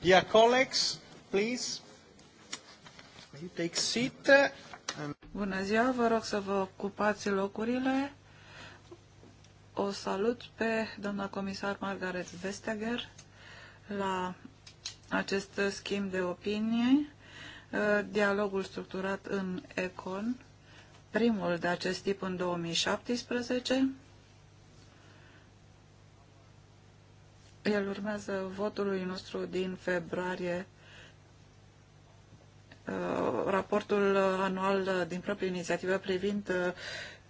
Dear colleagues, please, you take seat. Bună ziua, vă rog să vă ocupați locurile. O salut pe doamna comisar Margaret Vestager la acest schimb de opinie, uh, dialogul structurat în ECON, primul de acest tip în 2017. El urmează votului nostru din februarie uh, raportul anual din proprie inițiativă privind uh,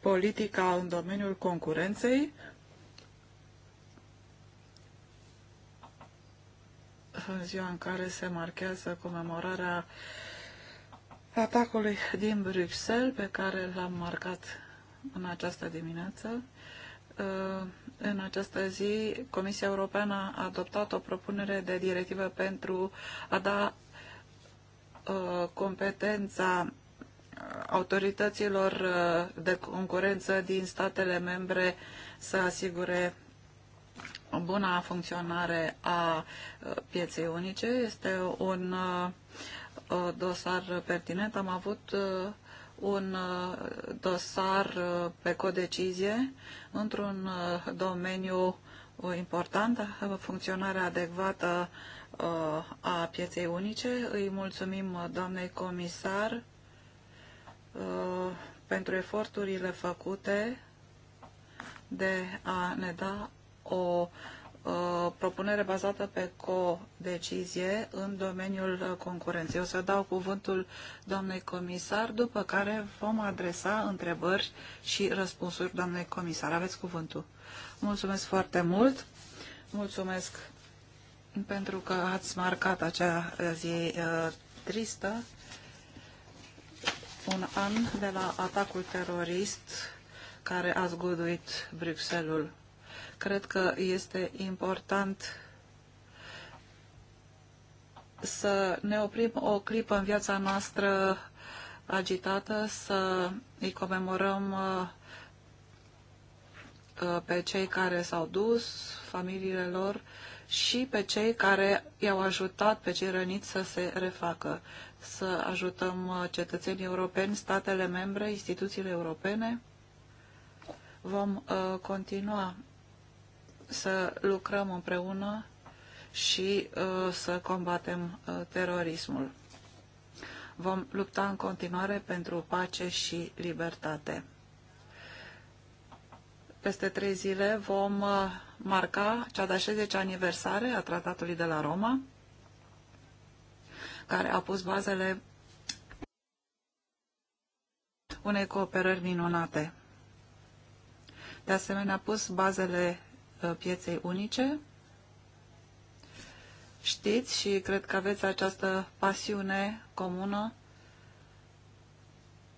politica în domeniul concurenței. În ziua în care se marchează comemorarea atacului din Bruxelles, pe care l-am marcat în această dimineață, în această zi Comisia Europeană a adoptat o propunere de directivă pentru a da uh, competența uh, autorităților uh, de concurență din statele membre să asigure bună funcționare a pieței unice. Este un dosar pertinent. Am avut uh, un uh, dosar uh, pe codecizie într-un uh, domeniu important, funcționarea adecvată a pieței unice. Îi mulțumim doamnei comisar pentru eforturile făcute de a ne da o uh, propunere bazată pe co-decizie în domeniul concurenței. O să dau cuvântul doamnei comisar, după care vom adresa întrebări și răspunsuri doamnei comisar. Aveți cuvântul. Mulțumesc foarte mult. Mulțumesc pentru că ați marcat acea zi uh, tristă. Un an de la atacul terorist care a zguduit Bruxelles. -ul Cred că este important să ne oprim o clipă în viața noastră agitată, să îi comemorăm uh, pe cei care s-au dus, familiile lor și pe cei care i-au ajutat pe cei răniți să se refacă. Să ajutăm uh, cetățenii europeni, statele membre, instituțiile europene. Vom uh, continua să lucrăm împreună și uh, să combatem uh, terorismul. Vom lupta în continuare pentru pace și libertate. Peste trei zile vom uh, marca cea de-a 60 aniversare a Tratatului de la Roma, care a pus bazele unei cooperări minunate. De asemenea, a pus bazele Uh, pieței unice. Știți și cred că aveți această pasiune comună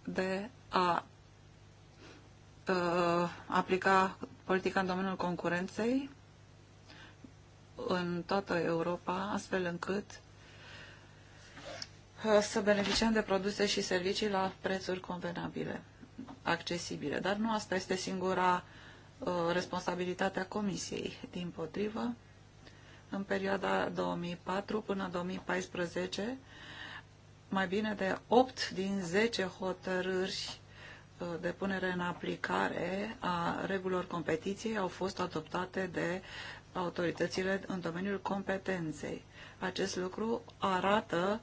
de a uh, aplica politica în domeniul concurenței în toată Europa, astfel încât uh, să beneficiem de produse și servicii la prețuri convenabile, accesibile. Dar nu asta este singura Uh, responsabilitatea Comisiei. Din potrivă, în perioada 2004 până 2014, mai bine de 8 din 10 hotărâri uh, de punere în aplicare a regulilor competiției au fost adoptate de autoritățile în domeniul competenței. Acest lucru arată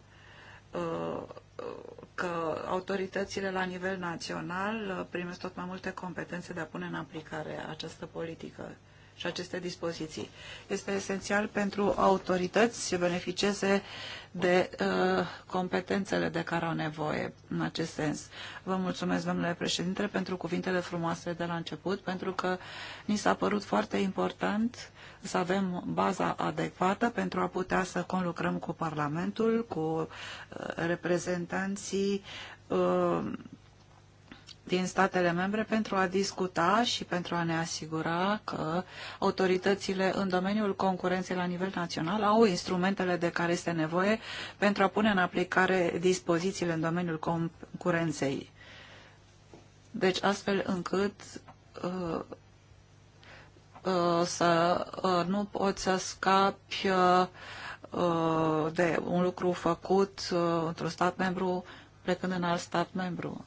uh, uh că autoritățile la nivel național uh, primesc tot mai multe competențe de a pune în aplicare această politică și aceste dispoziții. Este esențial pentru autorități să beneficieze de uh, competențele de care au nevoie în acest sens. Vă mulțumesc, domnule președinte, pentru cuvintele frumoase de la început, pentru că ni s-a părut foarte important să avem baza adecvată pentru a putea să conlucrăm cu Parlamentul, cu uh, reprezentanții uh, din statele membre pentru a discuta și pentru a ne asigura că autoritățile în domeniul concurenței la nivel național au instrumentele de care este nevoie pentru a pune în aplicare dispozițiile în domeniul concurenței. Deci astfel încât uh, Uh, să uh, nu poți să scapi uh, de un lucru făcut într-un stat membru plecând în alt stat membru.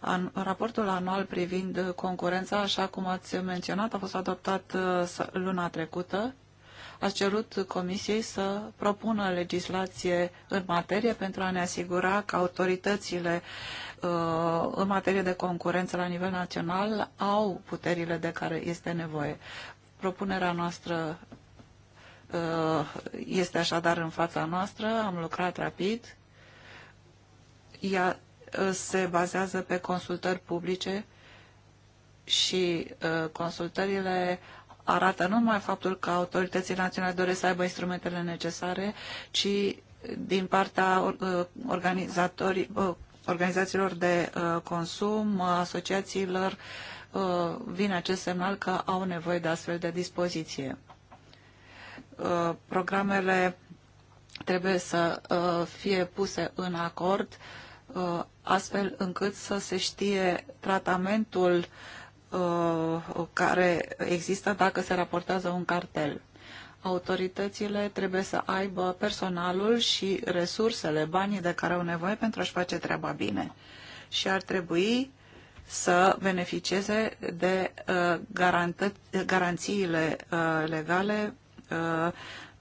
An, raportul anual privind concurența, așa cum ați menționat, a fost adoptat luna trecută a cerut Comisiei să propună legislație în materie pentru a ne asigura că autoritățile uh, în materie de concurență la nivel național au puterile de care este nevoie. Propunerea noastră uh, este așadar în fața noastră, am lucrat rapid, ea uh, se bazează pe consultări publice și consultările arată nu numai faptul că autoritățile naționale doresc să aibă instrumentele necesare, ci din partea uh, organizatorii, uh, organizațiilor de uh, consum, asociațiilor, vine acest semnal că au nevoie de astfel de dispoziție. Programele trebuie să fie puse în acord astfel încât să se știe tratamentul uh, Uh, care există dacă se raportează un cartel. Autoritățile trebuie să aibă personalul și resursele, banii de care au nevoie pentru a-și face treaba bine. Și ar trebui să beneficieze de uh, garanțiile uh, legale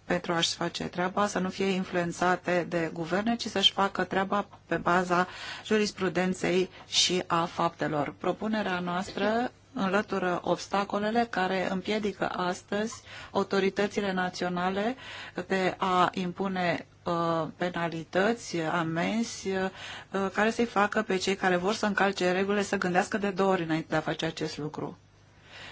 pentru a-și face treaba, să nu fie influențate de guverne, ci să-și facă treaba pe baza jurisprudenței și a faptelor. Propunerea noastră înlătură obstacolele care împiedică astăzi autoritățile naționale de a impune uh, penalități, amenzi, uh, care să-i facă pe cei care vor să încalce regulile să gândească de două ori înainte de a face acest lucru.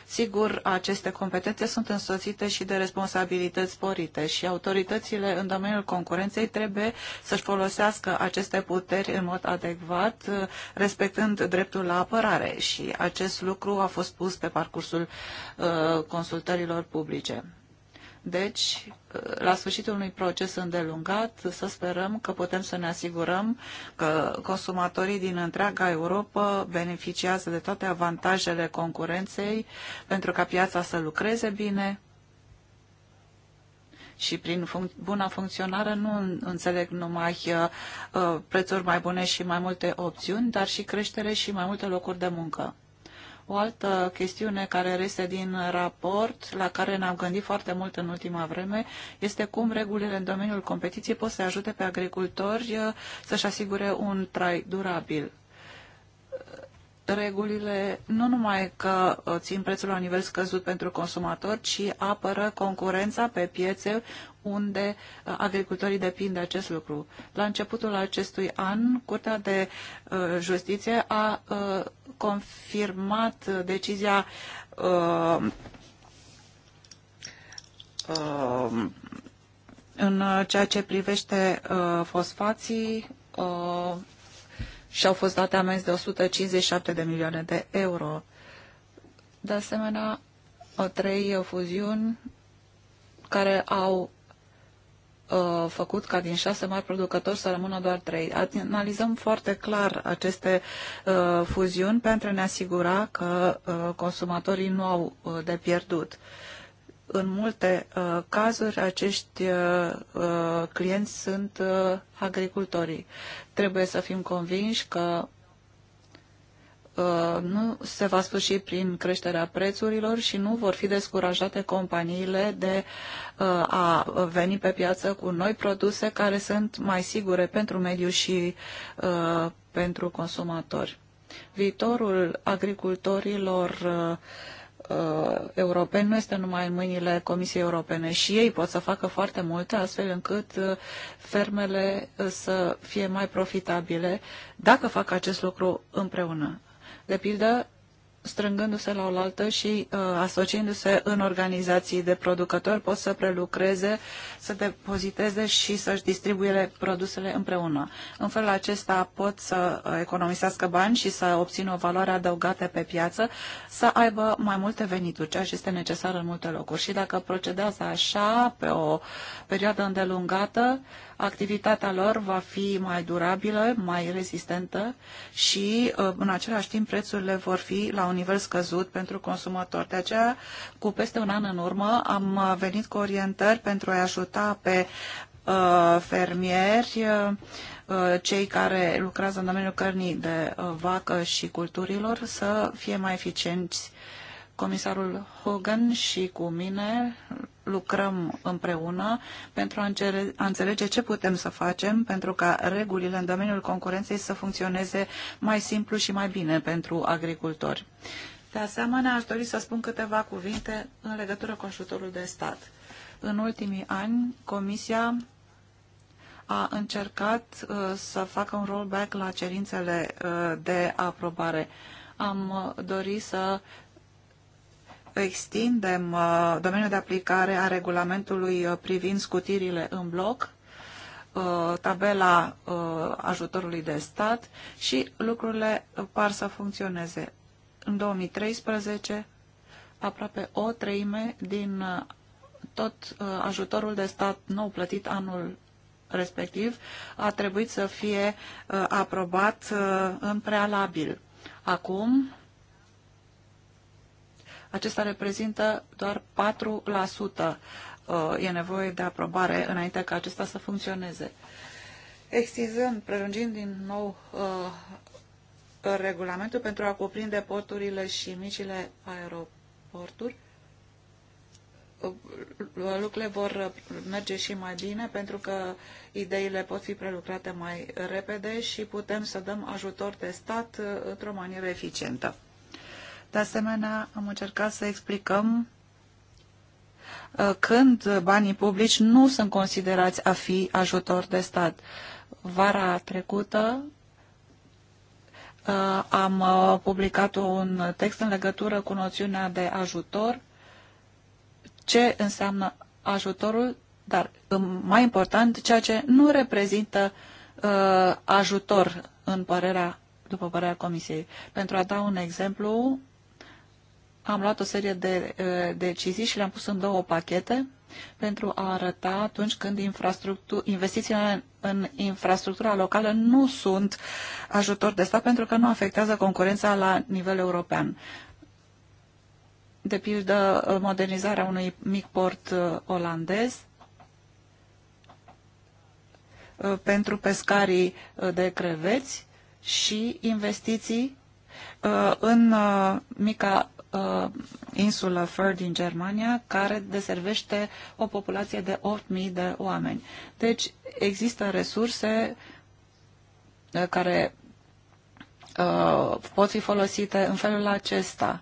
Sigur, aceste competențe sunt însoțite și de responsabilități sporite și autoritățile în domeniul concurenței trebuie să-și folosească aceste puteri în mod adecvat, uh, respectând dreptul la apărare și acest lucru a fost pus pe parcursul uh, consultărilor publice. Deci, la sfârșitul unui proces îndelungat, să sperăm că putem să ne asigurăm că consumatorii din întreaga Europa beneficiază de toate avantajele concurenței pentru ca piața să lucreze bine și prin func- buna funcționare nu înțeleg numai uh, uh, prețuri mai bune și mai multe opțiuni, dar și creștere și mai multe locuri de muncă. O altă chestiune care reste din raport, la care ne-am gândit foarte mult în ultima vreme, este cum regulile în domeniul competiției pot să ajute pe agricultori uh, să-și asigure un trai durabil. Regulile nu numai că uh, țin prețul la nivel scăzut pentru consumator, ci apără concurența pe piețe unde uh, agricultorii depind de acest lucru. La începutul acestui an, Curtea de Justiție a confirmat decizia uh, uh, în ceea ce privește uh, fosfații uh, și au fost date amenzi de 157 de milioane de euro. De asemenea, trei fuziuni care au Uh, făcut ca din șase mari producători să rămână doar trei. Analizăm foarte clar aceste uh, fuziuni pentru a ne asigura că uh, consumatorii nu au de pierdut. În multe cazuri, acești clienți sunt agricultorii. Trebuie să fim convinși că Uh, nu se va sfârși prin creșterea prețurilor și nu vor fi descurajate companiile de uh, a veni pe piață cu noi produse care sunt mai sigure pentru mediu și uh, pentru consumatori. Viitorul agricultorilor europeni nu este numai în mâinile Comisiei Europene și ei pot să facă foarte multe astfel încât fermele să fie mai profitabile dacă fac acest lucru împreună de pildă strângându-se la oaltă și uh, asociindu-se în organizații de producători, pot să prelucreze, să depoziteze și să-și distribuie produsele împreună. În felul acesta pot să uh, economisească bani și să obțină o valoare adăugată pe piață, să aibă mai multe venituri, ceea ce este necesar în multe locuri. Și dacă procedează așa, pe o perioadă îndelungată, activitatea lor va fi mai durabilă, mai rezistentă și uh, în același timp prețurile vor fi la un nivel scăzut pentru consumatori. De aceea, cu peste un an în urmă, am venit cu orientări pentru a ajuta pe uh, fermieri, uh, cei care lucrează în domeniul cărnii de vacă și culturilor să fie mai eficienți comisarul Hogan și cu mine lucrăm împreună pentru a, înțelege ce putem să facem pentru ca regulile în domeniul concurenței să funcționeze mai simplu și mai bine pentru agricultori. De asemenea, aș dori să spun câteva cuvinte în legătură cu ajutorul de stat. În ultimii ani, Comisia a încercat uh, să facă un rollback la cerințele uh, de aprobare. Am uh, dorit să extindem uh, domeniul de aplicare a regulamentului uh, privind scutirile în bloc, uh, tabela ajutorului de stat și lucrurile par să funcționeze. În 2013, aproape o treime din tot ajutorul de stat nou plătit anul respectiv a trebuit să fie aprobat în prealabil. Acum, acesta reprezintă doar 4%. Uh, e nevoie de aprobare înainte ca acesta să funcționeze. Extizând, prelungind din nou uh, regulamentul pentru a cuprinde porturile și micile aeroporturi, uh, lucrurile vor merge și mai bine pentru că ideile pot fi prelucrate mai repede și putem să dăm ajutor de stat într-o manieră eficientă. De asemenea, am încercat să explicăm uh, când banii publici nu sunt considerați a fi ajutor de stat. Vara trecută uh, am uh, publicat un text în legătură cu noțiunea de ajutor, ce înseamnă ajutorul, dar um, mai important, ceea ce nu reprezintă ajutor în părerea, după părerea Comisiei. Pentru a da un exemplu, am luat o serie de uh, decizii și le-am pus în două pachete pentru a arăta atunci când investițiile în infrastructura locală nu sunt ajutor de stat pentru că nu afectează concurența la nivel european. De pildă, modernizarea unui mic port uh, olandez uh, pentru pescarii de creveți și investiții în mica uh, insulă Föhr din Germania, care deservește o populație de 8.000 de oameni. Deci există resurse uh, care uh, pot fi folosite în felul acesta.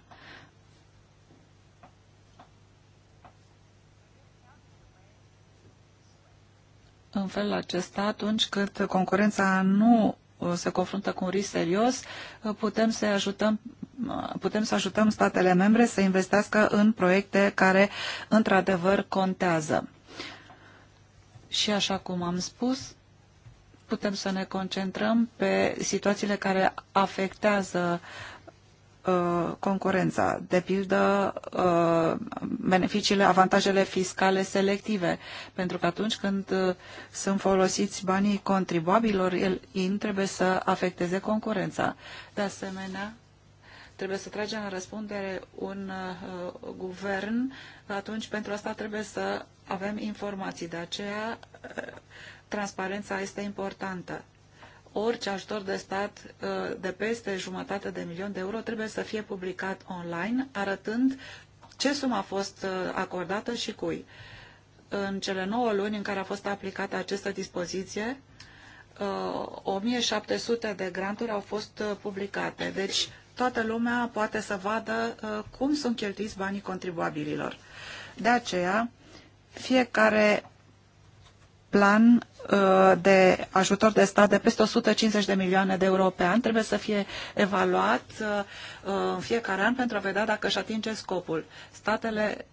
În felul acesta, atunci când concurența nu uh, se confruntă cu un risc serios, uh, putem să ajutăm putem să ajutăm statele membre să investească în proiecte care într-adevăr contează. Și așa cum am spus, putem să ne concentrăm pe situațiile care afectează uh, concurența, de pildă uh, beneficiile, avantajele fiscale selective, pentru că atunci când uh, sunt folosiți banii contribuabilor, ei trebuie să afecteze concurența. De asemenea, trebuie să trage în răspundere un uh, guvern, atunci pentru asta trebuie să avem informații. De aceea, uh, transparența este importantă. Orice ajutor de stat uh, de peste jumătate de milion de euro trebuie să fie publicat online, arătând ce sumă a fost uh, acordată și cui. În cele 9 luni în care a fost aplicată această dispoziție, 1700 uh, de granturi au fost uh, publicate. Deci toată lumea poate să vadă uh, cum sunt cheltuiți banii contribuabililor. De aceea, fiecare plan uh, de ajutor de stat de peste 150 de milioane de euro pe an trebuie să fie evaluat uh, în fiecare an pentru a vedea dacă își atinge scopul. Statele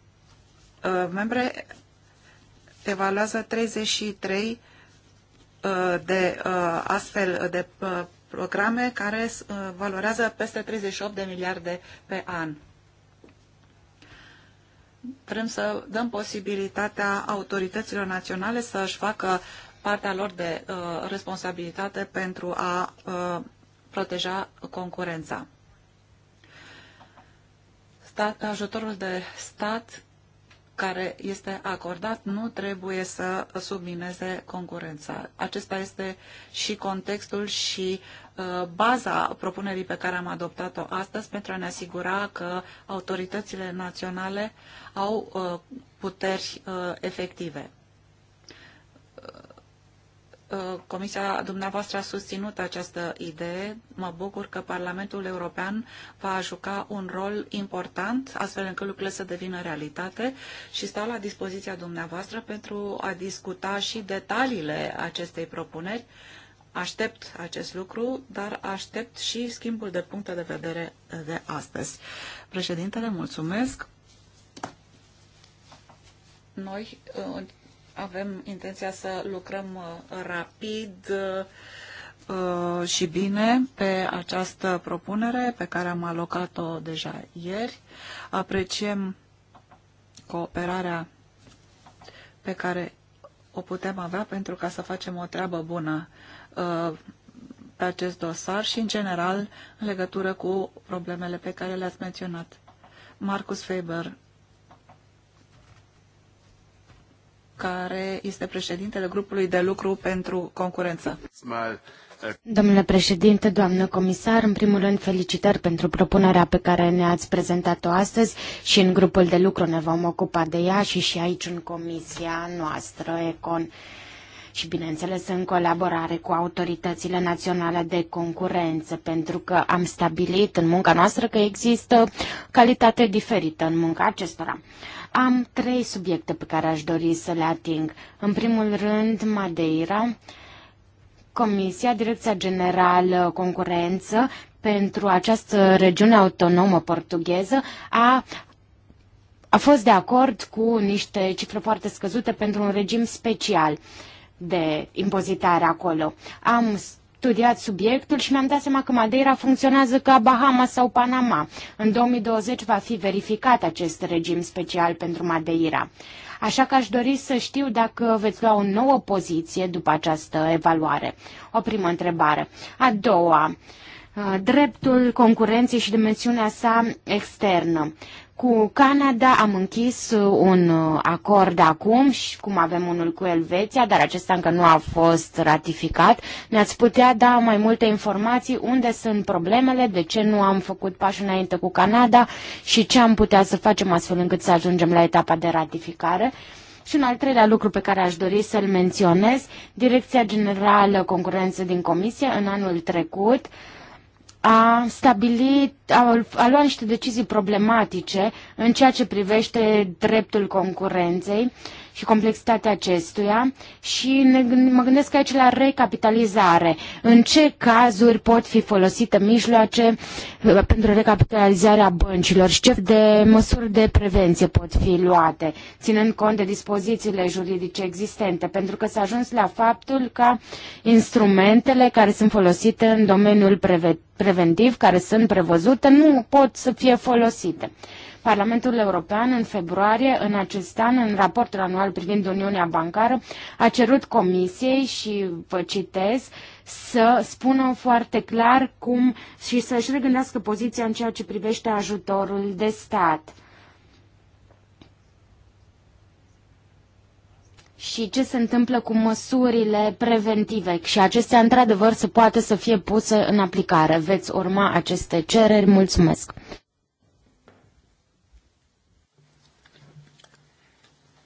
membre evaluează 33 de astfel de programe care uh, valorează peste 38 de miliarde pe an. Vrem să dăm posibilitatea autorităților naționale să își facă partea lor de uh, responsabilitate pentru a uh, proteja concurența. Stat, ajutorul de stat care este acordat nu trebuie să submineze concurența. Acesta este și contextul și uh, baza propunerii pe care am adoptat-o astăzi pentru a ne asigura că autoritățile naționale au uh, puteri uh, efective. Uh, Comisia dumneavoastră a susținut această idee. Mă bucur că Parlamentul European va juca un rol important, astfel încât lucrurile să devină realitate și stau la dispoziția dumneavoastră pentru a discuta și detaliile acestei propuneri. Aștept acest lucru, dar aștept și schimbul de puncte de vedere de astăzi. Președintele, mulțumesc! Noi uh, avem intenția să lucrăm uh, rapid uh, uh, și bine pe această propunere pe care am alocat-o deja ieri. Apreciem cooperarea pe care o putem avea pentru ca să facem o treabă bună pe acest dosar și, în general, în legătură cu problemele pe care le-ați menționat. Marcus Faber care este președintele grupului de lucru pentru concurență. Domnule președinte, doamnă comisar, în primul rând felicitări pentru propunerea pe care ne-ați prezentat-o astăzi și în grupul de lucru ne vom ocupa de ea și și aici în comisia noastră ECON și bineînțeles în colaborare cu autoritățile naționale de concurență, pentru că am stabilit în munca noastră că există calitate diferită în munca acestora. Uh, am trei subiecte pe care aș dori să le ating. În primul rând, Madeira, Comisia, Direcția Generală Concurență pentru această regiune autonomă portugheză a a fost de acord cu niște cifre foarte scăzute pentru un regim special de impozitare acolo. Am studiat subiectul și mi-am dat seama că Madeira funcționează ca Bahama sau Panama. În 2020 va fi verificat acest regim special pentru Madeira. Așa că aș dori să știu dacă veți lua o nouă poziție după această evaluare. O primă întrebare. A doua. Uh, Uh, dreptul concurenței și dimensiunea sa externă. Cu Canada am închis uh, un uh, acord acum și cum avem unul cu Elveția, dar acesta încă nu a fost ratificat. Ne-ați putea da mai multe informații unde sunt problemele, de ce nu am făcut pași înainte cu Canada și ce am putea să facem astfel încât să ajungem la etapa de ratificare. Și un al treilea lucru pe care aș dori să-l menționez, Direcția Generală Concurență din Comisie în anul trecut uh, a stabilit a luat niște decizii problematice în ceea ce privește dreptul concurenței și complexitatea acestuia și ne, mă gândesc aici la recapitalizare. În ce cazuri pot fi folosite mijloace uh, pentru recapitalizarea băncilor și ce de măsuri de prevenție pot fi luate, ținând cont de dispozițiile juridice existente, pentru că s-a ajuns la faptul că instrumentele care sunt folosite în domeniul preventiv, care sunt prevăzute 100% nu pot să fie folosite. Parlamentul European în februarie în acest an, în raportul anual privind Uniunea Bancară, a cerut Comisiei și vă citez să spună foarte clar cum și să-și regândească poziția în ceea ce privește ajutorul de stat. și ce se întâmplă cu măsurile preventive și acestea într-adevăr se poate să fie puse în aplicare. Veți urma aceste cereri. Mulțumesc!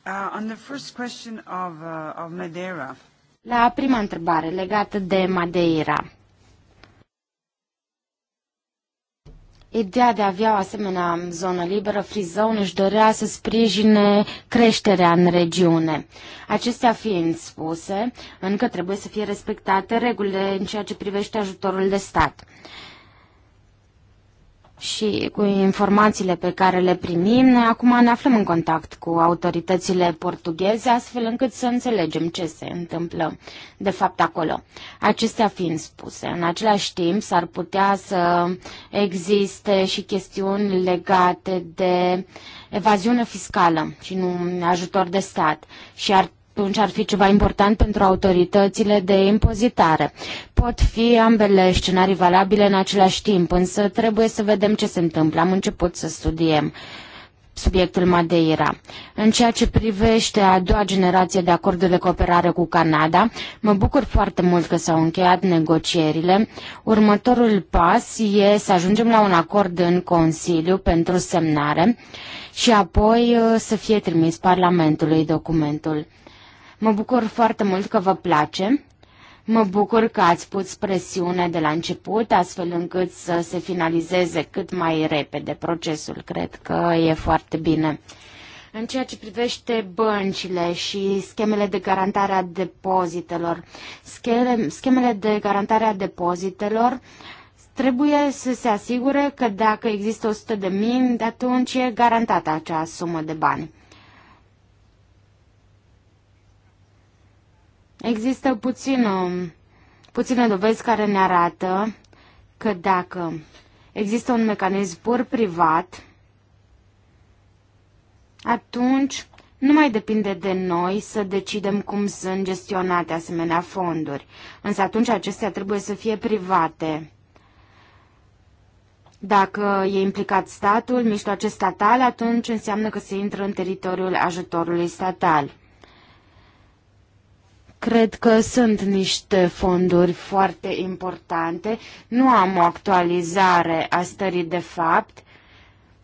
Uh, on the first question of, uh, of Madeira. La prima întrebare legată de Madeira. Ideea de a avea o asemenea zonă liberă, free zone, își dorea să sprijine creșterea în regiune. Acestea fiind spuse, încă trebuie să fie respectate regulile în ceea ce privește ajutorul de stat și cu informațiile pe care le primim, noi acum ne aflăm în contact cu autoritățile portugheze, astfel încât să înțelegem ce se întâmplă de fapt acolo. Acestea fiind spuse, în același timp s-ar putea să existe și chestiuni legate de evaziune fiscală și nu ajutor de stat și ar atunci ar fi ceva important pentru autoritățile de impozitare. Pot fi ambele scenarii valabile în același timp, însă trebuie să vedem ce se întâmplă. Am început să studiem subiectul Madeira. În ceea ce privește a doua generație de acorduri de cooperare cu Canada, mă bucur foarte mult că s-au încheiat negocierile. Următorul pas e să ajungem la un acord în Consiliu pentru semnare și apoi uh, să fie trimis Parlamentului documentul. Mă bucur foarte mult că vă place. Mă bucur că ați pus presiune de la început, astfel încât să se finalizeze cât mai repede procesul. Cred că e foarte bine. În ceea ce privește băncile și schemele de garantare a depozitelor, schemele de garantare a depozitelor trebuie să se asigure că dacă există 100 de mii, atunci e garantată acea sumă de bani. Există puțină, puține dovezi care ne arată că dacă există un mecanism pur privat, atunci nu mai depinde de noi să decidem cum sunt gestionate asemenea fonduri, însă atunci acestea trebuie să fie private. Dacă e implicat statul, mijloace statal, atunci înseamnă că se intră în teritoriul ajutorului statal. Cred că sunt niște fonduri foarte importante. Nu am o actualizare a stării de fapt.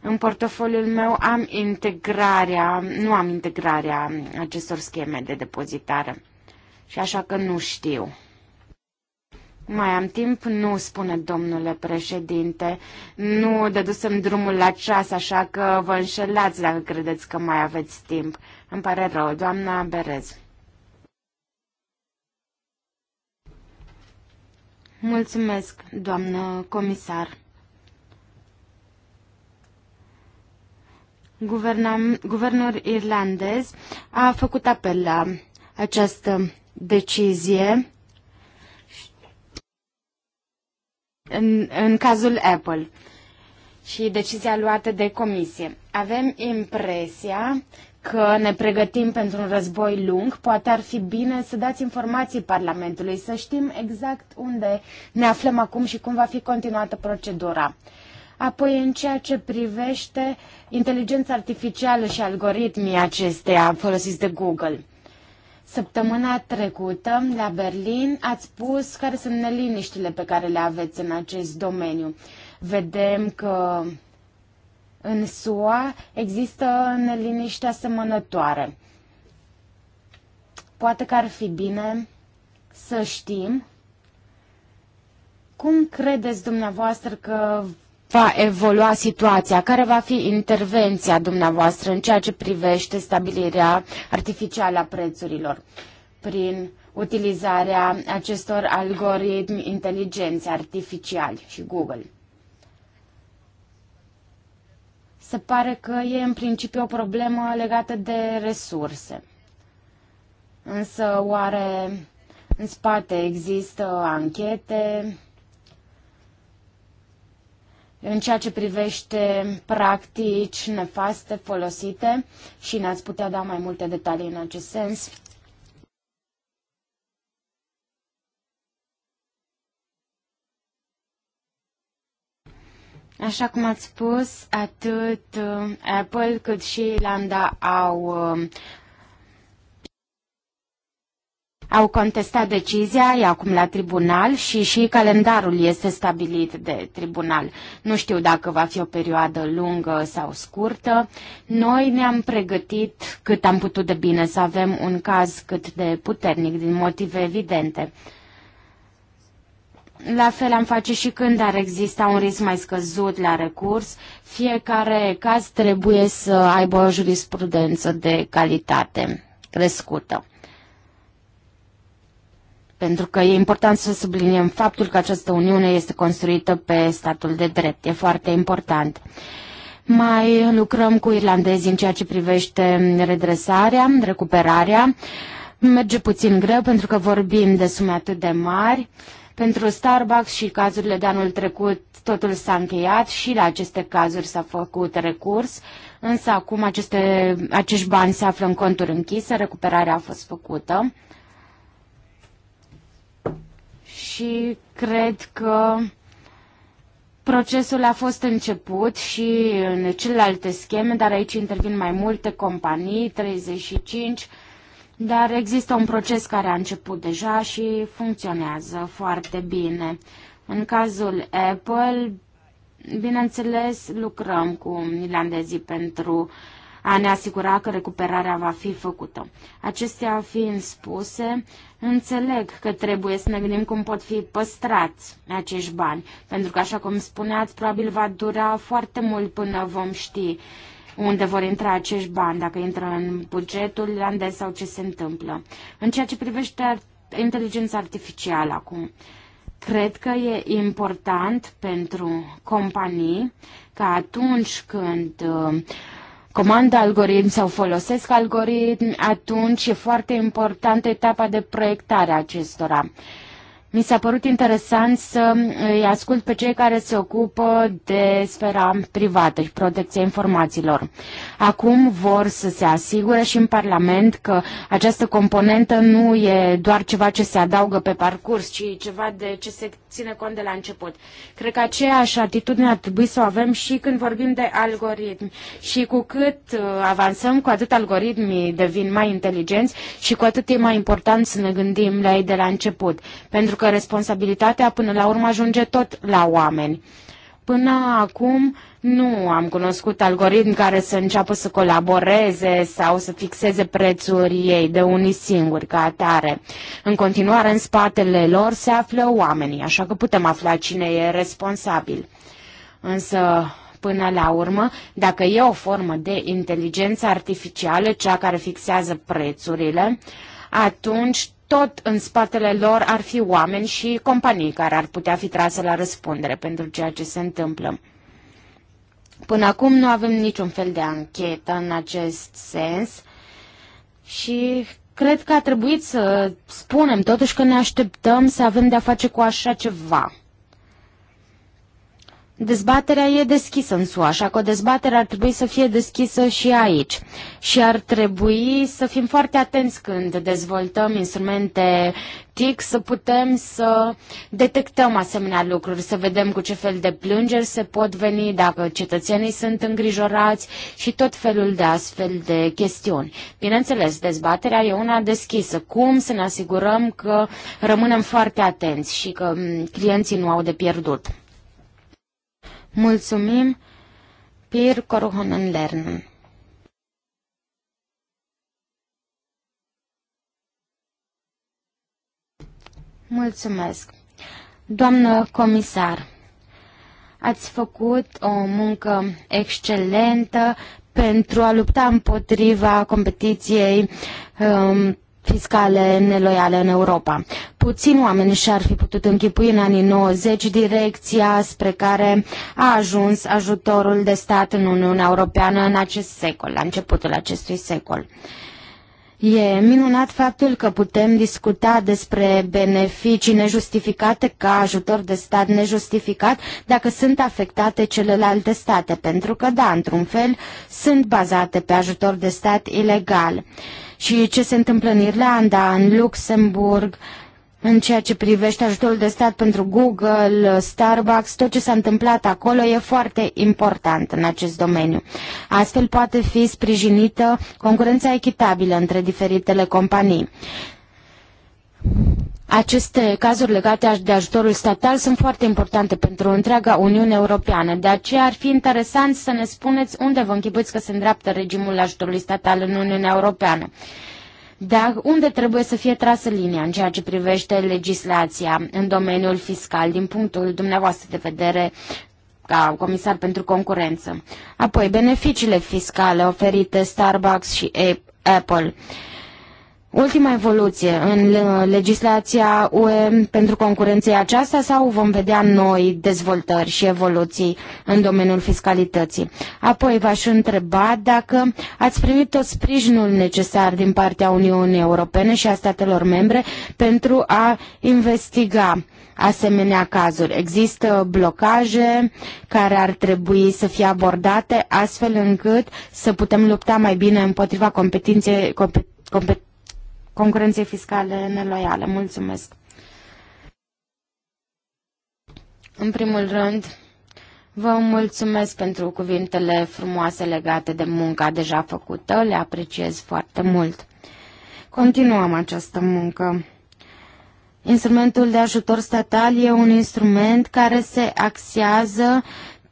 În portofoliul meu am integrarea, nu am integrarea acestor scheme de depozitare. Și așa că nu știu. Mai am timp? Nu, spune domnule președinte. Nu dădusem drumul la ceas, așa că vă înșelați dacă credeți că mai aveți timp. Îmi pare rău, doamna Berez. Mulțumesc, doamnă comisar. Guvernam, guvernul irlandez a făcut apel la această decizie în, în cazul Apple și decizia luată de comisie. Avem impresia că ne pregătim pentru un război lung, poate ar fi bine să dați informații Parlamentului, să știm exact unde ne aflăm acum și cum va fi continuată procedura. Apoi, în ceea ce privește inteligența artificială și algoritmii acesteia folosiți de Google. Săptămâna trecută, la Berlin, ați spus care sunt neliniștile pe care le aveți în acest domeniu. Vedem că în SUA există neliniște asemănătoare. Poate că ar fi bine să știm cum credeți dumneavoastră că va evolua situația, care va fi intervenția dumneavoastră în ceea ce privește stabilirea artificială a prețurilor prin utilizarea acestor algoritmi inteligenți artificiali și Google. Se pare că e în principiu o problemă legată de resurse. Însă oare în spate există anchete în ceea ce privește practici nefaste folosite și ne-ați putea da mai multe detalii în acest sens? Așa cum ați spus, atât uh, Apple cât și Landa au uh, au contestat decizia, e acum la tribunal și și calendarul este stabilit de tribunal. Nu știu dacă va fi o perioadă lungă sau scurtă. Noi ne-am pregătit cât am putut de bine să avem un caz cât de puternic din motive evidente. La fel am face și când ar exista un risc mai scăzut la recurs. Fiecare caz trebuie să aibă o jurisprudență de calitate crescută. Pentru că e important să subliniem faptul că această Uniune este construită pe statul de drept. E foarte important. Mai lucrăm cu irlandezii în ceea ce privește redresarea, recuperarea. Merge puțin greu pentru că vorbim de sume atât de mari. Pentru Starbucks și cazurile de anul trecut, totul s-a încheiat și la aceste cazuri s-a făcut recurs, însă acum aceste, acești bani se află în conturi închise, recuperarea a fost făcută. Și cred că Procesul a fost început și în celelalte scheme, dar aici intervin mai multe companii, 35, dar există un proces care a început deja și funcționează foarte bine. În cazul Apple, bineînțeles, lucrăm cu milandezii pentru a ne asigura că recuperarea va fi făcută. Acestea fiind spuse, înțeleg că trebuie să ne gândim cum pot fi păstrați acești bani, pentru că, așa cum spuneați, probabil va dura foarte mult până vom ști uh, unde vor intra acești bani, dacă intră în bugetul landez sau ce se întâmplă. În ceea ce privește inteligența artificială acum, cred că e important pentru companii că atunci când uh, comandă algoritm sau folosesc algoritm, atunci e foarte importantă etapa de proiectare a acestora. Mi s-a părut interesant să îi ascult pe cei care se ocupă de sfera privată și protecția informațiilor. Acum vor să se asigure și în Parlament că această componentă nu e doar ceva ce se adaugă pe parcurs, ci ceva de ce se ține cont de la început. Cred că aceeași atitudine ar trebui să o avem și când vorbim de algoritmi. Și cu cât uh, avansăm, cu atât algoritmii devin mai inteligenți și cu atât e mai important să ne gândim la ei de la început. Pentru că responsabilitatea până la urmă ajunge tot la oameni. Până acum nu am cunoscut algoritm care să înceapă să colaboreze sau să fixeze prețuri ei de unii singuri ca atare. În continuare, în spatele lor se află oamenii, așa că putem afla cine e responsabil. Însă, până la urmă, dacă e o formă de inteligență artificială, cea care fixează prețurile, atunci tot în spatele lor ar fi oameni și companii care ar putea fi trase la răspundere pentru ceea ce se întâmplă. Până acum nu avem niciun fel de anchetă în acest sens și cred că a trebuit să spunem totuși că ne așteptăm să avem de-a face cu așa ceva. Dezbaterea e deschisă în SUA, așa că o dezbatere ar trebui să fie deschisă și aici. Și ar trebui să fim foarte atenți când dezvoltăm instrumente TIC, să putem să detectăm asemenea lucruri, să vedem cu ce fel de plângeri se pot veni, dacă cetățenii sunt îngrijorați și tot felul de astfel de chestiuni. Bineînțeles, dezbaterea e una deschisă. Cum să ne asigurăm că rămânem foarte atenți și că mm, clienții nu au de pierdut? Mulțumim, Pir Corhonen Lernen. Mulțumesc. Doamnă comisar, ați făcut o muncă excelentă pentru a lupta împotriva competiției um, fiscale neloiale în Europa. Puțin oameni și-ar fi putut închipui în anii 90 direcția spre care a ajuns ajutorul de stat în Uniunea Europeană în acest secol, la începutul acestui secol. E minunat faptul că putem discuta despre beneficii nejustificate ca ajutor de stat nejustificat dacă sunt afectate celelalte state, pentru că, da, într-un fel, sunt bazate pe ajutor de stat ilegal și ce se întâmplă în Irlanda, în Luxemburg, în ceea ce privește ajutorul de stat pentru Google, Starbucks, tot ce s-a întâmplat acolo e foarte important în acest domeniu. Astfel poate fi sprijinită concurența echitabilă între diferitele companii. Aceste cazuri legate de ajutorul statal sunt foarte importante pentru întreaga Uniune Europeană, de aceea ar fi interesant să ne spuneți unde vă închipuiți că se îndreaptă regimul ajutorului statal în Uniunea Europeană. Dar unde trebuie să fie trasă linia în ceea ce privește legislația în domeniul fiscal, din punctul dumneavoastră de vedere ca comisar pentru concurență? Apoi, beneficiile fiscale oferite Starbucks și Apple. Uh, Ultima evoluție în legislația UE pentru concurenței aceasta sau vom vedea noi dezvoltări și evoluții în domeniul fiscalității? Apoi v-aș întreba dacă ați primit tot sprijinul necesar din partea Uniunii Europene și a statelor membre pentru a investiga asemenea cazuri. Există blocaje care ar trebui să fie abordate astfel încât să putem lupta mai bine împotriva competiției compet- compet- concurenței fiscale neloiale. Mulțumesc! În primul rând, vă mulțumesc pentru cuvintele frumoase legate de munca deja făcută, le apreciez foarte mult. Continuăm această muncă. Instrumentul de ajutor statal e un instrument care se axează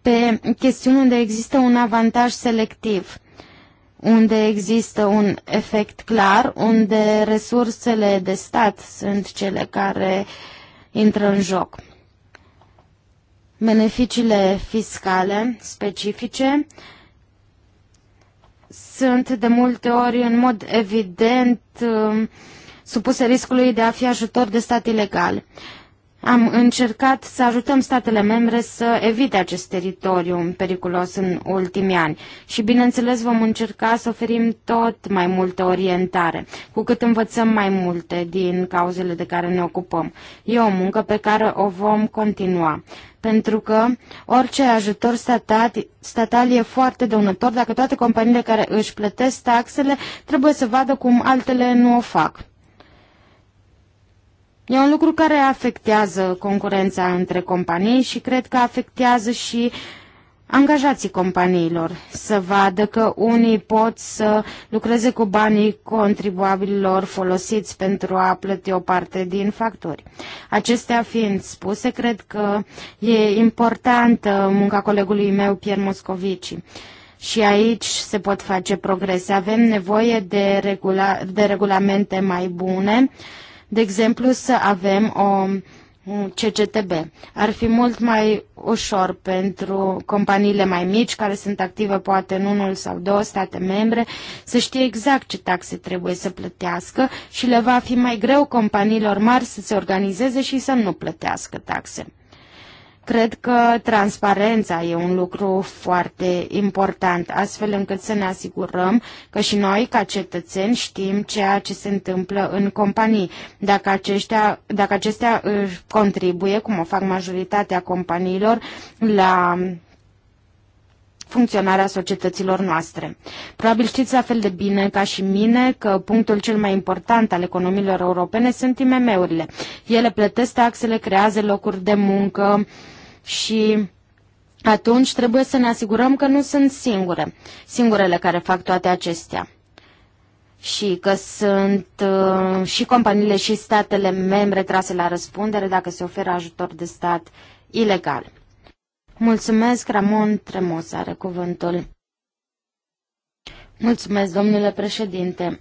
pe chestiunea de există un avantaj selectiv unde există un efect clar, unde resursele de stat sunt cele care intră în joc. Beneficiile fiscale specifice sunt de multe ori în mod evident um, supuse riscului de a fi ajutor de stat ilegal. Am încercat să ajutăm statele membre să evite acest teritoriu periculos în ultimii ani și, bineînțeles, vom încerca să oferim tot mai multă orientare, cu cât învățăm mai multe din cauzele de care ne ocupăm. E o muncă pe care o vom continua, pentru că orice ajutor statat, statal e foarte dăunător dacă toate companiile care își plătesc taxele trebuie să vadă cum altele nu o fac. E un lucru care afectează concurența între companii și cred că afectează și angajații companiilor să vadă că unii pot să lucreze cu banii contribuabililor folosiți pentru a plăti o parte din facturi. Acestea fiind spuse, cred că e importantă munca colegului meu, Pier Moscovici. Și aici se pot face progrese. Avem nevoie de, regula- de regulamente mai bune uh, de exemplu, să avem o CCTB. Ar fi mult mai ușor pentru companiile mai mici, care sunt active poate în unul sau două state membre, să știe exact ce taxe trebuie să plătească și le va fi mai greu companiilor mari să se organizeze și să nu plătească taxe. Cred că transparența e un lucru foarte important, astfel încât să ne asigurăm că și noi, ca cetățeni, știm ceea ce se întâmplă în companii. Dacă, aceștia, dacă acestea contribuie, cum o fac majoritatea companiilor, la funcționarea societăților noastre. Probabil știți la fel de bine ca și mine că punctul cel mai important al economiilor europene sunt IMM-urile. Ele plătesc taxele, creează locuri de muncă, și atunci trebuie să ne asigurăm că nu sunt singure, singurele care fac toate acestea și că sunt uh, și companiile și statele membre trase la răspundere dacă se oferă ajutor de stat ilegal. Mulțumesc, Ramon Tremos are cuvântul. Mulțumesc, domnule președinte.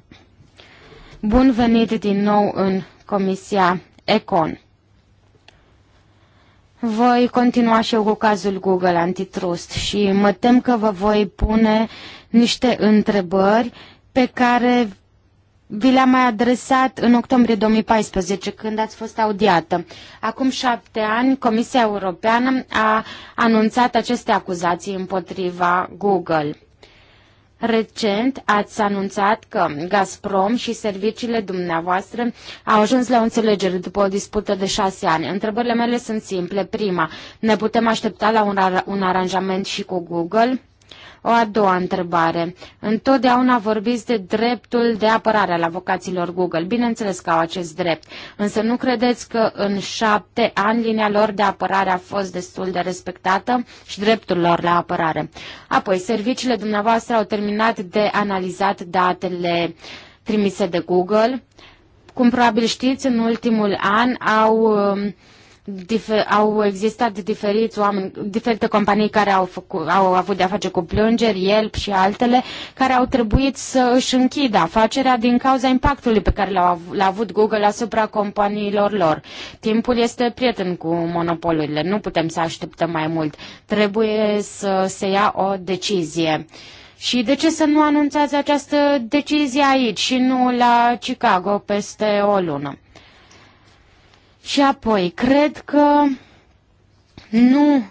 Bun venit din nou în Comisia Econ. Voi continua și eu cu cazul Google Antitrust și mă tem că vă voi pune niște întrebări pe care vi le-am mai adresat în octombrie 2014, când ați fost audiată. Acum șapte ani, Comisia Europeană a anunțat aceste acuzații împotriva Google. Recent ați anunțat că Gazprom și serviciile dumneavoastră au ajuns la o înțelegere după o dispută de șase ani. Întrebările mele sunt simple. Prima, ne putem aștepta la un, ar- un aranjament și cu Google? O a doua întrebare. Întotdeauna vorbiți de dreptul de apărare al avocaților Google. Bineînțeles că au acest drept, însă nu credeți că în șapte ani linia lor de apărare a fost destul de respectată și dreptul lor la apărare. Apoi, serviciile dumneavoastră au terminat de analizat datele trimise de Google. Cum probabil știți, în ultimul an au uh, au existat diferiți oameni, diferite companii care au, făcut, au avut de-a face cu plângeri, Yelp și altele, care au trebuit să își închidă afacerea din cauza impactului pe care l-a avut Google asupra companiilor lor. Timpul este prieten cu monopolurile, nu putem să așteptăm mai mult. Trebuie să se ia o decizie. Și de ce să nu anunțați această decizie aici și nu la Chicago peste o lună? Și apoi, cred că nu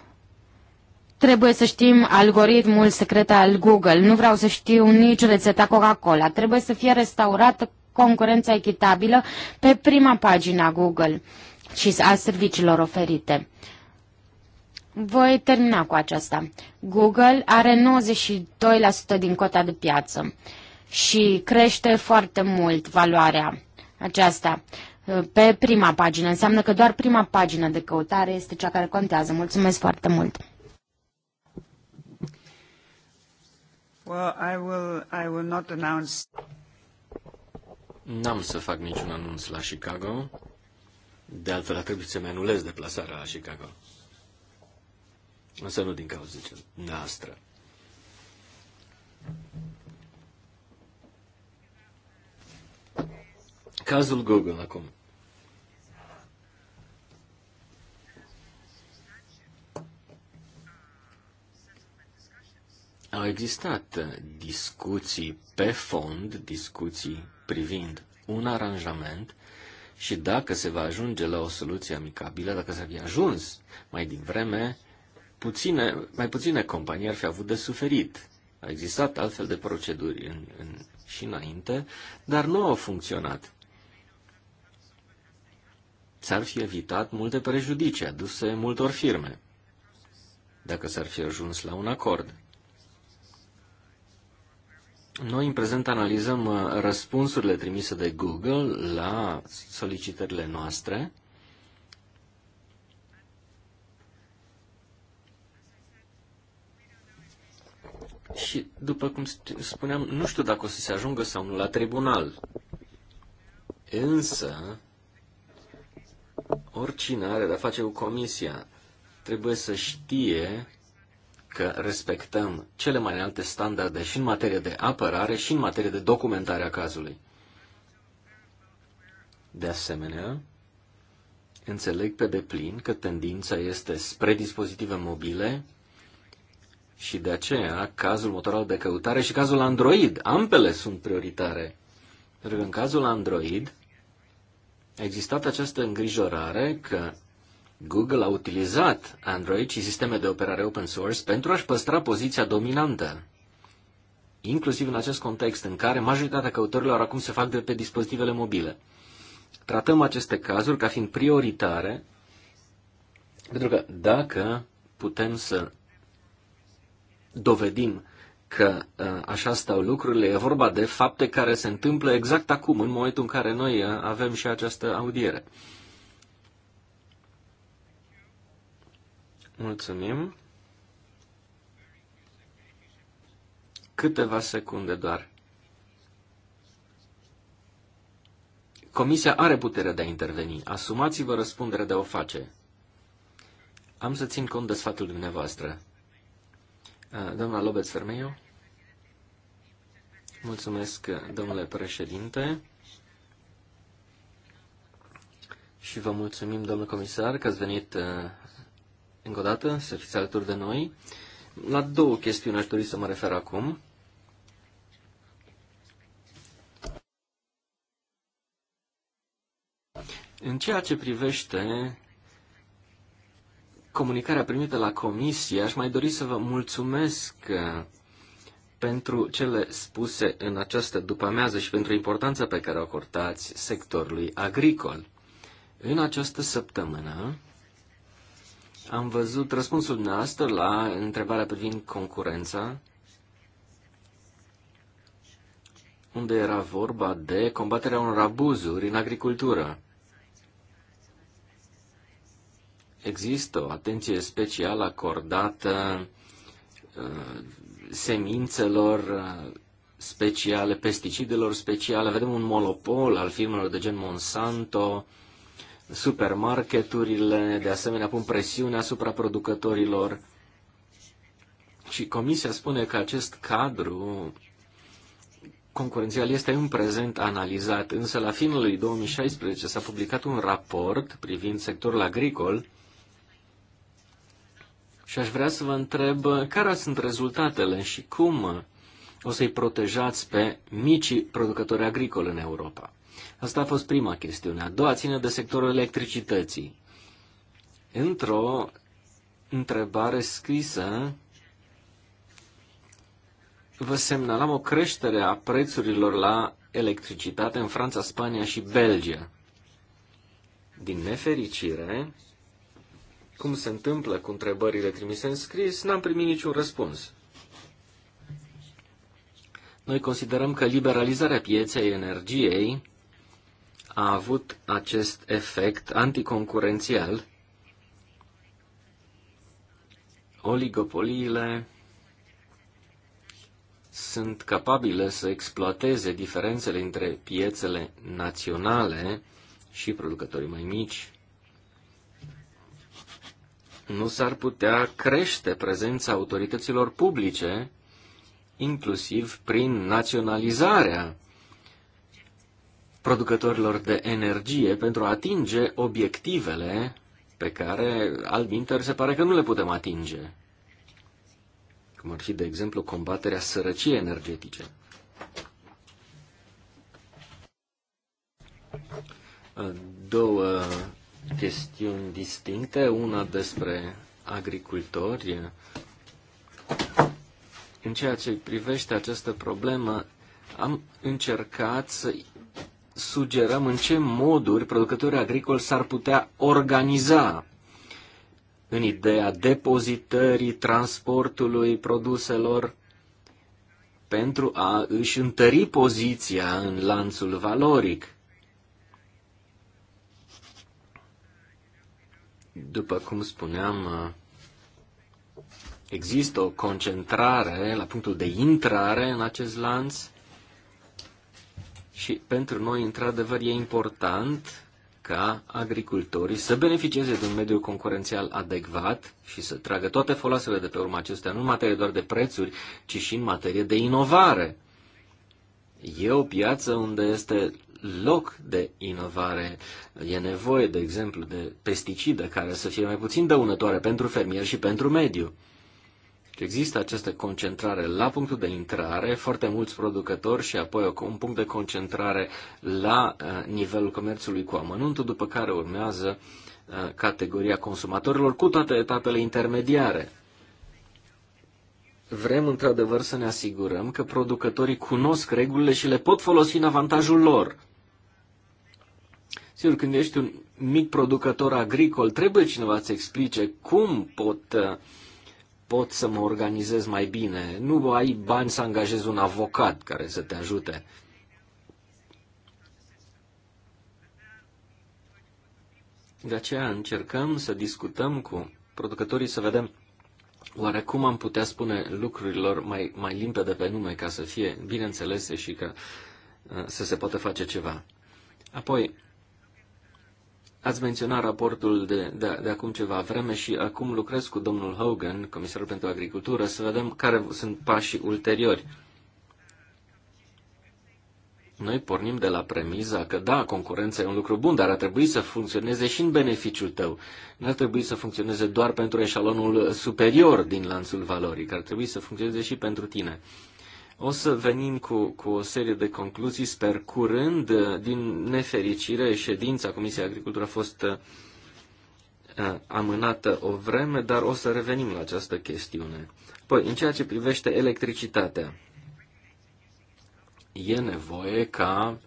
trebuie să știm algoritmul secret al Google. Nu vreau să știu nici rețeta Coca-Cola. Trebuie să fie restaurată concurența echitabilă pe prima pagina Google și a serviciilor oferite. Voi termina cu aceasta. Google are 92% din cota de piață și crește foarte mult valoarea aceasta pe prima pagină. Înseamnă că doar prima pagină de căutare este cea care contează. Mulțumesc foarte mult! Well, I will, I will not announce... N-am să fac niciun anunț la Chicago. De altfel, a trebuit să-mi anulez deplasarea la Chicago. Însă nu din cauza noastră. Cazul Google acum. Au existat discuții pe fond, discuții privind un aranjament și dacă se va ajunge la o soluție amicabilă, dacă s-ar fi ajuns mai din vreme, puține, mai puține companii ar fi avut de suferit. Au existat altfel de proceduri în, în, și înainte, dar nu au funcționat. S-ar fi evitat multe prejudicii aduse multor firme, dacă s-ar fi ajuns la un acord. Noi în prezent analizăm uh, răspunsurile trimise de Google la solicitările noastre. Și, după cum spuneam, nu știu dacă o să se ajungă sau nu la tribunal. Însă, oricine are de-a face cu comisia trebuie să știe că respectăm cele mai înalte standarde și în materie de apărare și în materie de documentare a cazului. De asemenea, înțeleg pe deplin că tendința este spre dispozitive mobile și de aceea cazul motorul de căutare și cazul Android, ambele sunt prioritare. Pentru că în cazul Android a existat această îngrijorare că Google a utilizat Android și sisteme de operare open source pentru a-și păstra poziția dominantă, inclusiv în acest context în care majoritatea căutărilor acum se fac de pe dispozitivele mobile. Tratăm aceste cazuri ca fiind prioritare, pentru că dacă putem să dovedim că uh, așa stau lucrurile, e vorba de fapte care se întâmplă exact acum, în momentul în care noi uh, avem și această audiere. Mulțumim. Câteva secunde doar. Comisia are puterea de a interveni. Asumați-vă răspunderea de a o face. Am să țin cont de sfatul dumneavoastră. Uh, doamna Lobeț Fermeiu. Mulțumesc, domnule președinte. Și vă mulțumim, domnul comisar, că ați venit uh, încă o dată, să fiți alături de noi. La două chestiuni aș dori să mă refer acum. În ceea ce privește comunicarea primită la comisie, aș mai dori să vă mulțumesc uh, pentru cele spuse în această după-amiază și pentru importanța pe care o acordați sectorului agricol. În această săptămână am văzut răspunsul dumneavoastră la întrebarea privind concurența, unde era vorba de combaterea unor abuzuri în agricultură. Există o atenție specială acordată uh, semințelor uh, speciale, pesticidelor speciale. Vedem un monopol al firmelor de gen Monsanto, uh, Supermarketurile, de asemenea, pun presiune asupra producătorilor. Și Comisia spune că acest cadru concurențial este în prezent analizat, însă la finul lui 2016 s-a publicat un raport privind sectorul agricol și aș vrea să vă întreb care sunt rezultatele și cum o să-i protejați pe micii producători agricoli în Europa. Asta a fost prima chestiune. A doua ține de sectorul electricității. Într-o întrebare scrisă, vă semnalam o creștere a prețurilor la electricitate în Franța, Spania și Belgia. Din nefericire, cum se întâmplă cu întrebările trimise în scris, n-am primit niciun răspuns. Noi considerăm că liberalizarea pieței energiei a avut acest efect anticoncurențial. Oligopoliile sunt capabile să exploateze diferențele între piețele naționale și producătorii mai mici. Nu s-ar putea crește prezența autorităților publice, inclusiv prin naționalizarea producătorilor de energie pentru a atinge obiectivele pe care, alminter, se pare că nu le putem atinge. Cum ar fi, de exemplu, combaterea sărăciei energetice. Două chestiuni distincte, una despre agricultori. În ceea ce privește această problemă, am încercat să sugerăm în ce moduri producătorii agricoli s-ar putea organiza în ideea depozitării, transportului produselor pentru a își întări poziția în lanțul valoric. După cum spuneam, există o concentrare la punctul de intrare în acest lanț și pentru noi, într-adevăr, e important ca agricultorii să beneficieze de un mediu concurențial adecvat și să tragă toate folosele de pe urma acestea, nu în materie doar de prețuri, ci și în materie de inovare. E o piață unde este loc de inovare. E nevoie, de exemplu, de pesticide care să fie mai puțin dăunătoare pentru fermier și pentru mediu există această concentrare la punctul de intrare, foarte mulți producători și apoi un punct de concentrare la uh, nivelul comerțului cu amănuntul, după care urmează uh, categoria consumatorilor cu toate etapele intermediare. Vrem într-adevăr să ne asigurăm că producătorii cunosc regulile și le pot folosi în avantajul lor. Sigur, când ești un mic producător agricol, trebuie cineva să explice cum pot uh, pot să mă organizez mai bine, nu ai bani să angajezi un avocat care să te ajute. De aceea încercăm să discutăm cu producătorii să vedem oare cum am putea spune lucrurilor mai, mai limpede pe nume ca să fie bine și că uh, să se poată face ceva. Apoi, Ați menționat raportul de, de, de acum ceva vreme și acum lucrez cu domnul Hogan, comisarul pentru agricultură, să vedem care sunt pașii ulteriori. Noi pornim de la premiza că da, concurența e un lucru bun, dar ar trebui să funcționeze și în beneficiul tău. Nu ar trebui să funcționeze doar pentru eșalonul superior din lanțul valorii, că ar trebui să funcționeze și pentru tine. Uh, o să venim cu, cu o serie de concluzii, sper curând. Din nefericire, ședința Comisiei Agricultură a fost uh, amânată o vreme, dar o să revenim la această chestiune. Păi, în ceea ce privește electricitatea, e nevoie ca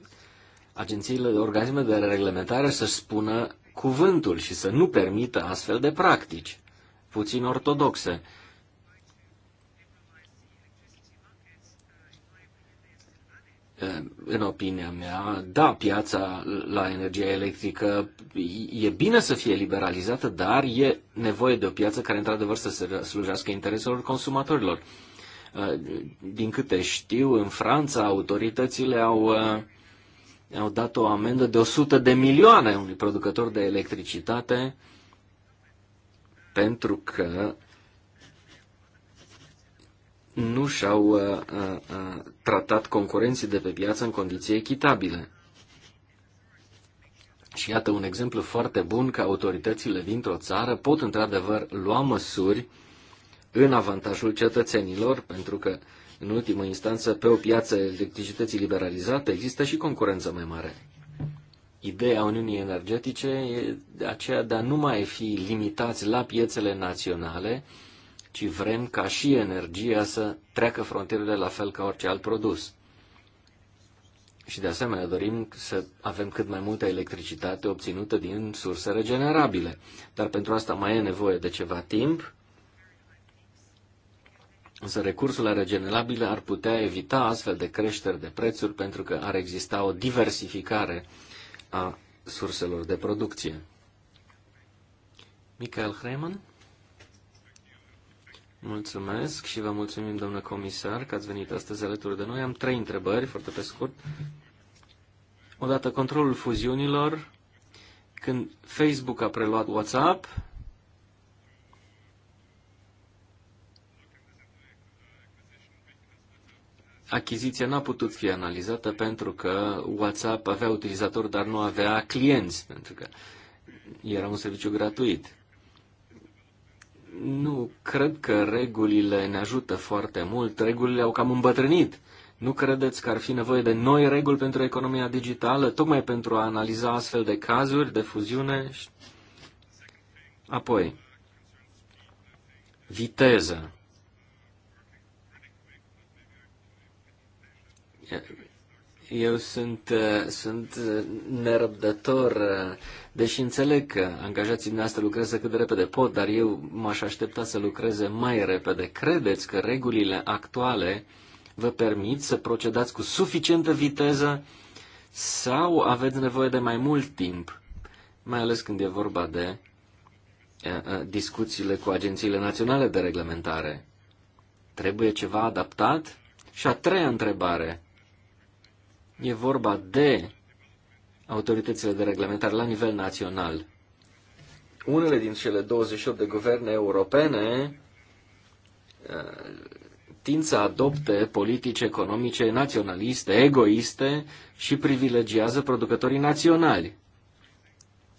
agențiile, organismele de reglementare să spună cuvântul și să nu permită astfel de practici, puțin ortodoxe. în opinia mea, da, piața la energia electrică e bine să fie liberalizată, dar e nevoie de o piață care într-adevăr să slujească intereselor consumatorilor. Uh, din câte știu, în Franța autoritățile au, uh, au dat o amendă de 100 de milioane unui producător de electricitate pentru că nu și-au uh, uh, uh, tratat concurenții de pe piață în condiții echitabile. Și iată un exemplu foarte bun că autoritățile dintr-o țară pot într-adevăr lua măsuri în avantajul cetățenilor, pentru că, în ultimă instanță, pe o piață electricității liberalizată există și concurență mai mare. Ideea Uniunii Energetice e aceea de a nu mai fi limitați la piețele naționale, ci vrem ca și energia să treacă frontierele la fel ca orice alt produs. Și de asemenea dorim să avem cât mai multă electricitate obținută din surse regenerabile. Dar pentru asta mai e nevoie de ceva timp. Însă recursul la regenerabile ar putea evita astfel de creșteri de prețuri pentru că ar exista o diversificare a surselor de producție. Michael Hreman? Mulțumesc și vă mulțumim, domnule comisar, că ați venit astăzi alături de noi. Am trei întrebări, foarte pe scurt. Odată, controlul fuziunilor, când Facebook a preluat WhatsApp, achiziția n-a putut fi analizată pentru că WhatsApp avea utilizatori, dar nu avea clienți, pentru că era un serviciu gratuit. Nu cred că regulile ne ajută foarte mult. Regulile au cam îmbătrânit. Nu credeți că ar fi nevoie de noi reguli pentru economia digitală, tocmai pentru a analiza astfel de cazuri de fuziune? Apoi, viteză. Eu sunt, eh, sunt eh, nerăbdător eh, Deși înțeleg că angajații dumneavoastră lucrează cât de repede pot, dar eu m-aș aștepta să lucreze mai repede. Credeți că regulile actuale vă permit să procedați cu suficientă viteză sau aveți nevoie de mai mult timp, mai ales când e vorba de discuțiile cu agențiile naționale de reglementare? Trebuie ceva adaptat? Și a treia întrebare. E vorba de autoritățile de reglementare la nivel național. Unele din cele 28 de guverne europene eh, tind să adopte politici economice naționaliste, egoiste și privilegiază producătorii naționali.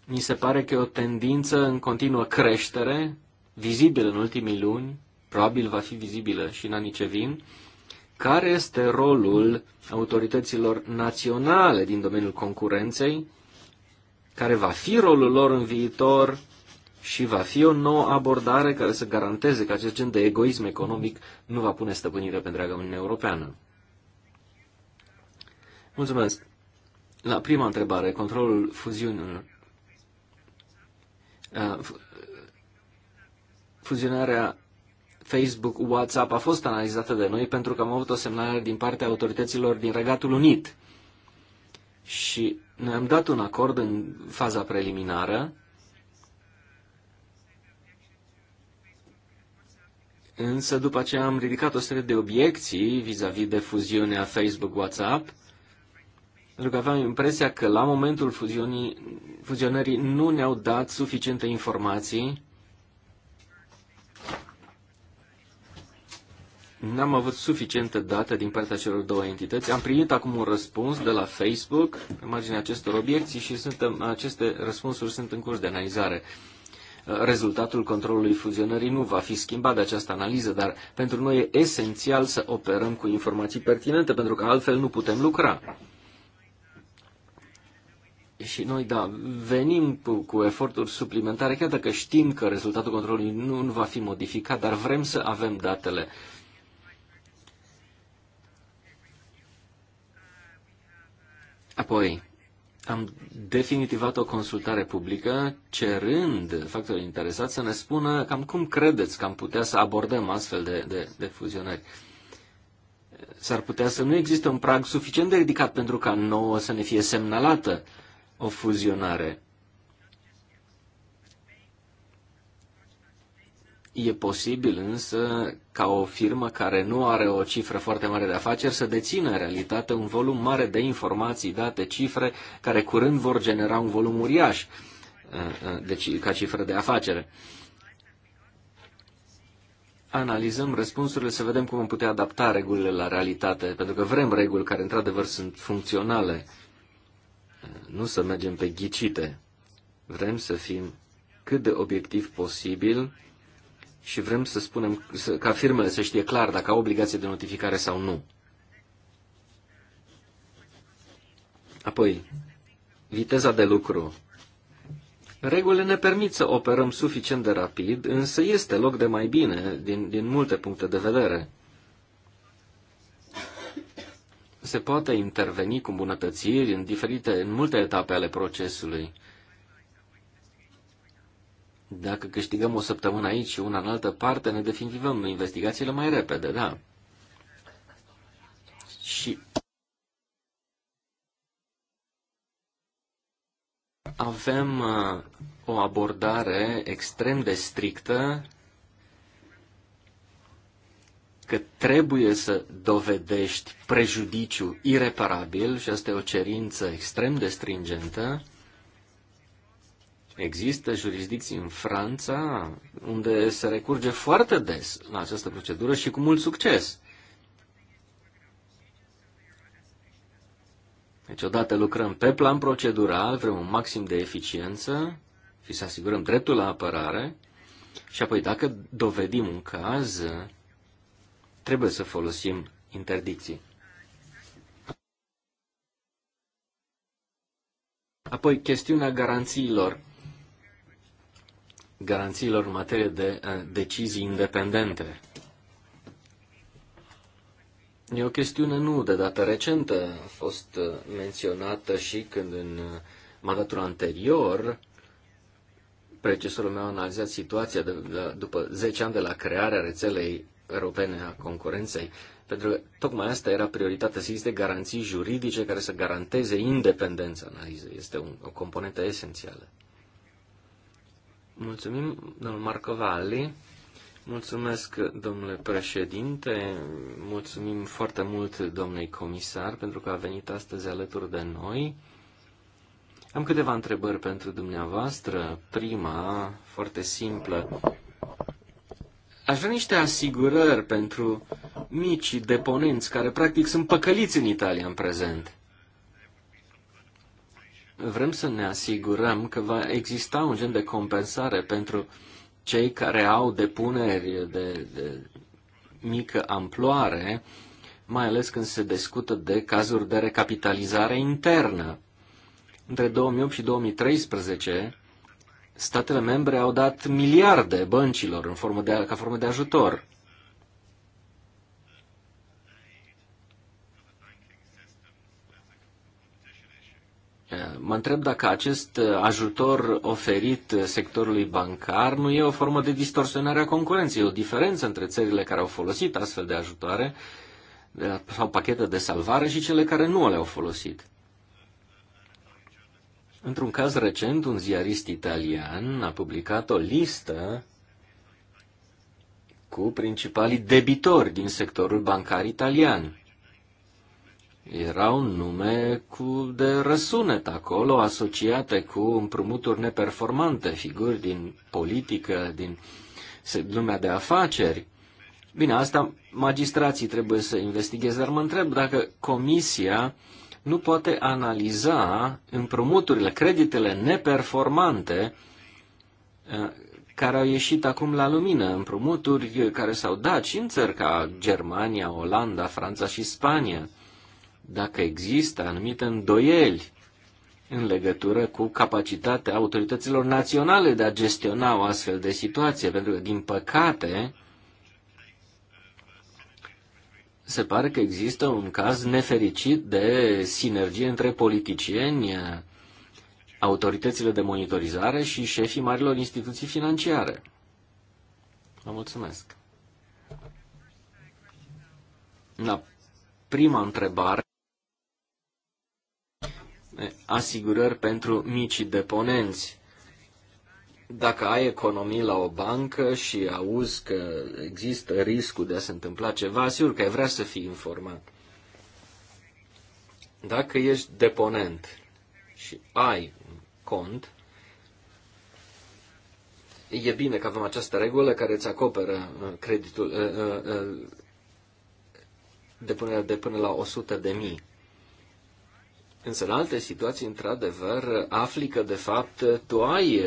Mi se pare că e o tendință în continuă creștere, vizibilă în ultimii luni, probabil va fi vizibilă și în anii ce vin, care este rolul autorităților naționale din domeniul concurenței, care va fi rolul lor în viitor și va fi o nouă abordare care să garanteze că acest gen de egoism economic nu va pune stăpânire pe întreaga Uniunea Europeană. Mulțumesc. La prima întrebare, controlul fuziunilor. Uh, uh, Fuzionarea Facebook, WhatsApp a fost analizată de noi pentru că am avut o semnalare din partea autorităților din Regatul Unit. Și noi am dat un acord în faza preliminară, însă după aceea am ridicat o serie de obiecții vis-a-vis -vis de fuziunea Facebook-WhatsApp, pentru că aveam impresia că la momentul fuziunii, fuzionării nu ne-au dat suficiente informații N-am avut suficientă date din partea celor două entități. Am primit acum un răspuns de la Facebook pe marginea acestor obiecții și sunt aceste răspunsuri sunt în curs de analizare. Rezultatul controlului fuzionării nu va fi schimbat de această analiză, dar pentru noi e esențial să operăm cu informații pertinente, pentru că altfel nu putem lucra. Și noi, da, venim cu, cu eforturi suplimentare, chiar dacă știm că rezultatul controlului nu, nu va fi modificat, dar vrem să avem datele Apoi, am definitivat o consultare publică cerând factorii interesați să ne spună cam cum credeți că am putea să abordăm astfel de, de, de fuzionări. S-ar putea să nu există un prag suficient de ridicat pentru ca nouă să ne fie semnalată o fuzionare. E posibil însă ca o firmă care nu are o cifră foarte mare de afaceri să dețină în realitate un volum mare de informații, date, cifre, care curând vor genera un volum uriaș uh, uh, deci, ca cifră de afacere. Analizăm răspunsurile să vedem cum am putea adapta regulile la realitate, pentru că vrem reguli care într-adevăr sunt funcționale, uh, nu să mergem pe ghicite. Vrem să fim cât de obiectiv posibil și vrem să spunem ca firmele să știe clar dacă au obligație de notificare sau nu. Apoi, viteza de lucru. Regulile ne permit să operăm suficient de rapid, însă este loc de mai bine din, din multe puncte de vedere. Se poate interveni cu îmbunătățiri în, diferite, în multe etape ale procesului. Dacă câștigăm o săptămână aici și una în altă parte, ne definitivăm investigațiile mai repede, da. Și avem uh, o abordare extrem de strictă că trebuie să dovedești prejudiciu ireparabil și asta e o cerință extrem de stringentă. Există jurisdicții în Franța unde se recurge foarte des la această procedură și cu mult succes. Deci odată lucrăm pe plan procedural, vrem un maxim de eficiență și să asigurăm dreptul la apărare și apoi dacă dovedim un caz, trebuie să folosim interdicții. Apoi chestiunea garanțiilor garanțiilor în materie de eh, decizii independente. E o chestiune nu de dată recentă, a fost eh, menționată și când în eh, mandatul anterior precesorul meu a analizat situația de, de, după 10 ani de la crearea rețelei europene a concurenței, pentru că tocmai asta era prioritatea, să existe garanții juridice care să garanteze independența analizei. Este un, o componentă esențială. Mulțumim, domnul Marcovalli. Mulțumesc, domnule președinte. Mulțumim foarte mult, domnului comisar, pentru că a venit astăzi alături de noi. Am câteva întrebări pentru dumneavoastră. Prima, foarte simplă. Aș vrea niște asigurări pentru mici deponenți care practic sunt păcăliți în Italia în prezent vrem să ne asigurăm că va exista un gen de compensare pentru cei care au depuneri de, de mică amploare, mai ales când se discută de cazuri de recapitalizare internă. Între 2008 și 2013, statele membre au dat miliarde băncilor în formă de, ca formă de ajutor. Mă întreb dacă acest ajutor oferit sectorului bancar nu e o formă de distorsionare a concurenței, o diferență între țările care au folosit astfel de ajutoare sau pachete de salvare și cele care nu le-au folosit. Într-un caz recent, un ziarist italian a publicat o listă cu principalii debitori din sectorul bancar italian. Era un nume cu de răsunet acolo, asociate cu împrumuturi neperformante, figuri din politică, din lumea de afaceri. Bine, asta magistrații trebuie să investigheze, dar mă întreb dacă comisia nu poate analiza împrumuturile, creditele neperformante eh, care au ieșit acum la lumină, împrumuturi care s-au dat și în țări ca Germania, Olanda, Franța și Spania dacă există anumite îndoieli în legătură cu capacitatea autorităților naționale de a gestiona o astfel de situație, pentru că, din păcate, se pare că există un caz nefericit de sinergie între politicieni, autoritățile de monitorizare și șefii marilor instituții financiare. Vă mulțumesc. La prima întrebare, asigurări pentru micii deponenți. Dacă ai economii la o bancă și auzi că există riscul de a se întâmpla ceva, sigur că ai vrea să fii informat. Dacă ești deponent și ai un cont, e bine că avem această regulă care îți acoperă uh, creditul uh, uh, depunerea de până la 100 de mii. Însă, în alte situații, într-adevăr, afli că, de fapt, tu ai,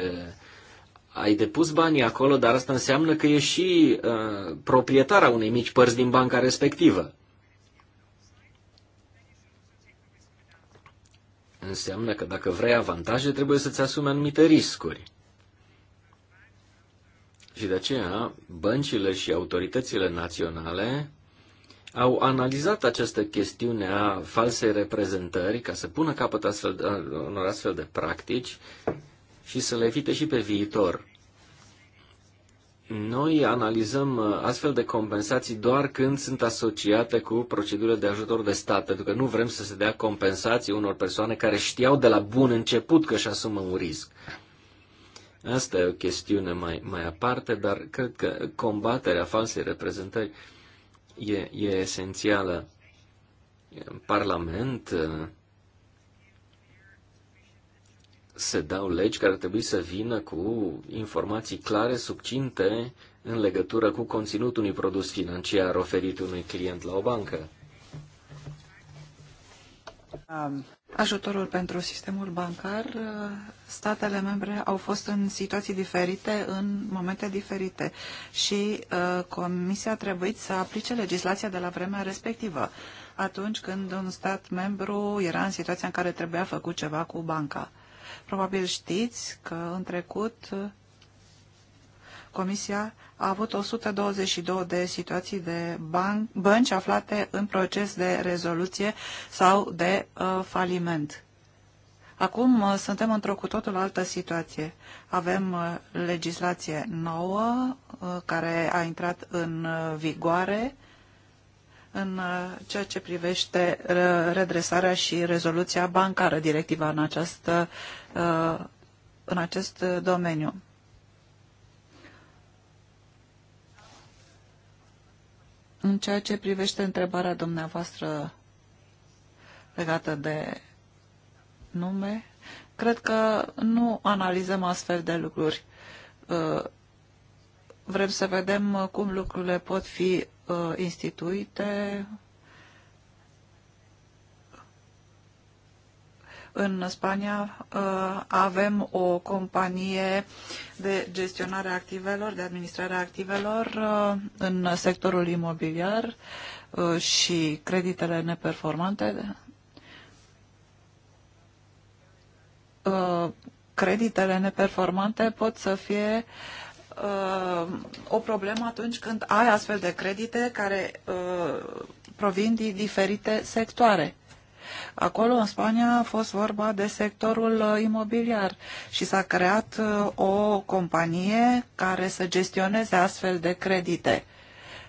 ai depus banii acolo, dar asta înseamnă că ești și uh, proprietara unei mici părți din banca respectivă. Înseamnă că dacă vrei avantaje, trebuie să-ți asumi anumite riscuri. Și de aceea, băncile și autoritățile naționale au analizat această chestiune a falsei reprezentări ca să pună capăt astfel, unor astfel de practici și să le evite și pe viitor. Noi analizăm astfel de compensații doar când sunt asociate cu procedurile de ajutor de stat, pentru că nu vrem să se dea compensații unor persoane care știau de la bun început că își asumă un risc. Asta e o chestiune mai, mai aparte, dar cred că combaterea falsei reprezentări uh, e, e esențială. În Parlament se dau legi care trebuie să vină cu informații clare, subcinte, în legătură cu conținutul unui produs financiar oferit unui client la o bancă. Um ajutorul pentru sistemul bancar, statele membre au fost în situații diferite, în momente diferite și uh, Comisia a trebuit să aplice legislația de la vremea respectivă, atunci când un stat membru era în situația în care trebuia făcut ceva cu banca. Probabil știți că în trecut Comisia a avut 122 de situații de ban bănci aflate în proces de rezoluție sau de uh, faliment. Acum uh, suntem într-o cu totul altă situație. Avem uh, legislație nouă uh, care a intrat în uh, vigoare în uh, ceea ce privește uh, redresarea și rezoluția bancară, directiva în, această, uh, în acest domeniu. În ceea ce privește întrebarea dumneavoastră legată de nume, cred că nu analizăm astfel de lucruri. Uh, vrem să vedem cum lucrurile pot fi uh, instituite, În Spania uh, avem o companie de gestionare a activelor, de administrare a activelor uh, în sectorul imobiliar uh, și creditele neperformante. Creditele neperformante pot să fie o problemă atunci când ai astfel de credite care provin din diferite sectoare. Acolo, în Spania, a fost vorba de sectorul uh, imobiliar și s-a creat uh, o companie care să gestioneze astfel de credite.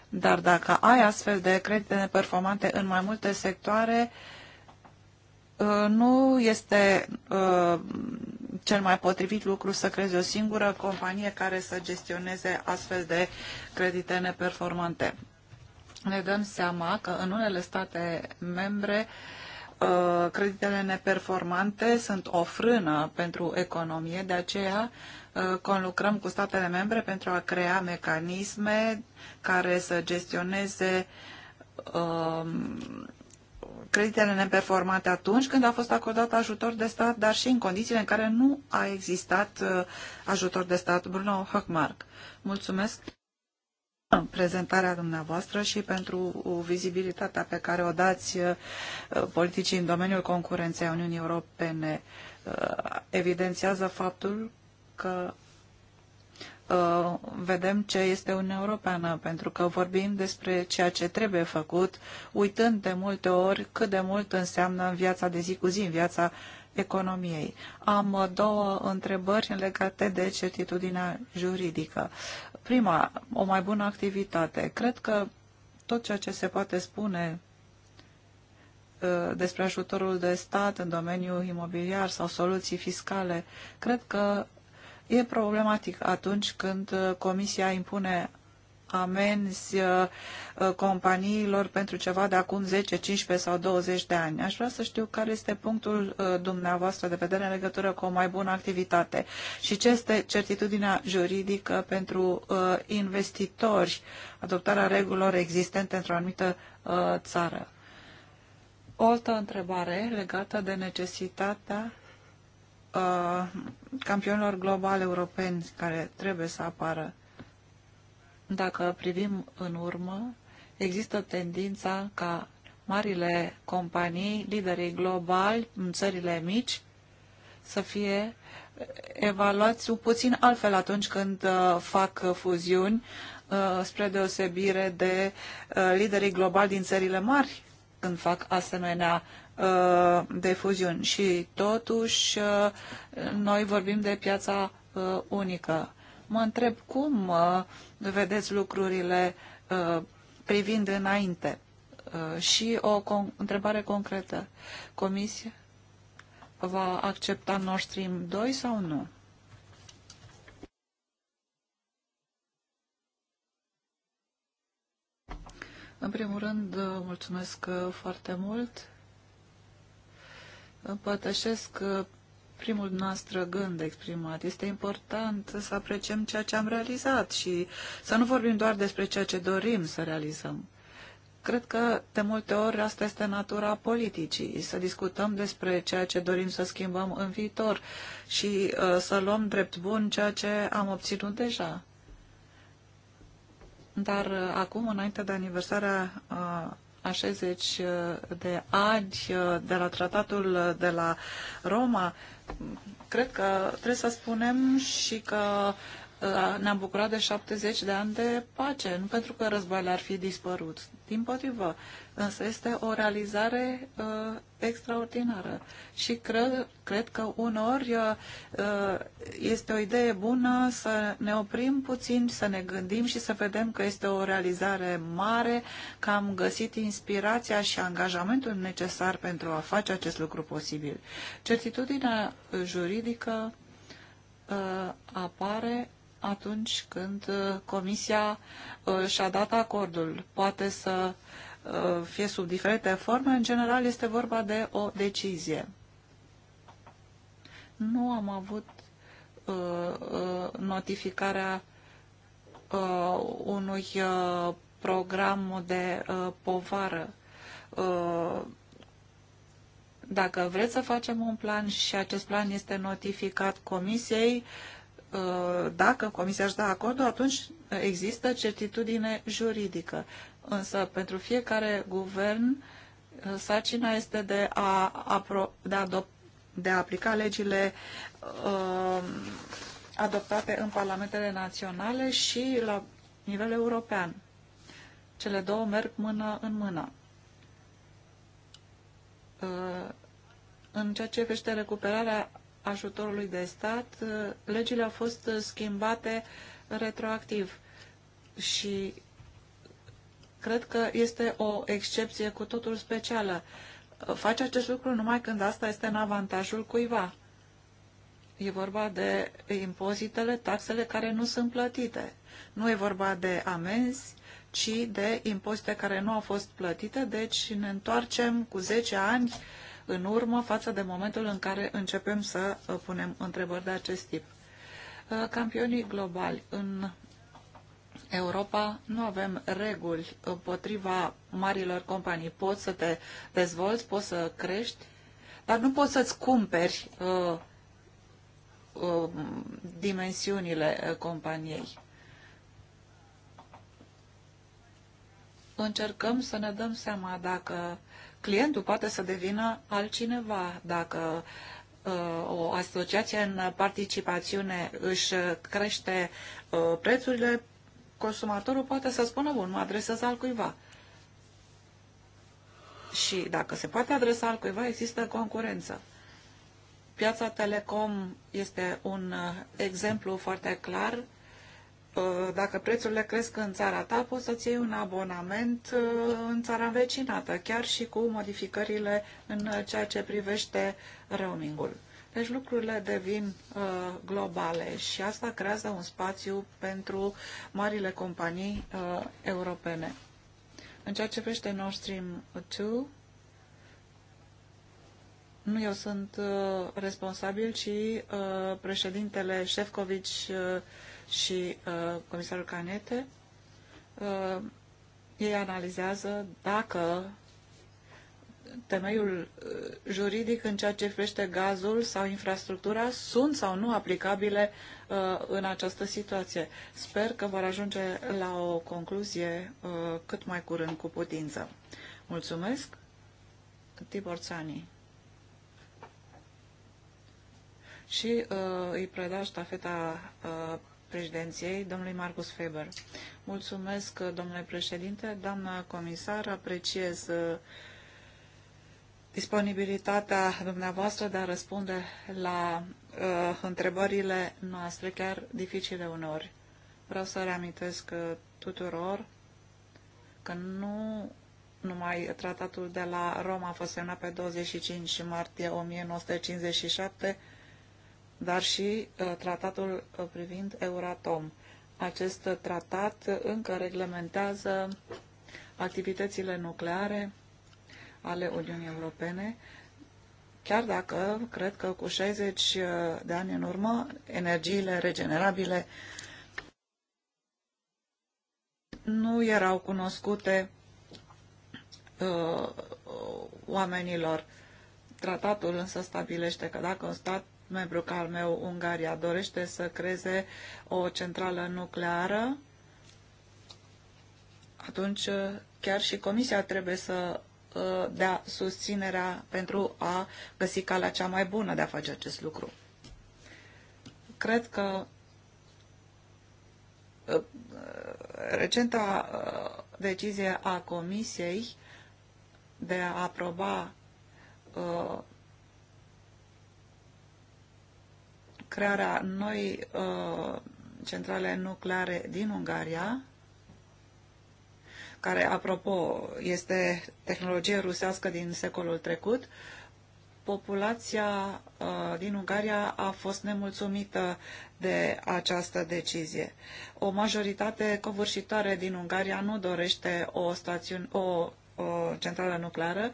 Dar dacă ai astfel de credite neperformante în mai multe sectoare, uh, nu este cel mai potrivit lucru să creezi o singură companie care să gestioneze astfel de credite neperformante. Ne dăm seama că în unele state membre uh, Uh, creditele neperformante sunt o frână pentru economie, de aceea uh, conlucrăm cu statele membre pentru a crea mecanisme care să gestioneze um, creditele neperformante atunci când a fost acordat ajutor de stat, dar și în condițiile în care nu a existat uh, ajutor de stat. Bruno Hochmark. Mulțumesc prezentarea dumneavoastră și pentru vizibilitatea pe care o dați uh, politicii în domeniul concurenței a Uniunii Europene. Uh, evidențiază faptul că uh, vedem ce este Uniunea Europeană, pentru că vorbim despre ceea ce trebuie făcut, uitând de multe ori cât de mult înseamnă în viața de zi cu zi, în viața economiei. Am două întrebări legate de certitudinea juridică. Prima, o mai bună activitate. Cred că tot ceea ce se poate spune uh, despre ajutorul de stat în domeniul imobiliar sau soluții fiscale, cred că e problematic atunci când uh, Comisia impune amenzi uh, uh, companiilor pentru ceva de acum 10, 15 sau 20 de ani. Aș vrea să știu care este punctul uh, dumneavoastră de vedere în legătură cu o mai bună activitate și ce este certitudinea juridică pentru investitori, adoptarea regulilor existente într-o anumită țară. O altă întrebare legată de necesitatea campionilor globali europeni care trebuie să apară dacă privim în urmă, există tendința ca marile companii, liderii globali în țările mici, să fie evaluați puțin altfel atunci când uh, fac fuziuni, uh, spre deosebire de uh, liderii globali din țările mari când fac asemenea de fuziuni. Și totuși, noi vorbim de piața unică. Mă întreb cum uh, vedeți lucrurile uh, privind înainte. Uh, și o întrebare concretă. Comisia va accepta Nord Stream 2 sau nu? În primul rând, mulțumesc foarte mult. Împărtășesc primul noastră gând exprimat. Este important să apreciem ceea ce am realizat și să nu vorbim doar despre ceea ce dorim să realizăm. Cred că de multe ori asta este natura politicii, să discutăm despre ceea ce dorim să schimbăm în viitor și uh, să luăm drept bun ceea ce am obținut deja. Dar uh, acum, înainte de aniversarea uh, a 60 uh, de ani uh, de la tratatul uh, de la Roma, cred că trebuie să spunem și că uh, Uh, ne-am bucurat de 70 de ani de pace, nu pentru că războaiele ar fi dispărut, din potrivă, însă este o realizare uh, extraordinară și cred, cred că uneori uh, uh, este o idee bună să ne oprim puțin, să ne gândim și să vedem că este o realizare mare, că am găsit inspirația și angajamentul necesar pentru a face acest lucru posibil. Certitudinea juridică uh, apare atunci când uh, Comisia uh, și-a dat acordul. Poate să uh, fie sub diferite forme, în general este vorba de o decizie. Nu am avut notificarea unui program de povară dacă vreți să facem un plan și acest plan este notificat comisiei, Uh, dacă Comisia își dă acordul, atunci există certitudine juridică. Însă, pentru fiecare guvern, uh, sarcina este de a, apro de a, de a aplica legile uh, adoptate în parlamentele naționale și la nivel european. Cele două merg mână în mână. Uh, în ceea ce privește recuperarea ajutorului de stat, uh, legile au fost uh, schimbate retroactiv și cred că este o excepție cu totul specială. Uh, face acest lucru numai când asta este în avantajul cuiva. E vorba de impozitele, taxele care nu sunt plătite. Nu e vorba de amenzi, ci de impozite care nu au fost plătite, deci ne întoarcem cu 10 ani uh, în urmă față de momentul în care începem să uh, punem întrebări de acest tip. Uh, campionii globali în Europa nu avem reguli împotriva marilor companii. Poți să te dezvolți, poți să crești, dar nu poți să-ți cumperi uh, uh, dimensiunile uh, companiei. Încercăm să ne dăm seama dacă clientul poate să devină altcineva dacă uh, o asociație în participațiune își crește uh, prețurile, consumatorul poate să spună, bun, mă adresez al cuiva. Și dacă se poate adresa al cuiva, există concurență. Piața Telecom este un uh, exemplu foarte clar dacă prețurile cresc în țara ta, poți să-ți iei un abonament uh, în țara vecinată, chiar și cu modificările în ceea ce privește roamingul. Deci lucrurile devin uh, globale și asta creează un spațiu pentru marile companii uh, europene. În ceea ce privește Nord Stream 2, nu eu sunt uh, responsabil, ci uh, președintele Șefcovici uh, și uh, comisarul Canete, uh, ei analizează dacă temeiul uh, juridic în ceea ce privește gazul sau infrastructura sunt sau nu aplicabile uh, în această situație. Sper că vor ajunge la o concluzie uh, cât mai curând cu putință. Mulțumesc, Tibor Țani. Și uh, îi preda ștafeta uh, președinției, domnului Marcus Faber. Mulțumesc, domnule președinte, doamna comisar, apreciez uh, disponibilitatea dumneavoastră de a răspunde la uh, întrebările noastre, chiar dificile uneori. Vreau să reamintesc uh, tuturor că nu numai tratatul de la Roma a fost semnat pe 25 martie 1957, dar și uh, tratatul uh, privind Euratom. Acest tratat uh, încă reglementează activitățile nucleare ale Uniunii Europene, chiar dacă cred că cu 60 de ani în urmă energiile regenerabile nu erau cunoscute uh, oamenilor. Tratatul însă stabilește că dacă un stat membru al meu, Ungaria, dorește să creeze o centrală nucleară, atunci uh, chiar și Comisia trebuie să uh, dea susținerea pentru a găsi calea cea mai bună de a face acest lucru. Cred că uh, recenta decizie a Comisiei de a aproba crearea noi uh, centrale nucleare din Ungaria, care, apropo, este tehnologie rusească din secolul trecut, populația uh, din Ungaria a fost nemulțumită de această decizie. O majoritate covârșitoare din Ungaria nu dorește o, stațiune, o, o centrală nucleară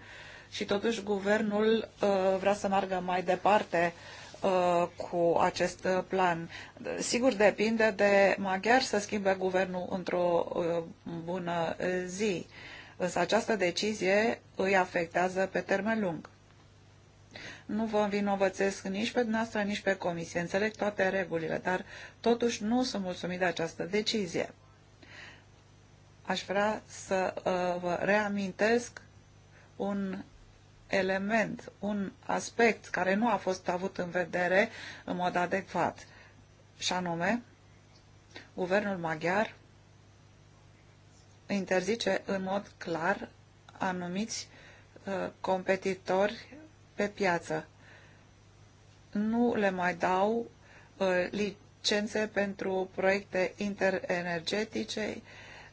și totuși guvernul uh, vrea să meargă mai departe uh, Uh, cu acest uh, plan. Sigur, depinde de maghiar să schimbe guvernul într-o uh, bună zi, însă această decizie îi afectează pe termen lung. Nu vă învinovățesc nici pe dumneavoastră, nici pe comisie. Înțeleg toate regulile, dar totuși nu sunt mulțumit de această decizie. Aș vrea să uh, vă reamintesc un element, un aspect care nu a fost avut în vedere în mod adecvat, și anume, guvernul maghiar interzice în mod clar anumiți uh, competitori pe piață. Nu le mai dau uh, licențe pentru proiecte interenergetice,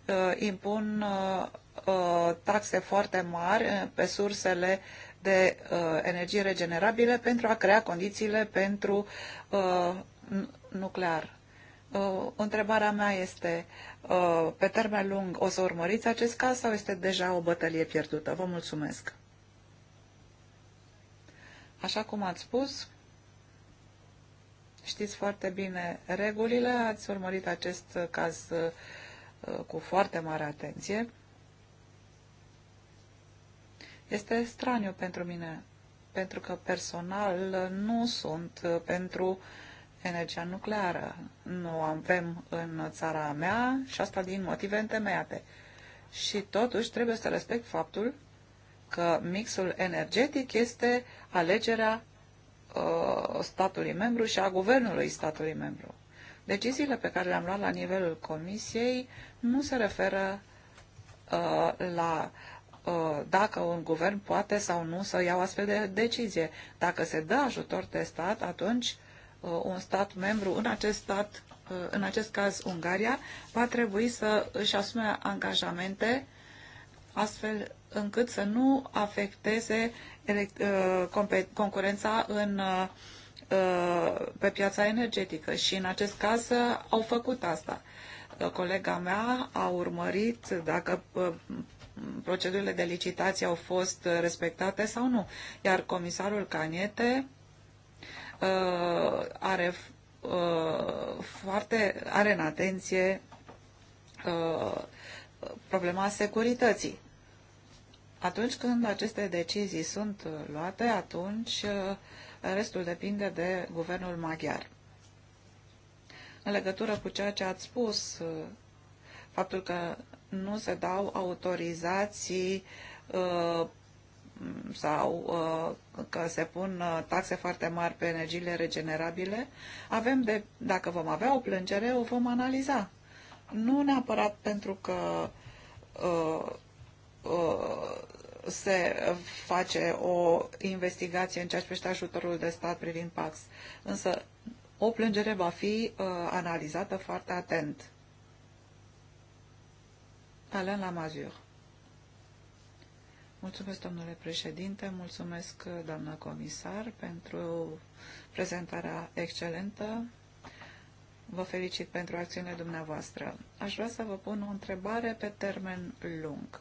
uh, impun uh, uh, taxe foarte mari uh, pe sursele de uh, energie regenerabile pentru a crea condițiile pentru uh, nuclear. Uh, întrebarea mea este, uh, pe termen lung o să urmăriți acest caz sau este deja o bătălie pierdută? Vă mulțumesc! Așa cum ați spus, știți foarte bine regulile, ați urmărit acest caz uh, cu foarte mare atenție. Este straniu pentru mine, pentru că personal nu sunt pentru energia nucleară. Nu avem în țara mea și asta din motive întemeiate. Și totuși trebuie să respect faptul că mixul energetic este alegerea uh, statului membru și a guvernului statului membru. Deciziile pe care le-am luat la nivelul Comisiei nu se referă uh, la Uh, dacă un guvern poate sau nu să ia o astfel de decizie. Dacă se dă ajutor de stat, atunci uh, un stat membru, în acest stat, uh, în acest caz Ungaria, va trebui să își asume angajamente astfel încât să nu afecteze concurența în, pe piața energetică. Și în acest caz au făcut asta. Colega mea a urmărit dacă procedurile de licitație au fost respectate sau nu. Iar comisarul Caniete uh, are uh, foarte are în atenție uh, problema securității. Atunci când aceste decizii sunt luate, atunci uh, restul depinde de guvernul maghiar. În legătură cu ceea ce ați spus, uh, faptul că nu se dau autorizații uh, sau uh, că se pun uh, taxe foarte mari pe energiile regenerabile, avem de, dacă vom avea o plângere, o vom analiza. Nu neapărat pentru că uh, uh, se face o investigație în ceea ce privește ajutorul de stat privind PAX, însă o plângere va fi uh, analizată foarte atent. Alain Lamazur. Mulțumesc, domnule președinte, mulțumesc, doamnă comisar, pentru prezentarea excelentă. Vă felicit pentru acțiunile dumneavoastră. Aș vrea să vă pun o întrebare pe termen lung.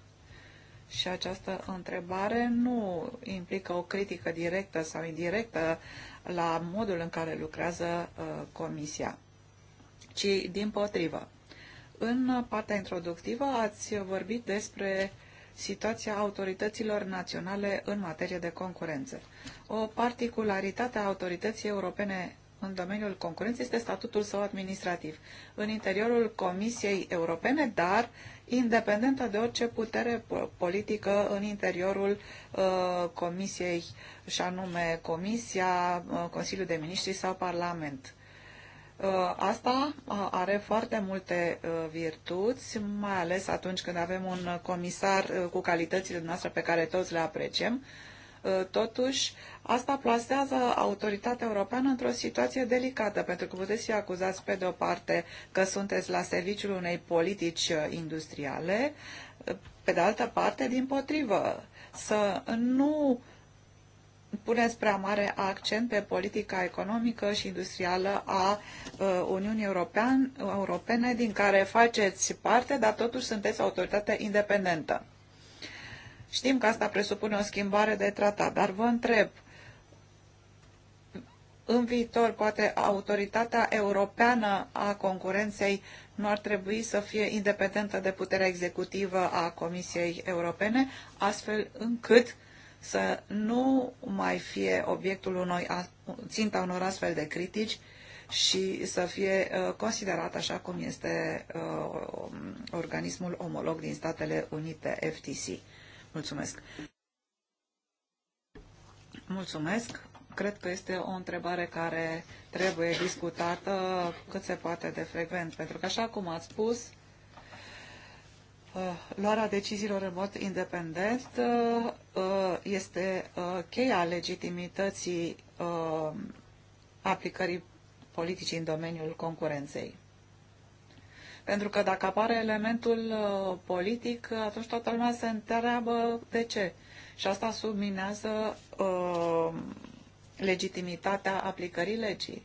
Și această întrebare nu implică o critică directă sau indirectă la modul în care lucrează uh, Comisia, ci din potrivă. În partea introductivă ați vorbit despre situația autorităților naționale în materie de concurență. O particularitate a autorității europene în domeniul concurenței este statutul său administrativ, în interiorul Comisiei Europene, dar independentă de orice putere politică în interiorul uh, Comisiei, și anume Comisia, uh, Consiliul de Ministri sau Parlament. Uh, asta uh, are foarte multe uh, virtuți, mai ales atunci când avem un comisar cu calitățile noastre pe care toți le apreciem. Totuși, asta plasează autoritatea europeană într-o situație delicată, pentru că puteți fi acuzați pe de-o parte că sunteți la serviciul unei politici industriale, pe de altă parte, din potrivă, să nu uh, puneți prea mare accent pe politica economică și industrială a uh, Uniunii European, Europene, din care faceți parte, dar totuși sunteți autoritate independentă. Știm că asta presupune o schimbare de tratat, dar vă întreb, în viitor, poate autoritatea europeană a concurenței nu ar trebui să fie independentă de puterea executivă a Comisiei Europene, astfel încât să nu mai fie obiectul unui ținta unor astfel de critici și să fie uh, considerat așa cum este uh, organismul omolog din Statele Unite, FTC. Mulțumesc. Mulțumesc. Cred că este o întrebare care trebuie discutată cât se poate de frecvent, pentru că, așa cum ați spus, Uh, luarea deciziilor în mod independent uh, uh, este cheia legitimității aplicării politicii în domeniul concurenței. Pentru că dacă apare elementul politic, atunci toată lumea se întreabă de ce. Și asta subminează legitimitatea aplicării legii.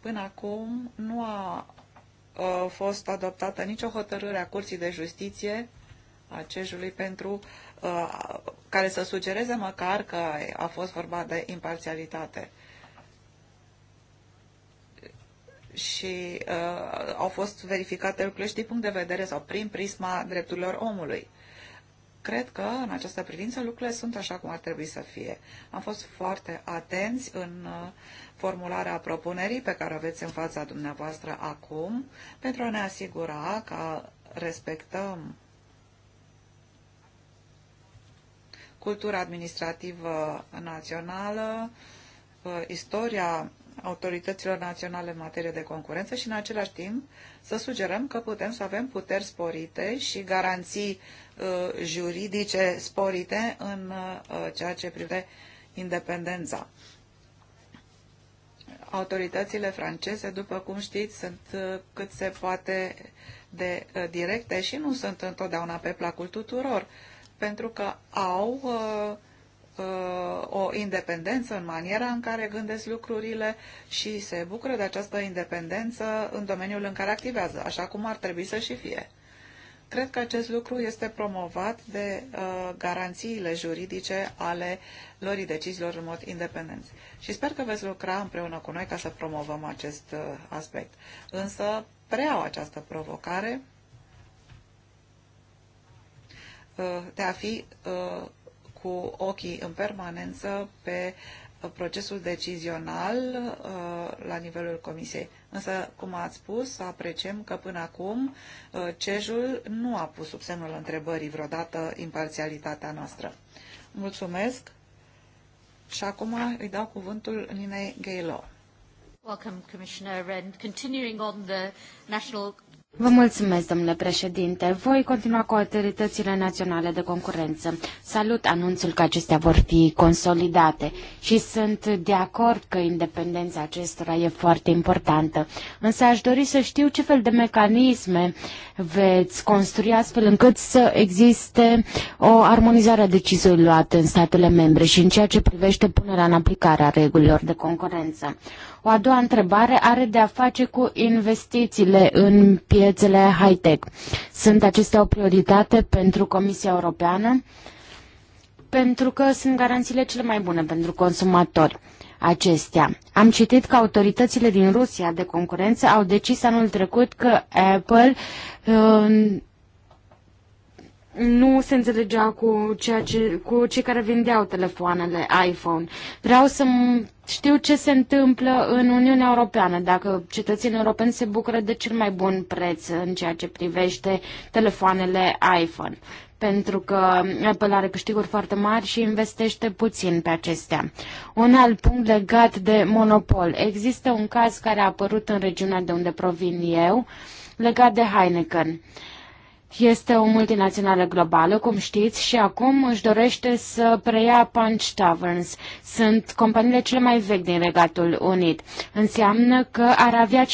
Până acum nu a fost adoptată nicio hotărâre a Curții de Justiție a CEJului pentru care să sugereze măcar că a fost vorba de imparțialitate. Și uh, au fost verificate lucrurile și din punct de vedere sau prin prisma drepturilor omului. Cred că, în această privință, lucrurile sunt așa cum ar trebui să fie. Am fost foarte atenți în uh, formularea propunerii pe care o aveți în fața dumneavoastră acum, pentru a ne asigura că respectăm cultura administrativă națională, uh, istoria autorităților naționale în materie de concurență și în același timp să sugerăm că putem să avem puteri sporite și garanții uh, juridice sporite în uh, ceea ce privește independența. Autoritățile franceze, după cum știți, sunt uh, cât se poate de uh, directe și nu sunt întotdeauna pe placul tuturor, pentru că au uh, Uh, o independență în maniera în care gândesc lucrurile și se bucură de această independență în domeniul în care activează, așa cum ar trebui să și fie. Cred că acest lucru este promovat de uh, garanțiile juridice ale lorii deciziilor în mod independent. Și sper că veți lucra împreună cu noi ca să promovăm acest uh, aspect. Însă preau această provocare uh, de a fi uh, cu ochii în permanență pe uh, procesul decizional uh, la nivelul Comisiei. Însă, cum ați spus, apreciem că până acum uh, CEJul nu a pus sub semnul întrebării vreodată imparțialitatea noastră. Mulțumesc și acum îi dau cuvântul Ninei Gailo. Welcome, Commissioner Rend. Continuing on the national Vă mulțumesc, domnule președinte. Voi continua cu autoritățile naționale de concurență. Salut anunțul că acestea vor fi consolidate și sunt de acord că independența acestora e foarte importantă. Însă aș dori să știu ce fel de mecanisme veți construi astfel încât să existe o armonizare a deciziilor luate în statele membre și în ceea ce privește punerea în aplicare a regulilor de concurență. O a doua întrebare are de a face cu investițiile în piețele high-tech. Sunt acestea o prioritate pentru Comisia Europeană? Pentru că sunt garanțiile cele mai bune pentru consumatori acestea. Am citit că autoritățile din Rusia de concurență au decis anul trecut că Apple uh, nu se înțelegea cu, ceea ce, cu cei care vindeau telefoanele iPhone. Vreau să știu ce se întâmplă în Uniunea Europeană, dacă cetățenii europeni se bucură de cel mai bun preț în ceea ce privește telefoanele iPhone pentru că Apple are câștiguri foarte mari și investește puțin pe acestea. Un alt punct legat de monopol. Există un caz care a apărut în regiunea de unde provin eu, legat de Heineken. Uh, este o multinațională globală, cum știți, și acum își dorește să preia Punch Taverns. Sunt companiile cele mai vechi din Regatul Unit. Înseamnă că ar avea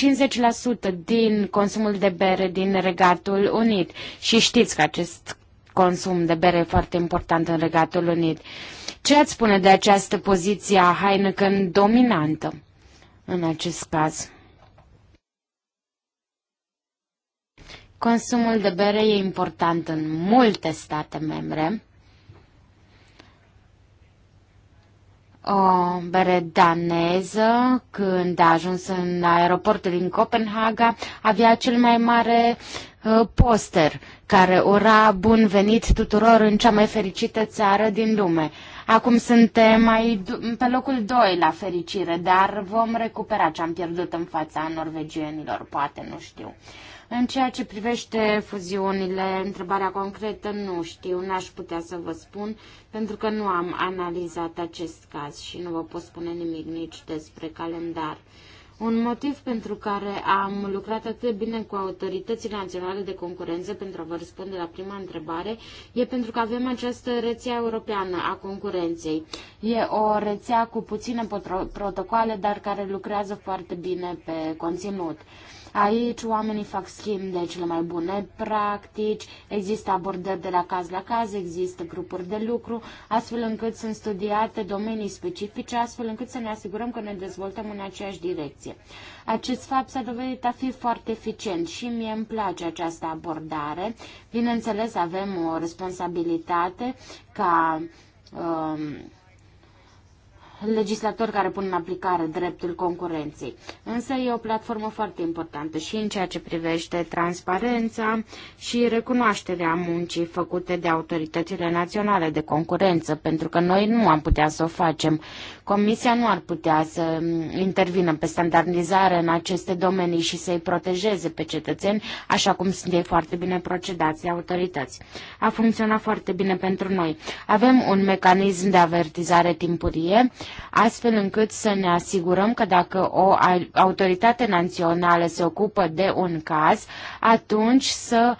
50% din consumul de bere din Regatul Unit. Și știți că acest consum de bere e foarte important în Regatul Unit. Ce ați spune de această poziție a Heineken dominantă în acest caz? Consumul de bere e important în multe state membre. o bere daneză, când a ajuns în aeroportul din Copenhaga, avea cel mai mare uh, poster care ura bun venit tuturor în cea mai fericită țară din lume. Acum suntem mai pe locul 2 la fericire, dar vom recupera ce am pierdut în fața norvegienilor, poate, nu știu. În ceea ce privește fuziunile, întrebarea concretă nu știu, n-aș putea să vă spun, pentru că nu am analizat acest caz și nu vă pot spune nimic nici despre calendar. Un motiv pentru care am lucrat atât de bine cu autoritățile naționale de concurență pentru a vă răspunde la prima întrebare e pentru că avem această rețea europeană a concurenței. E o rețea cu puține protocoale, dar care lucrează foarte bine pe conținut. Aici oamenii fac schimb de cele mai bune practici, există abordări de la caz la caz, există grupuri de lucru, astfel încât sunt studiate domenii specifice, astfel încât să ne asigurăm că ne dezvoltăm în aceeași direcție. Acest fapt s-a dovedit a fi foarte eficient și mie îmi place această abordare. Bineînțeles, avem o responsabilitate ca um, legislatori care pun în aplicare dreptul concurenței. Însă e o platformă foarte importantă și în ceea ce privește transparența și recunoașterea muncii făcute de autoritățile naționale de concurență, pentru că noi nu am putea să o facem. Comisia nu ar putea să intervină pe standardizare în aceste domenii și să-i protejeze pe cetățeni, așa cum sunt ei foarte bine procedați de autorități. A funcționat foarte bine pentru noi. Avem un mecanism de avertizare timpurie, astfel încât să ne asigurăm că dacă o autoritate națională se ocupă de un caz, atunci să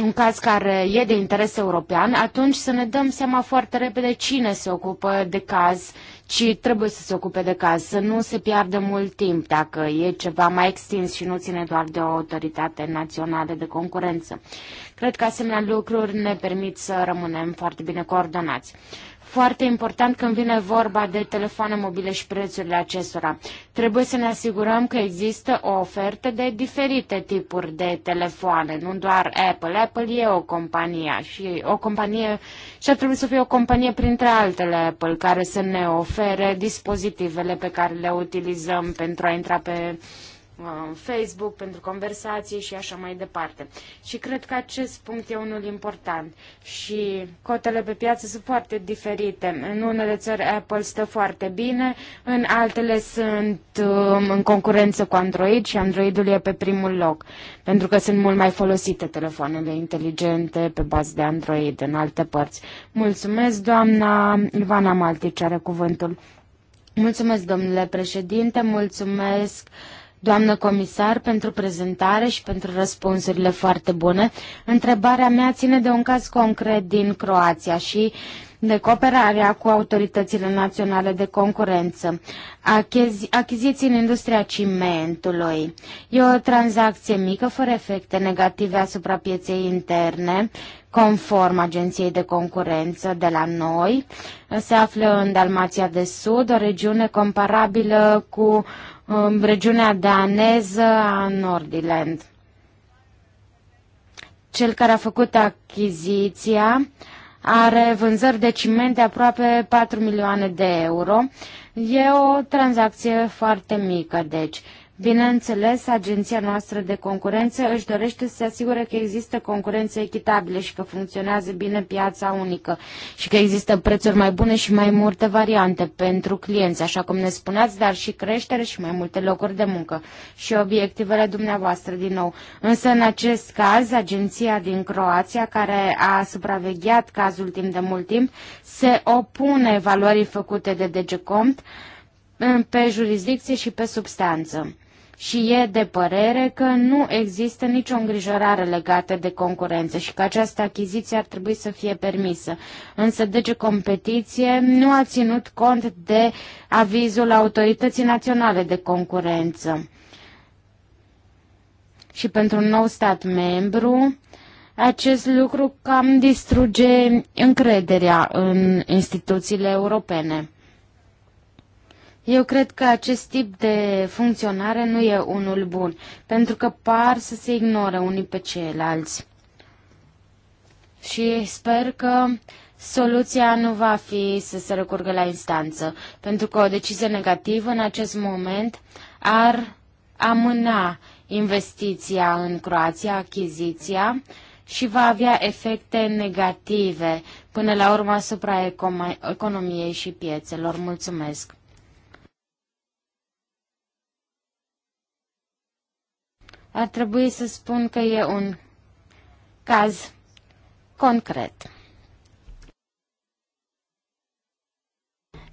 un caz care e de interes european, atunci să ne dăm seama foarte repede cine se ocupă de caz, ci trebuie să se ocupe de caz, să nu se piardă mult timp dacă e ceva mai extins și nu ține doar de o autoritate națională de concurență. Cred că asemenea lucruri ne permit să rămânem foarte bine coordonați foarte important când vine vorba de telefoane mobile și prețurile acestora. Trebuie să ne asigurăm că există o ofertă de diferite tipuri de telefoane, nu doar Apple. Apple e o companie și o companie și ar trebui să fie o companie printre altele Apple care să ne ofere dispozitivele pe care le utilizăm pentru a intra pe uh, Uh, Facebook pentru conversații și așa mai departe. Și cred că acest punct e unul important. Și cotele pe piață sunt foarte diferite. În unele țări Apple stă foarte bine, în altele sunt um, în concurență cu Android și Androidul e pe primul loc, pentru că sunt mult mai folosite telefoanele inteligente pe bază de Android în alte părți. Mulțumesc, doamna Ivana Maltici are cuvântul. Mulțumesc, domnule președinte, mulțumesc uh, doamnă comisar, pentru prezentare și pentru răspunsurile foarte bune. Întrebarea mea ține de un caz concret din Croația și de cooperarea cu autoritățile naționale de concurență, achizi, achiziții în industria cimentului. E o tranzacție mică, fără efecte negative asupra pieței interne, conform Agenției de Concurență de la noi. Se află în Dalmația de Sud, o regiune comparabilă cu în regiunea daneză a Nordiland. Cel care a făcut achiziția are vânzări de ciment de aproape 4 milioane de euro. E o tranzacție foarte mică, deci Bineînțeles, agenția noastră de concurență își dorește să se asigure că există concurență echitabilă și că funcționează bine piața unică și că există prețuri mai bune și mai multe variante pentru clienți, așa cum ne spuneați, dar și creștere și mai multe locuri de muncă și obiectivele dumneavoastră din nou. Însă, în acest caz, agenția din Croația, care a supravegheat cazul timp de mult timp, se opune evaluării făcute de DGCOMT pe jurisdicție și pe substanță și e de părere că nu există nicio îngrijorare legată de concurență și că această achiziție ar trebui să fie permisă. Însă DG deci, Competiție nu a ținut cont de avizul Autorității Naționale de Concurență. Și pentru un nou stat membru, acest lucru cam distruge încrederea în instituțiile europene. Eu cred că acest tip de funcționare nu e unul bun, pentru că par să se ignoră unii pe ceilalți. Și sper că soluția nu va fi să se recurgă la instanță, pentru că o decizie negativă în acest moment ar amâna investiția în Croația, achiziția și va avea efecte negative până la urmă asupra economiei și piețelor. Mulțumesc! ar trebui să spun că e un caz concret.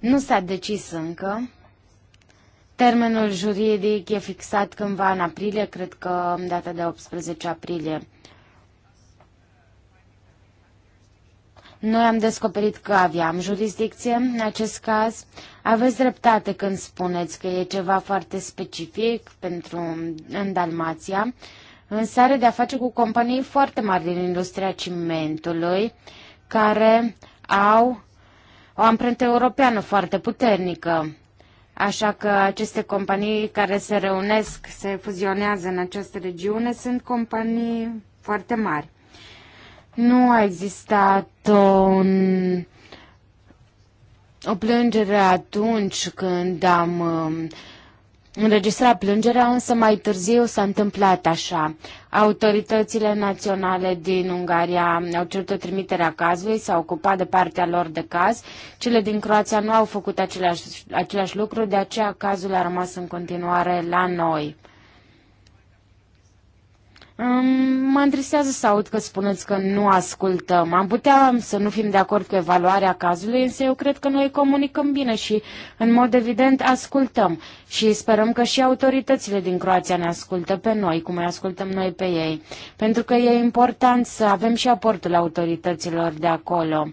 Nu s-a decis încă. Termenul juridic e fixat cândva în aprilie, cred că data de 18 aprilie Noi am descoperit că aveam jurisdicție în acest caz. Aveți dreptate când spuneți că e ceva foarte specific pentru în Dalmația, însă are de-a face cu companii foarte mari din industria cimentului, care au o amprentă europeană foarte puternică. Așa că aceste companii care se reunesc, se fuzionează în această regiune, sunt companii foarte mari. Nu a existat o, o plângere atunci când am um, înregistrat plângerea, însă mai târziu s-a întâmplat așa. Autoritățile naționale din Ungaria au cerut o trimitere a cazului, s-au ocupat de partea lor de caz. Cele din Croația nu au făcut același, același lucru, de aceea cazul a rămas în continuare la noi. Mă interesează să aud că spuneți că nu ascultăm. Am putea să nu fim de acord cu evaluarea cazului, însă eu cred că noi comunicăm bine și, în mod evident, ascultăm. Și sperăm că și autoritățile din Croația ne ascultă pe noi, cum îi ascultăm noi pe ei. Pentru că e important să avem și aportul autorităților de acolo.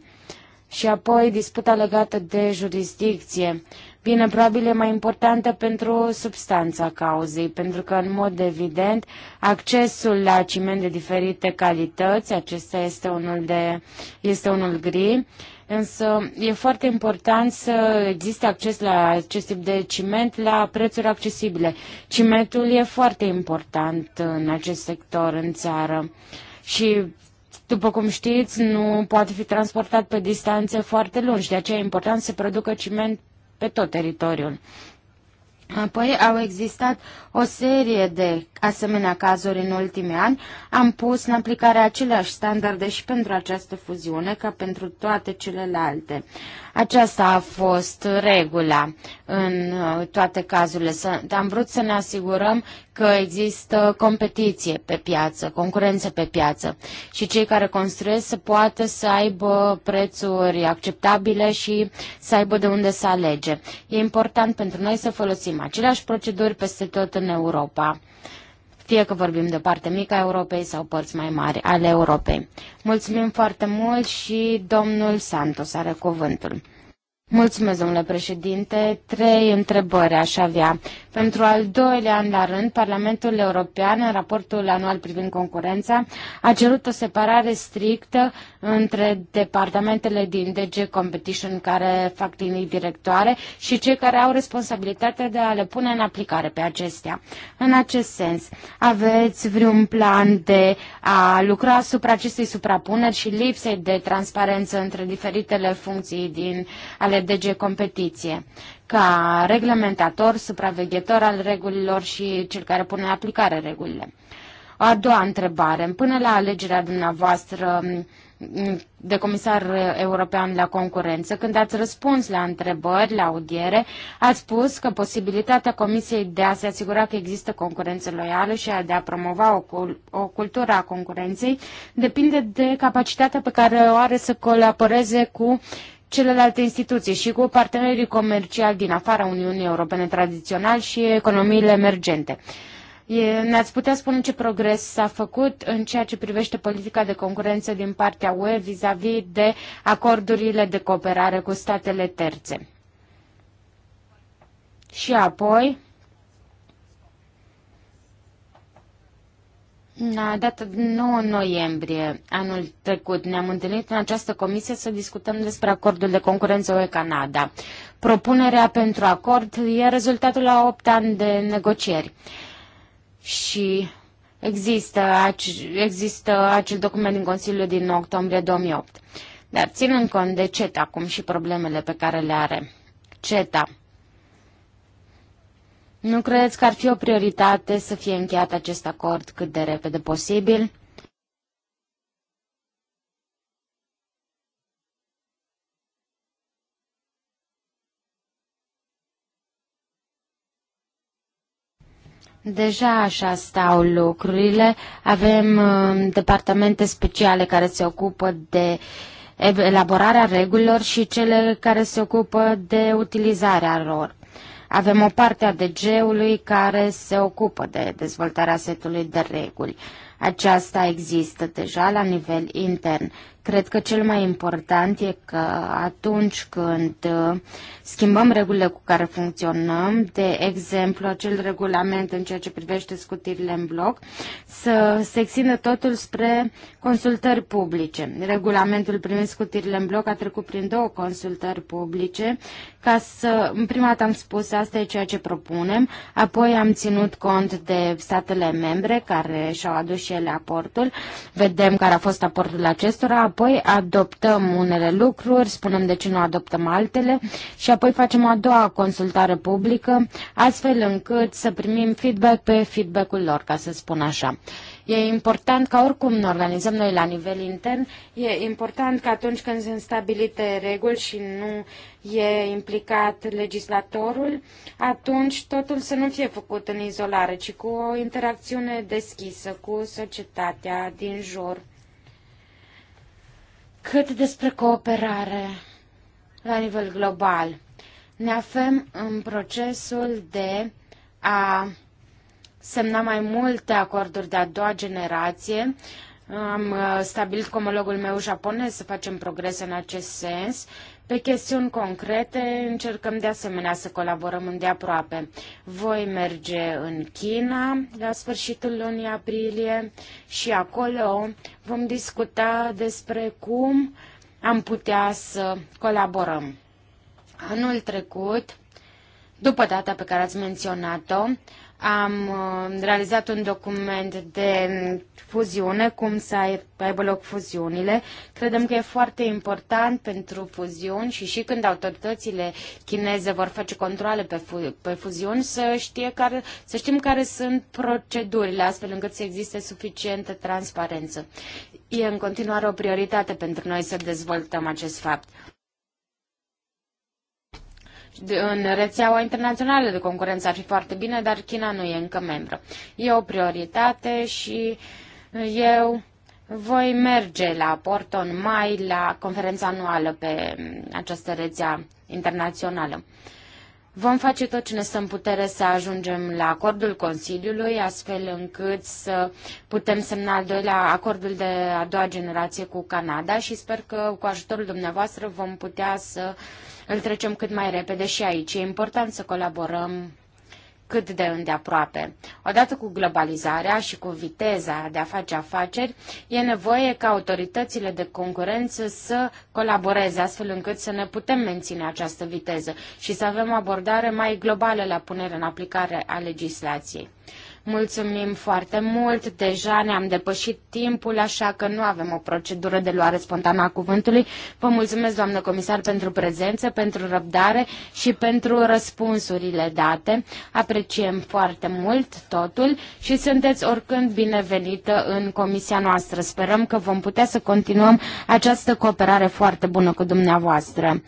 Și apoi disputa legată de jurisdicție. Bine, probabil e mai importantă pentru substanța cauzei, pentru că, în mod evident, accesul la ciment de diferite calități, acesta este unul, de, este unul gri, însă e foarte important să existe acces la acest tip de ciment la prețuri accesibile. Cimentul e foarte important în acest sector, în țară. Și după cum știți, nu poate fi transportat pe distanțe foarte lungi, de aceea e important să se producă ciment pe tot teritoriul. Apoi au existat o serie de asemenea cazuri în ultimii ani. Am pus în aplicare aceleași standarde și pentru această fuziune ca pentru toate celelalte. Aceasta a fost regula în uh, toate cazurile. Am vrut să ne asigurăm că există competiție pe piață, concurență pe piață și cei care construiesc să poată să aibă prețuri acceptabile și să aibă de unde să alege. E important pentru noi să folosim aceleași proceduri peste tot în Europa fie că vorbim de parte mică a Europei sau părți mai mari ale Europei. Mulțumim foarte mult și domnul Santos are cuvântul. Mulțumesc, domnule președinte. Trei întrebări aș avea. Pentru al doilea an la rând, Parlamentul European, în raportul anual privind concurența, a cerut o separare strictă între departamentele din DG Competition care fac linii directoare și cei care au responsabilitatea de a le pune în aplicare pe acestea. În acest sens, aveți vreun plan de a lucra asupra acestei suprapuneri și lipsei de transparență între diferitele funcții din ale DG Competiție? ca reglementator, supraveghetor al regulilor și cel care pune în aplicare regulile. A doua întrebare. Până la alegerea dumneavoastră de comisar european la concurență, când ați răspuns la întrebări, la audiere, ați spus că posibilitatea Comisiei de a se asigura că există concurență loială și a de a promova o, cul- o cultură a concurenței depinde de capacitatea pe care o are să colaboreze cu uh, celelalte instituții și cu partenerii comerciali din afara Uniunii Europene tradițional și economiile emergente. Ne-ați putea spune ce progres s-a făcut în ceea ce privește politica de concurență din partea UE vis-a-vis -vis de acordurile de cooperare cu statele terțe. Și apoi, La data 9 noiembrie anul trecut ne-am întâlnit în această comisie să discutăm despre acordul de concurență UE-Canada. Propunerea pentru acord e rezultatul la 8 ani de negocieri. Și există, există acel document din Consiliu din octombrie 2008. Dar ținând cont de CETA acum și problemele pe care le are. CETA nu credeți că ar fi o prioritate să fie încheiat acest acord cât de repede posibil? Deja așa stau lucrurile. Avem uh, departamente speciale care se ocupă de elaborarea regulilor și cele care se ocupă de utilizarea lor. Avem o parte a DG-ului care se ocupă de dezvoltarea setului de reguli. Aceasta există deja la nivel intern Cred că cel mai important e că atunci când uh, schimbăm regulile cu care funcționăm, de exemplu acel regulament în ceea ce privește scutirile în bloc, să se extindă totul spre consultări publice. Regulamentul privind scutirile în bloc a trecut prin două consultări publice, ca să, în prima dată am spus asta e ceea ce propunem, apoi am ținut cont de statele membre care și-au adus și ele aportul, vedem care a fost aportul acestora, apoi adoptăm unele lucruri, spunem de ce nu adoptăm altele și apoi facem a doua consultare publică, astfel încât să primim feedback pe feedback-ul lor, ca să spun așa. E important ca oricum ne organizăm noi la nivel intern, e important că atunci când sunt stabilite reguli și nu e implicat legislatorul, atunci totul să nu fie făcut în izolare, ci cu o interacțiune deschisă cu societatea din jur cât despre cooperare la nivel global. Ne aflăm în procesul de a semna mai multe acorduri de a doua generație. Am uh, stabilit cu omologul meu japonez să facem progrese în acest sens pe chestiuni concrete încercăm de asemenea să colaborăm îndeaproape. Voi merge în China la sfârșitul lunii aprilie și acolo vom discuta despre cum am putea să colaborăm. Anul trecut, după data pe care ați menționat-o, am uh, realizat un document de fuziune, cum să aibă loc fuziunile. Credem că e foarte important pentru fuziuni și și când autoritățile chineze vor face controle pe, fu- pe fuziuni, să, știe care, să știm care sunt procedurile, astfel încât să existe suficientă transparență. E în continuare o prioritate pentru noi să dezvoltăm acest fapt în rețeaua internațională de concurență ar fi foarte bine, dar China nu e încă membră. E o prioritate și eu voi merge la Porto în mai la conferința anuală pe această rețea internațională. Vom face tot ce ne stă în putere să ajungem la acordul Consiliului, astfel încât să putem semna al doilea acordul de a doua generație cu Canada și sper că cu ajutorul dumneavoastră vom putea să uh, îl trecem cât mai repede și aici. E important să colaborăm cât de îndeaproape. Odată cu globalizarea și cu viteza de a face afaceri, e nevoie ca autoritățile de concurență să colaboreze astfel încât să ne putem menține această viteză și să avem o abordare mai globală la punerea în aplicare a legislației. Mulțumim foarte mult, deja ne-am depășit timpul, așa că nu avem o procedură de luare spontană a cuvântului. Vă mulțumesc, doamnă comisar, pentru prezență, pentru răbdare și pentru răspunsurile date. Apreciem foarte mult totul și sunteți oricând binevenită în comisia noastră. Sperăm că vom putea să continuăm această cooperare foarte bună cu dumneavoastră.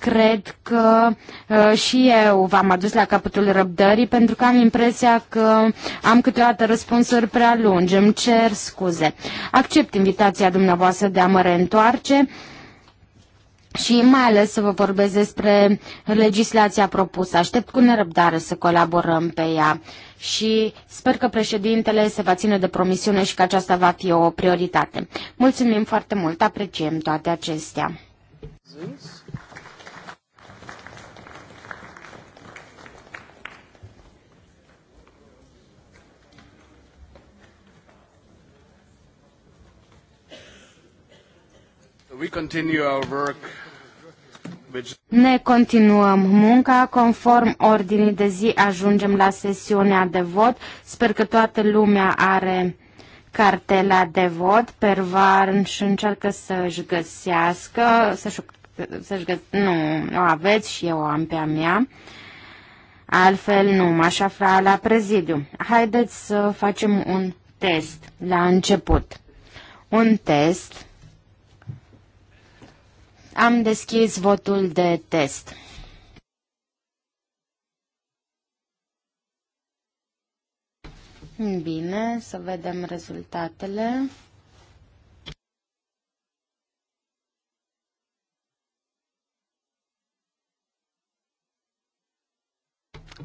Cred că uh, și eu v-am adus la capătul răbdării pentru că am impresia că am câteodată răspunsuri prea lungi. Îmi cer scuze. Accept invitația dumneavoastră de a mă reîntoarce și mai ales să vă vorbesc despre legislația propusă. Aștept cu nerăbdare să colaborăm pe ea și sper că președintele se va ține de promisiune și că aceasta va fi o prioritate. Mulțumim foarte mult, apreciem toate acestea. Ne continuăm munca, conform ordinii de zi ajungem la sesiunea de vot. Sper că toată lumea are cartela de vot, pervar și încearcă să-și găsească, să-și, să găs- nu, o aveți și eu am pe a mea. Altfel nu, m-aș afla la prezidiu. Haideți să facem un test la început. Un test am deschis votul de test. Bine, să vedem rezultatele.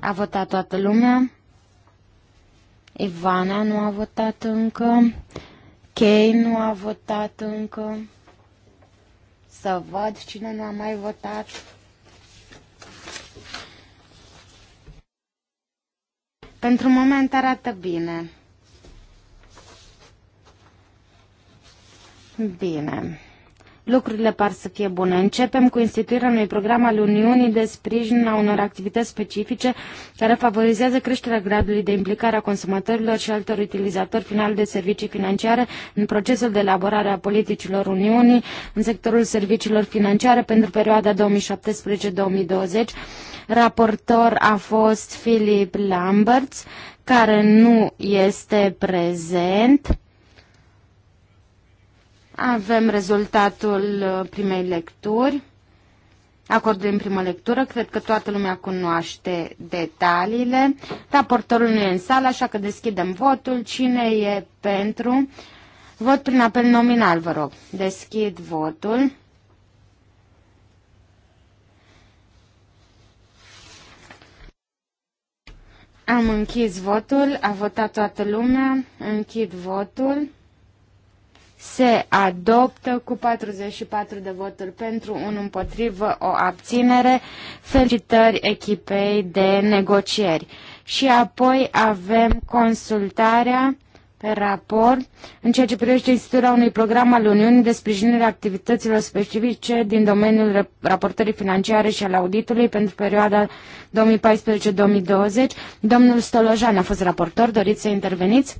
A votat toată lumea. Ivana nu a votat încă. Kay nu a votat încă să văd cine nu a mai votat. Pentru moment arată bine. Bine lucrurile par să fie bune. Începem cu instituirea unui program al Uniunii de sprijin a unor activități specifice care favorizează creșterea gradului de implicare a consumatorilor și altor utilizatori finali de servicii financiare în procesul de elaborare a politicilor Uniunii în sectorul serviciilor financiare pentru perioada 2017-2020. Raportor a fost Philip Lamberts, care nu este prezent. Avem rezultatul uh, primei lecturi, acordul în primă lectură. Cred că toată lumea cunoaște detaliile. Raportorul nu e în sală, așa că deschidem votul. Cine e pentru? Vot prin apel nominal, vă rog. Deschid votul. Am închis votul, a votat toată lumea, închid votul se adoptă cu 44 de voturi pentru, un împotrivă, o abținere. Felicitări echipei de negocieri. Și apoi avem consultarea pe raport în ceea ce privește instituirea unui program al Uniunii de sprijinire activităților specifice din domeniul raportării financiare și al auditului pentru perioada 2014-2020. Domnul Stolojan a fost raportor. Doriți să interveniți?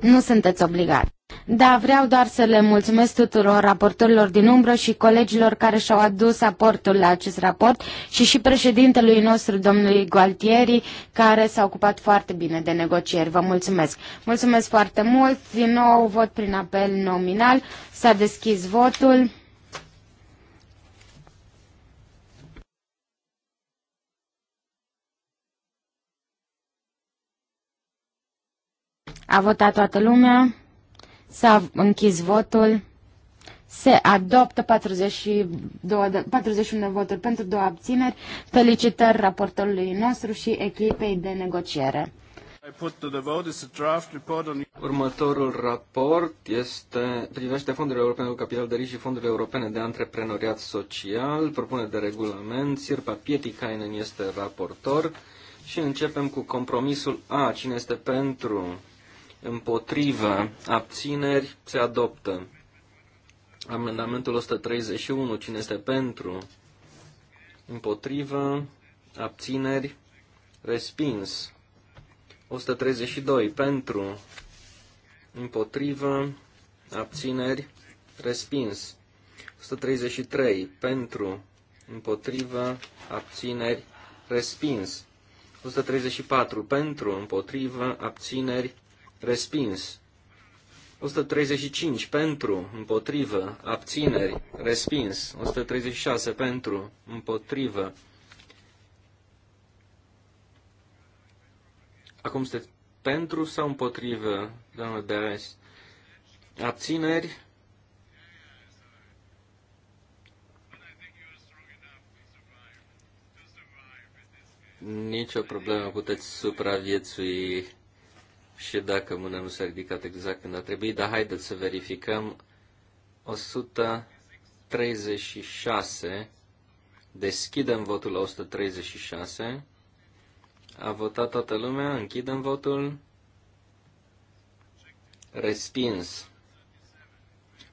Nu sunteți obligat. Da, vreau doar să le mulțumesc tuturor raportorilor din umbră și colegilor care și-au adus aportul la acest raport și și președintelui nostru, domnului Gualtieri, care s-a ocupat foarte bine de negocieri. Vă mulțumesc. Mulțumesc foarte mult. Din nou, vot prin apel nominal. S-a deschis votul. A votat toată lumea. S-a închis votul. Se adoptă 42, 41 voturi pentru două abțineri. Felicitări raportorului nostru și echipei de negociere. Următorul raport este, privește fondurile europene de capital de risc și fondurile europene de antreprenoriat social, propune de regulament, Sirpa Pietikainen este raportor și începem cu compromisul A. Cine este pentru? împotriva, abțineri, se adoptă. Amendamentul 131, cine este pentru, împotriva, abțineri, respins. 132, pentru, împotriva, abțineri, respins. 133, pentru, împotriva, abțineri, respins. 134, pentru, împotriva, abțineri, respins. 135 pentru, împotrivă, abțineri, respins. 136 pentru, împotrivă. Acum sunteți pentru sau împotrivă, doamnă Beres? Abțineri? Nicio problemă, puteți supraviețui și dacă mâna nu s-a ridicat exact când a trebuit, dar haideți să verificăm. 136. Deschidem votul la 136. A votat toată lumea, închidem votul. Respins.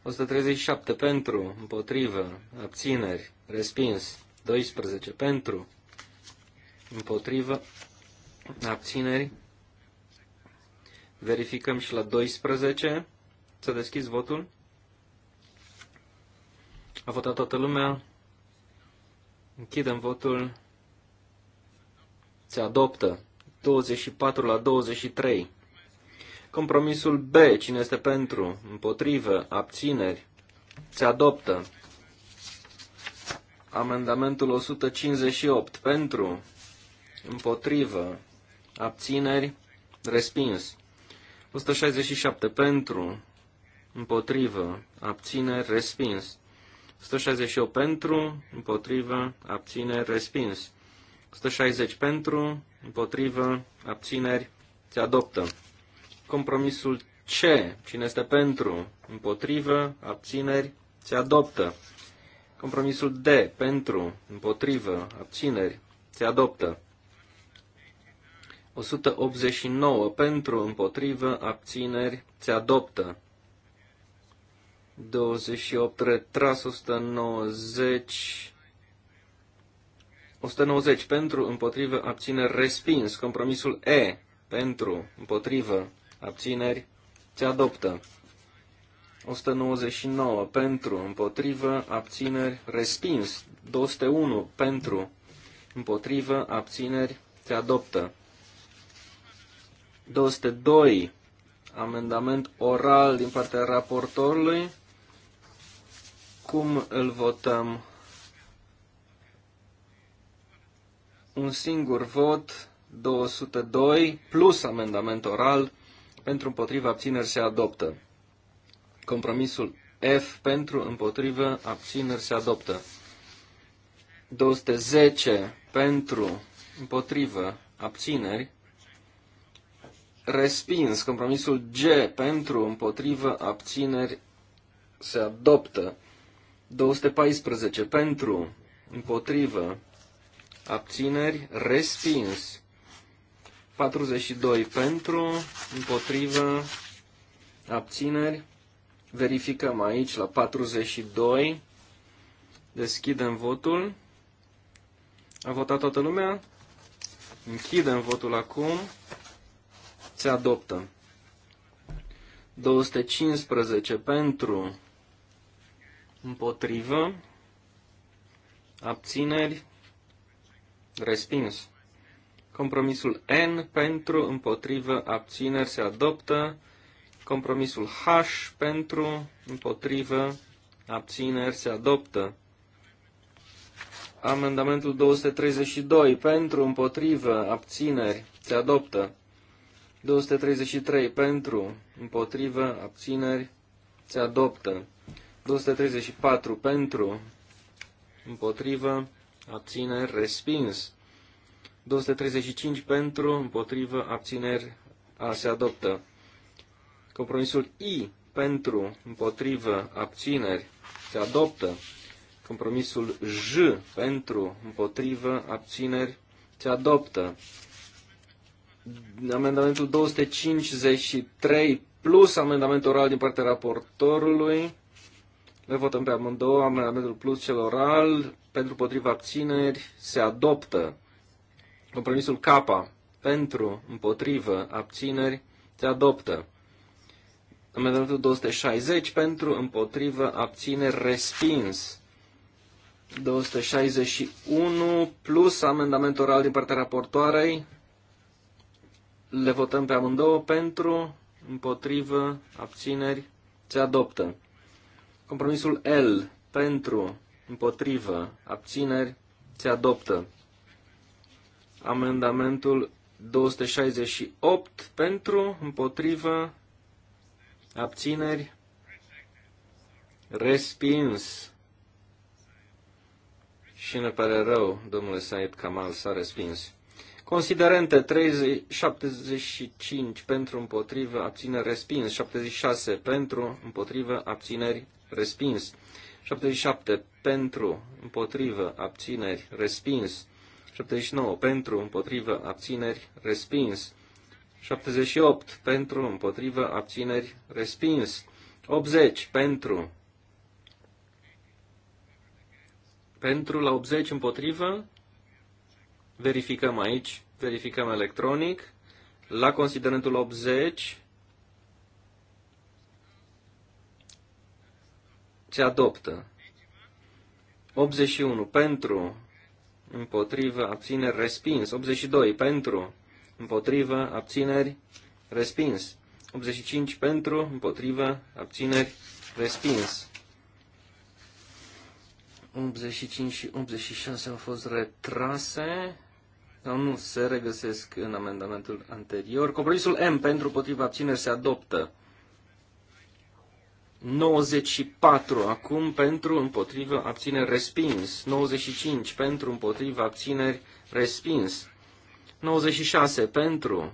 137 pentru, împotrivă, abțineri, respins. 12 pentru, împotrivă, abțineri, Verificăm și la 12. Să deschizi votul. A votat toată lumea. Închidem votul. Se adoptă. 24 la 23. Compromisul B. Cine este pentru? Împotrivă? Abțineri? Se adoptă. Amendamentul 158. Pentru? Împotrivă? Abțineri? Respins. 167 pentru, împotrivă, abțineri, respins. 168 pentru, împotrivă, abțineri, respins. 160 pentru, împotrivă, abțineri, se adoptă. Compromisul C, cine este pentru, împotrivă, abțineri, se adoptă. Compromisul D, pentru, împotrivă, abțineri, se adoptă. 189 pentru, împotrivă, abțineri, se adoptă. 28 retras, 190, 190 pentru, împotrivă, abțineri, respins. Compromisul E pentru, împotrivă, abțineri, se adoptă. 199 pentru, împotrivă, abțineri, respins. 201 pentru, împotrivă, abțineri, se adoptă. 202, amendament oral din partea raportorului. Cum îl votăm? Un singur vot, 202, plus amendament oral, pentru împotriva abțineri se adoptă. Compromisul F pentru împotrivă abțineri se adoptă. 210 pentru împotrivă abțineri Respins. Compromisul G pentru, împotrivă, abțineri se adoptă. 214 pentru, împotrivă, abțineri, respins. 42 pentru, împotrivă, abțineri. Verificăm aici la 42. Deschidem votul. A votat toată lumea? Închidem votul acum. Se adoptă. 215 pentru, împotrivă, abțineri, respins. Compromisul N pentru, împotrivă, abțineri se adoptă. Compromisul H pentru, împotrivă, abțineri se adoptă. Amendamentul 232 pentru, împotrivă, abțineri se adoptă. 233 pentru, împotrivă, abțineri, se adoptă. 234 pentru, împotrivă, abțineri, respins. 235 pentru, împotrivă, abțineri, a, se adoptă. Compromisul I pentru, împotrivă, abțineri, se adoptă. Compromisul J pentru, împotrivă, abțineri, se adoptă amendamentul 253 plus amendamentul oral din partea raportorului. Le votăm pe amândouă, amendamentul plus cel oral, pentru potriva abțineri, se adoptă. Compromisul K, pentru, împotrivă, abțineri, se adoptă. Amendamentul 260, pentru, împotrivă, abțineri, respins. 261 plus amendament oral din partea raportoarei, le votăm pe amândouă pentru, împotrivă, abțineri, se adoptă. Compromisul L pentru, împotrivă, abțineri, se adoptă. Amendamentul 268 pentru, împotrivă, abțineri, respins. Și ne pare rău, domnule Said Kamal s-a respins. Considerente 375 pentru împotrivă, abțineri respins, 76 pentru împotrivă, abțineri respins, 77 pentru împotrivă, abțineri respins, 79 pentru împotrivă, abțineri respins, 78 pentru împotrivă, abțineri respins, 80 pentru pentru la 80 împotrivă, Verificăm aici, verificăm electronic. La considerentul 80 se adoptă. 81 pentru, împotrivă, abțineri, respins. 82 pentru, împotrivă, abțineri, respins. 85 pentru, împotrivă, abțineri, respins. 85 și 86 au fost retrase. Sau nu se regăsesc în amendamentul anterior. Compromisul M pentru potriva abțineri se adoptă. 94 acum pentru împotriva abțineri respins. 95 pentru împotriva abțineri respins. 96 pentru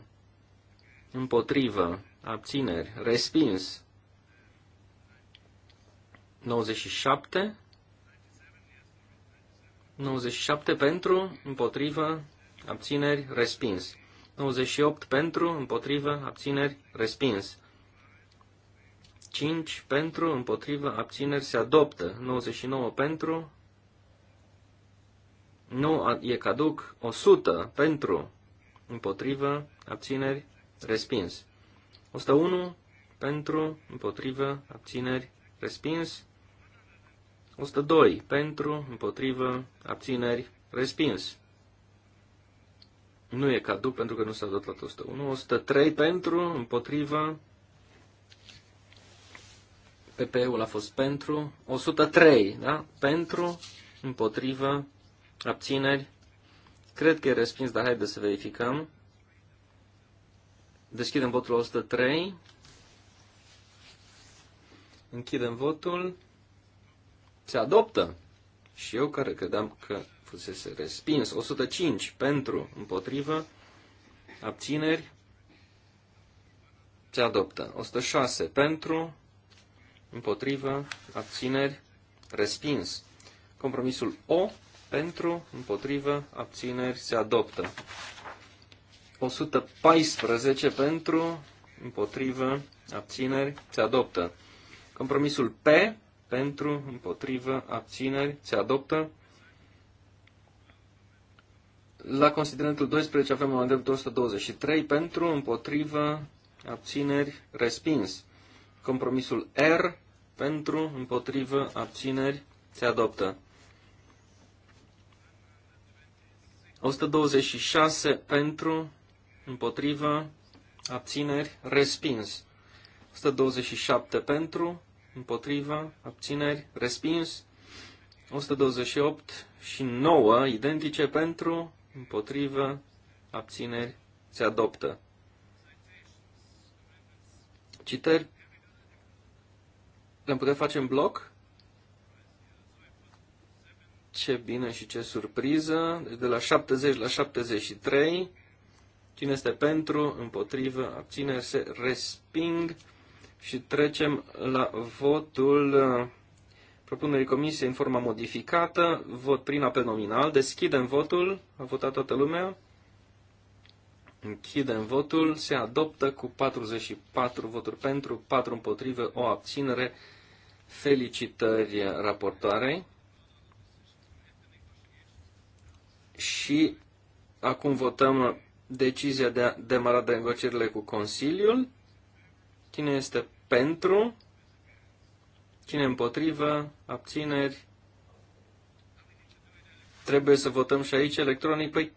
împotrivă abțineri respins. 97 97 pentru, împotrivă, abțineri, respins. 98 pentru, împotrivă, abțineri, respins. 5 pentru, împotrivă, abțineri, se adoptă. 99 pentru, nu e caduc. 100 pentru, împotrivă, abțineri, respins. 101 pentru, împotrivă, abțineri, respins. 102 pentru, împotrivă, abțineri, respins. Nu e cadou pentru că nu s-a dat la 101. 103 pentru, împotriva. PP-ul a fost pentru. 103, da? Pentru, împotriva, abțineri. Cred că e respins, dar haideți să verificăm. Deschidem votul 103. Închidem votul. Se adoptă. Și eu care credeam că fusese respins. 105 pentru, împotrivă, abțineri, se adoptă. 106 pentru, împotrivă, abțineri, respins. Compromisul O pentru, împotrivă, abțineri, se adoptă. 114 pentru, împotrivă, abțineri, se adoptă. Compromisul P pentru, împotrivă, abțineri, se adoptă. La considerentul 12 avem un amendamentul 123 pentru, împotrivă, abțineri, respins. Compromisul R pentru, împotrivă, abțineri, se adoptă. 126 pentru, împotrivă, abțineri, respins. 127 pentru, împotrivă, abțineri, respins. 128 și 9 identice pentru, împotrivă, abțineri, se adoptă. Citări le-am putea face în bloc? Ce bine și ce surpriză! Deci de la 70 la 73, cine este pentru, împotrivă, abțineri, se resping și trecem la votul uh, propunerii comisiei în forma modificată, vot prin apel nominal, deschidem votul, a votat toată lumea, închidem votul, se adoptă cu 44 voturi pentru, 4 împotrivă, o abținere, felicitări raportoarei. Și acum votăm decizia de a demara de negocierile cu Consiliul. Cine este pentru? Cine împotrivă? Abțineri? Trebuie să votăm și aici electronic? Păi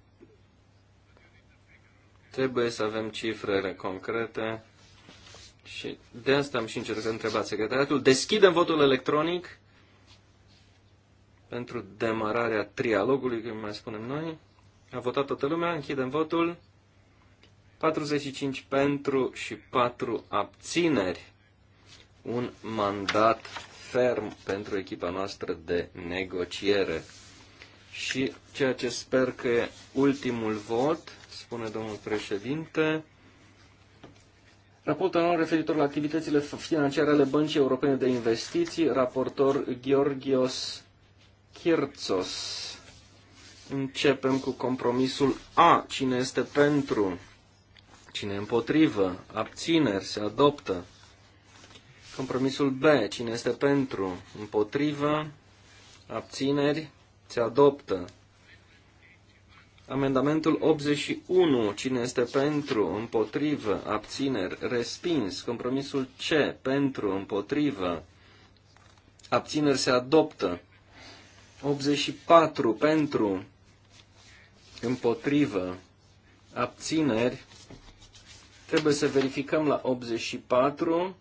trebuie să avem cifrele concrete și de asta am și încercat să întrebați secretariatul. Deschidem votul electronic pentru demararea trialogului, cum mai spunem noi. A votat toată lumea, închidem votul. 45 pentru și 4 abțineri un mandat ferm pentru echipa noastră de negociere. Și ceea ce sper că e ultimul vot, spune domnul președinte, Raportul nou referitor la activitățile financiare ale Băncii Europene de Investiții, raportor Georgios Kirtsos. Începem cu compromisul A. Cine este pentru? Cine împotrivă? Abțineri? Se adoptă. Compromisul B. Cine este pentru? Împotrivă? Abțineri? Se adoptă. Amendamentul 81. Cine este pentru? Împotrivă? Abțineri? Respins. Compromisul C. Pentru? Împotrivă? Abțineri se adoptă. 84 pentru, împotrivă, abțineri. Trebuie să verificăm la 84.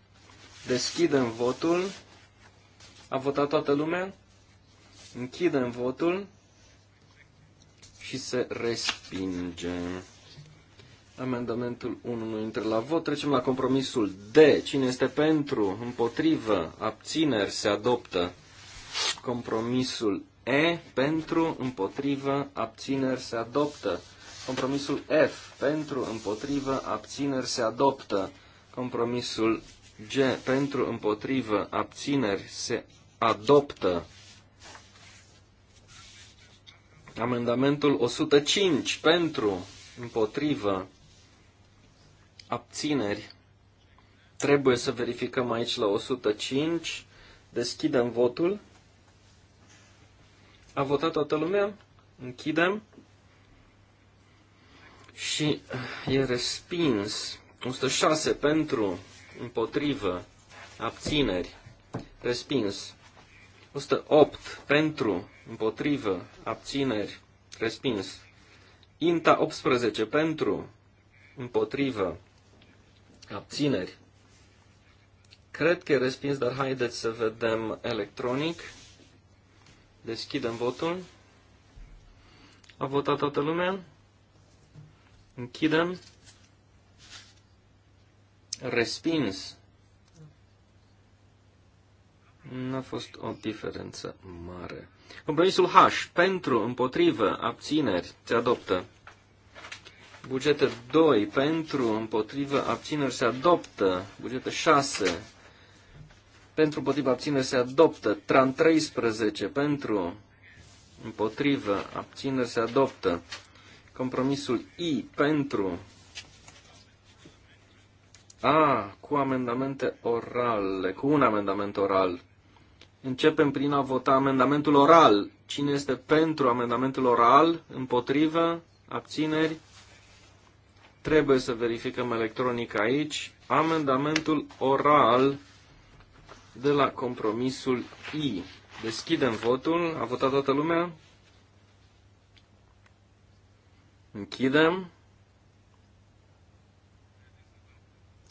Deschidem votul. A votat toată lumea? Închidem votul și se respinge. Amendamentul 1 nu intră la vot. Trecem la compromisul D. Cine este pentru, împotrivă, abțineri, se adoptă. Compromisul E. Pentru, împotrivă, abțineri, se adoptă. Compromisul F. Pentru, împotrivă, abțineri, se adoptă. Compromisul G pentru împotrivă abțineri se adoptă. Amendamentul 105 pentru împotrivă abțineri. Trebuie să verificăm aici la 105. Deschidem votul. A votat toată lumea? Închidem. Și e respins. 106 pentru împotrivă, abțineri, respins. 108 pentru, împotrivă, abțineri, respins. Inta 18 pentru, împotrivă, abțineri. Cred că e respins, dar haideți să vedem electronic. Deschidem votul. A votat toată lumea. Închidem. Respins. Nu a fost o diferență mare. Compromisul H. Pentru, împotrivă, abțineri, se adoptă. Bugete 2. Pentru, împotrivă, abțineri, se adoptă. Bugete 6. Pentru, împotrivă, abțineri, se adoptă. Tran 13. Pentru, împotrivă, abțineri, se adoptă. Compromisul I. Pentru, a, cu amendamente orale, cu un amendament oral. Începem prin a vota amendamentul oral. Cine este pentru amendamentul oral? Împotrivă? Abțineri? Trebuie să verificăm electronic aici. Amendamentul oral de la compromisul I. Deschidem votul. A votat toată lumea? Închidem.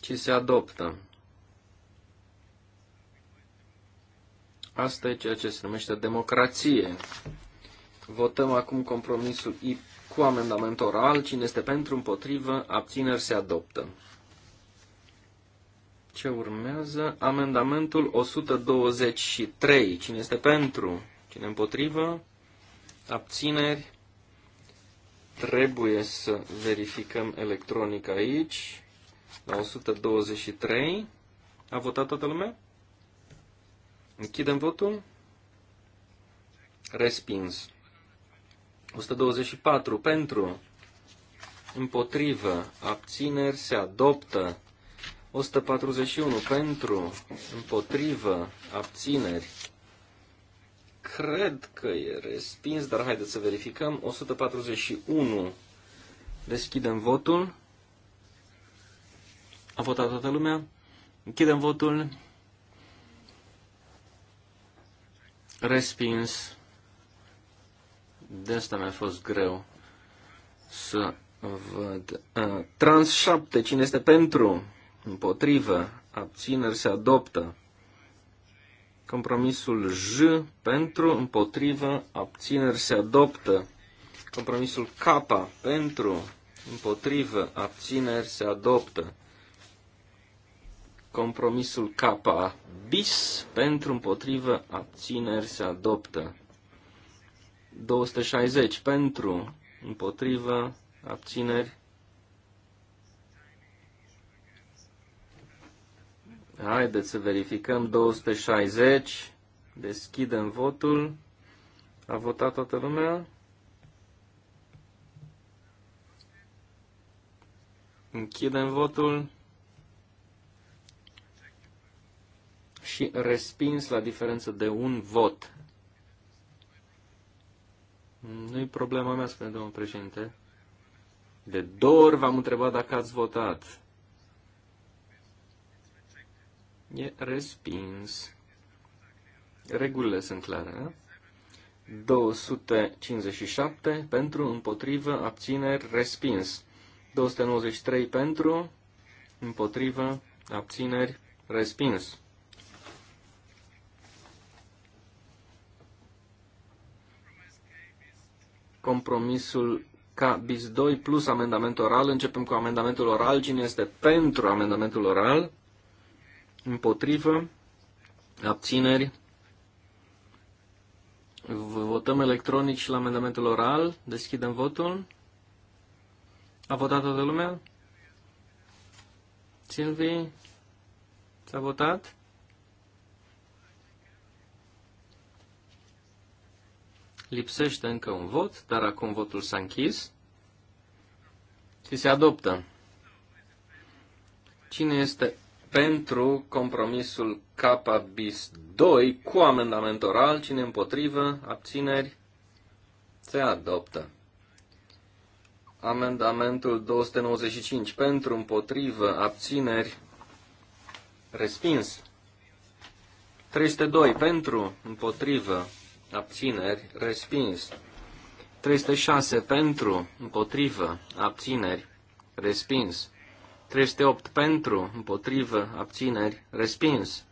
ci se adoptă. Asta e ceea ce se numește democrație. Votăm acum compromisul I cu amendament oral. Cine este pentru, împotrivă, abțineri se adoptă. Ce urmează? Amendamentul 123. Cine este pentru? Cine împotrivă? Abțineri. Trebuie să verificăm electronic aici la 123. A votat toată lumea? Închidem votul. Respins. 124 pentru, împotrivă, abțineri, se adoptă. 141 pentru, împotrivă, abțineri. Cred că e respins, dar haideți să verificăm. 141. Deschidem votul. A votat toată lumea. Închidem votul. Respins. De asta mi-a fost greu să văd. Trans 7. Cine este pentru? Împotrivă. Abțineri se adoptă. Compromisul J pentru, împotrivă, abțineri se adoptă. Compromisul K pentru, împotrivă, abțineri se adoptă. Compromisul K bis pentru împotrivă abțineri se adoptă. 260 pentru împotrivă abțineri. Haideți să verificăm 260. Deschidem votul. A votat toată lumea? Închidem votul. și respins la diferență de un vot. Nu-i problema mea, spune domnul președinte. De două ori v-am întrebat dacă ați votat. E respins. Regulile sunt clare, da? 257 pentru, împotrivă, abțineri, respins. 293 pentru, împotrivă, abțineri, respins. compromisul ca bis 2 plus amendament oral. Începem cu amendamentul oral. Cine este pentru amendamentul oral? Împotrivă? Abțineri? Votăm electronic și la amendamentul oral. Deschidem votul. A votat toată lumea? Silvi? S-a votat? Lipsește încă un vot, dar acum votul s-a închis și se adoptă. Cine este pentru compromisul K bis 2 cu amendament oral? Cine împotrivă? Abțineri? Se adoptă. Amendamentul 295 pentru împotrivă abțineri respins. 302 pentru împotrivă abțineri, respins. 306 pentru, împotrivă, abțineri, respins. 308 pentru, împotrivă, abțineri, respins.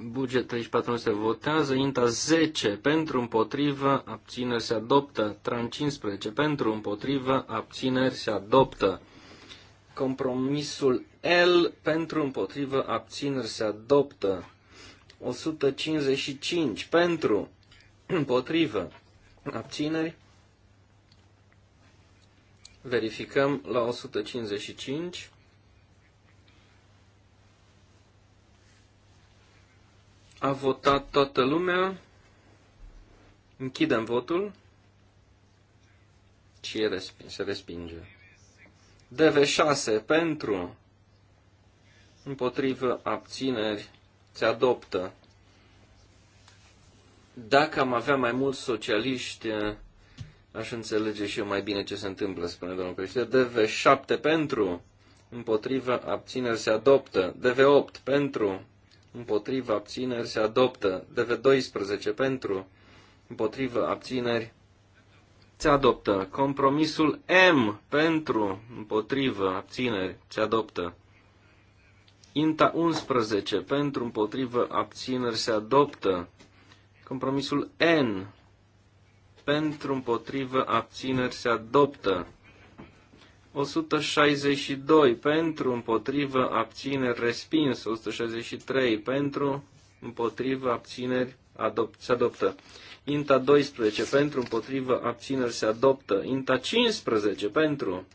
Buget 34 se votează, INTA 10 pentru, împotrivă, abțineri se adoptă, TRAN 15 pentru, împotrivă, abțineri se adoptă. Compromisul L pentru, împotrivă, abțineri se adoptă. 155 pentru, împotrivă, abțineri. Verificăm la 155. A votat toată lumea. Închidem votul. Și e respins, se respinge. DV6 pentru, împotrivă, abțineri, se adoptă. Dacă am avea mai mulți socialiști, eh, aș înțelege și eu mai bine ce se întâmplă, spune domnul președinte. DV7 pentru, împotrivă, abțineri se adoptă. DV8 pentru, împotrivă, abțineri se adoptă. DV12 pentru, împotrivă, abțineri se adoptă. Compromisul M pentru, împotrivă, abțineri se adoptă. Inta 11 pentru împotrivă abțineri se adoptă. Compromisul N pentru împotrivă abțineri se adoptă. 162 pentru împotrivă abțineri respins. 163 pentru împotrivă abțineri adopt, se adoptă. Inta 12 pentru împotrivă abțineri se adoptă. Inta 15 pentru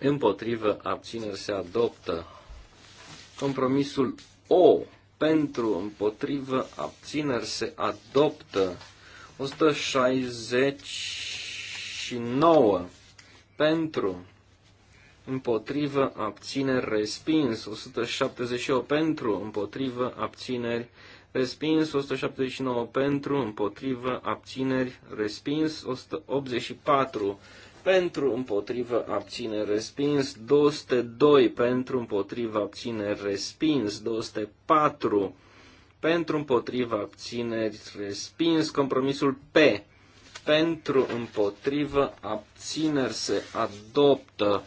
împotrivă abțineri se adoptă. Compromisul O pentru împotrivă abțineri se adoptă 169 pentru împotrivă abțineri respins 178 pentru împotrivă abțineri respins 179 pentru împotrivă abțineri respins 184 pentru împotrivă abține respins, 202 pentru împotrivă abține respins, 204 pentru împotrivă abține respins, compromisul P pentru împotrivă abțineri se adoptă.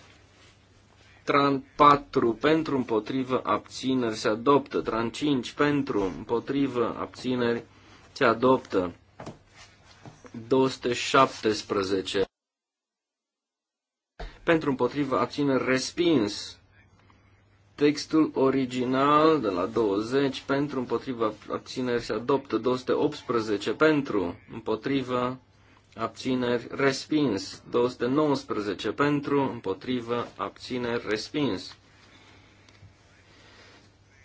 Tran 4 pentru împotrivă abțineri se adoptă. Tran 5 pentru împotrivă abțineri se adoptă. 217 pentru împotriva abțineri respins. Textul original de la 20 pentru împotriva abțineri se adoptă 218 pentru împotriva abțineri respins 219 pentru împotriva abțineri respins.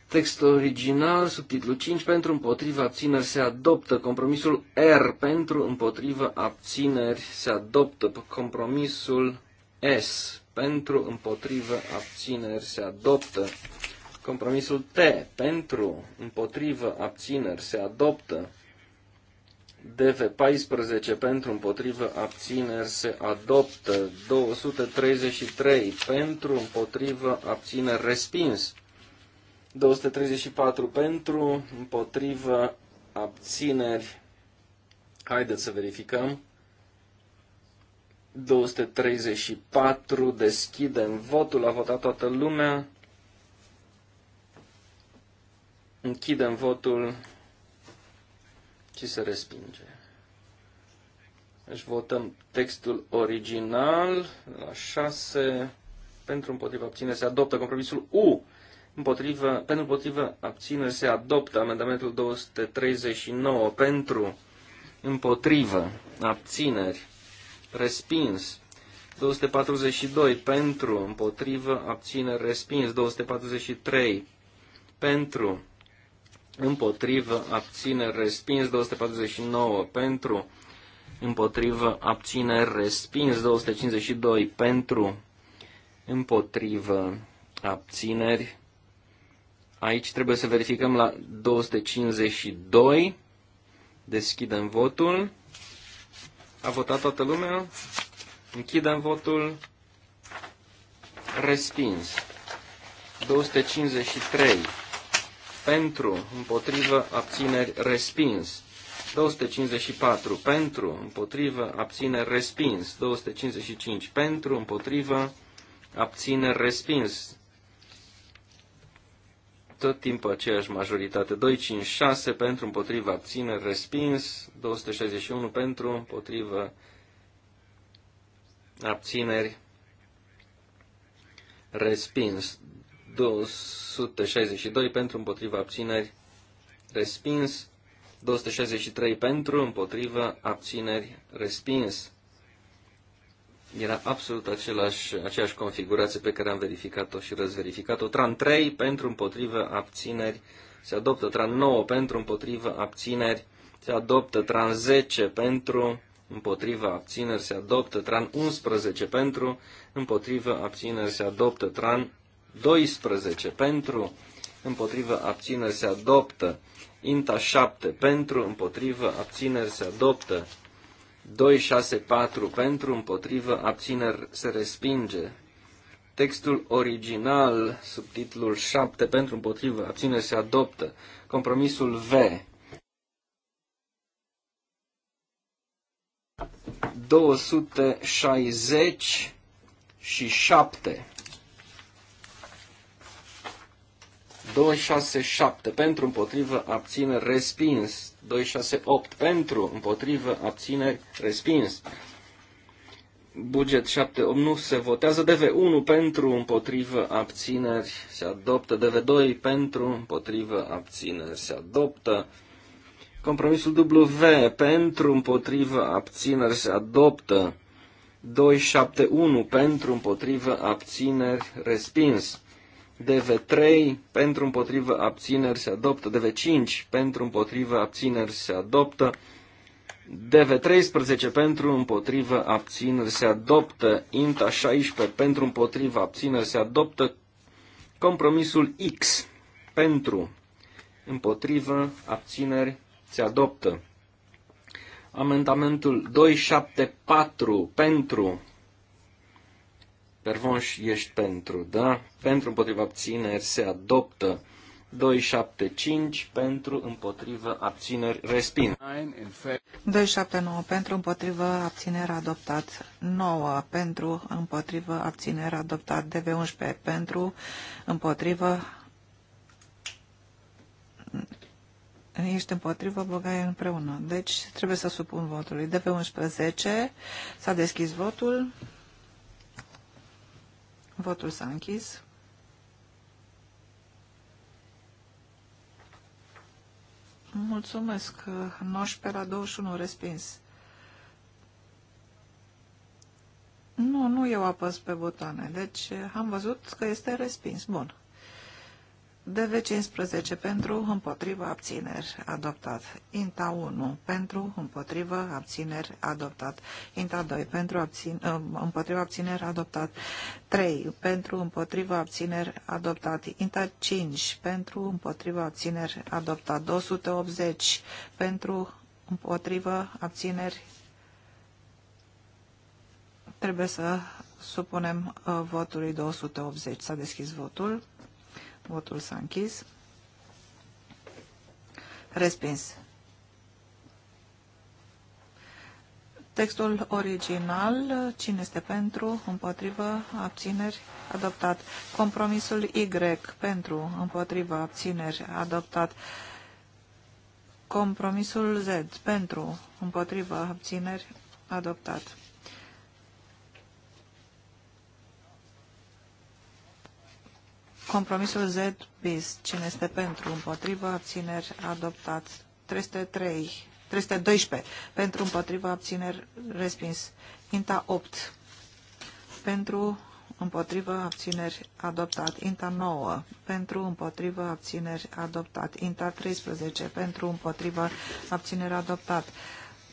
Textul original, subtitlu 5, pentru împotriva abțineri se adoptă. Compromisul R pentru împotriva abțineri se adoptă. Compromisul S pentru, împotrivă, abțineri se adoptă. Compromisul T pentru, împotrivă, abțineri se adoptă. DV14 pentru, împotrivă, abțineri se adoptă. 233 pentru, împotrivă, abțineri respins. 234 pentru, împotrivă, abțineri. Haideți să verificăm. 234, deschidem votul, a votat toată lumea. Închidem votul și se respinge. Deci votăm textul original la 6 pentru împotriva abținere se adoptă compromisul U. Împotrivă, pentru împotrivă abținere se adoptă amendamentul 239 pentru împotrivă abțineri respins. 242 pentru, împotrivă, abține, respins. 243 pentru, împotrivă, abține, respins. 249 pentru, împotrivă, abține, respins. 252 pentru, împotrivă, abțineri. Aici trebuie să verificăm la 252. Deschidem votul. A votat toată lumea? Închidem votul. Respins. 253. Pentru, împotrivă, abțineri, respins. 254. Pentru, împotrivă, abțineri, respins. 255. Pentru, împotrivă, abțineri, respins tot timpul aceeași majoritate. 256 pentru, împotriva, abține, respins. 261 pentru, împotriva, abțineri, respins. 262 pentru, împotriva, abțineri, respins. 263 pentru, împotriva, abțineri, respins era absolut același, aceeași configurație pe care am verificat-o și răzverificat-o. Tran 3 pentru împotrivă abțineri se adoptă, Tran 9 pentru împotrivă abțineri se adoptă, Tran 10 pentru împotrivă abțineri se adoptă, Tran 11 pentru împotrivă abțineri se adoptă, Tran 12 pentru împotrivă abțineri se adoptă, Inta 7 pentru împotrivă abțineri se adoptă, 264 pentru, împotrivă, abțineri se respinge. Textul original, subtitlul 7 pentru, împotrivă, abțineri se adoptă. Compromisul V. 260 și 7. 267 pentru împotrivă abține respins 268 pentru, împotrivă, abțineri, respins. Buget 7 nu se votează. DV1 pentru, împotrivă, abțineri, se adoptă. DV2 pentru, împotrivă, abțineri, se adoptă. Compromisul W pentru, împotrivă, abțineri, se adoptă. 271 pentru, împotrivă, abțineri, respins. DV3 pentru împotrivă abțineri se adoptă, DV5 pentru împotrivă abțineri se adoptă, DV13 pentru împotrivă abțineri se adoptă, INTA 16 pentru împotrivă abțineri se adoptă, compromisul X pentru împotrivă abțineri se adoptă. Amendamentul 274 pentru Pervonș, ești pentru, da? Pentru împotriva abțineri se adoptă 275 pentru împotriva abțineri respin. 279 pentru împotriva abțineri adoptat. 9 pentru împotriva abțineri adoptat. DV11 pentru împotriva ești împotrivă, băgai împreună. Deci trebuie să supun votului. pe 11 s-a deschis votul. Votul s-a închis. Mulțumesc. 19 la 21 respins. Nu, nu eu apăs pe butoane, deci am văzut că este respins. Bun. DV15 pentru, împotrivă, abțineri, adoptat. INTA 1 pentru, împotrivă, abțineri, adoptat. INTA 2 pentru, abțin, ă, împotrivă, abțineri, adoptat. 3 pentru, împotrivă, abțineri, adoptat. INTA 5 pentru, împotrivă, abțineri, adoptat. 280 pentru, împotrivă, abțineri, trebuie să supunem ă, votului 280. S-a deschis votul. Votul s-a închis. Respins. Textul original, cine este pentru, împotrivă, abțineri, adoptat. Compromisul Y, pentru, împotrivă, abțineri, adoptat. Compromisul Z, pentru, împotrivă, abțineri, adoptat. Compromisul Z bis. Cine este pentru? Împotrivă? Abțineri? Adoptat. 303. 312. Pentru? Împotrivă? Abțineri? Respins. Inta 8. Pentru? Împotrivă? Abțineri? Adoptat. Inta 9. Pentru? Împotrivă? Abțineri? Adoptat. Inta 13. Pentru? Împotrivă? Abțineri? Adoptat.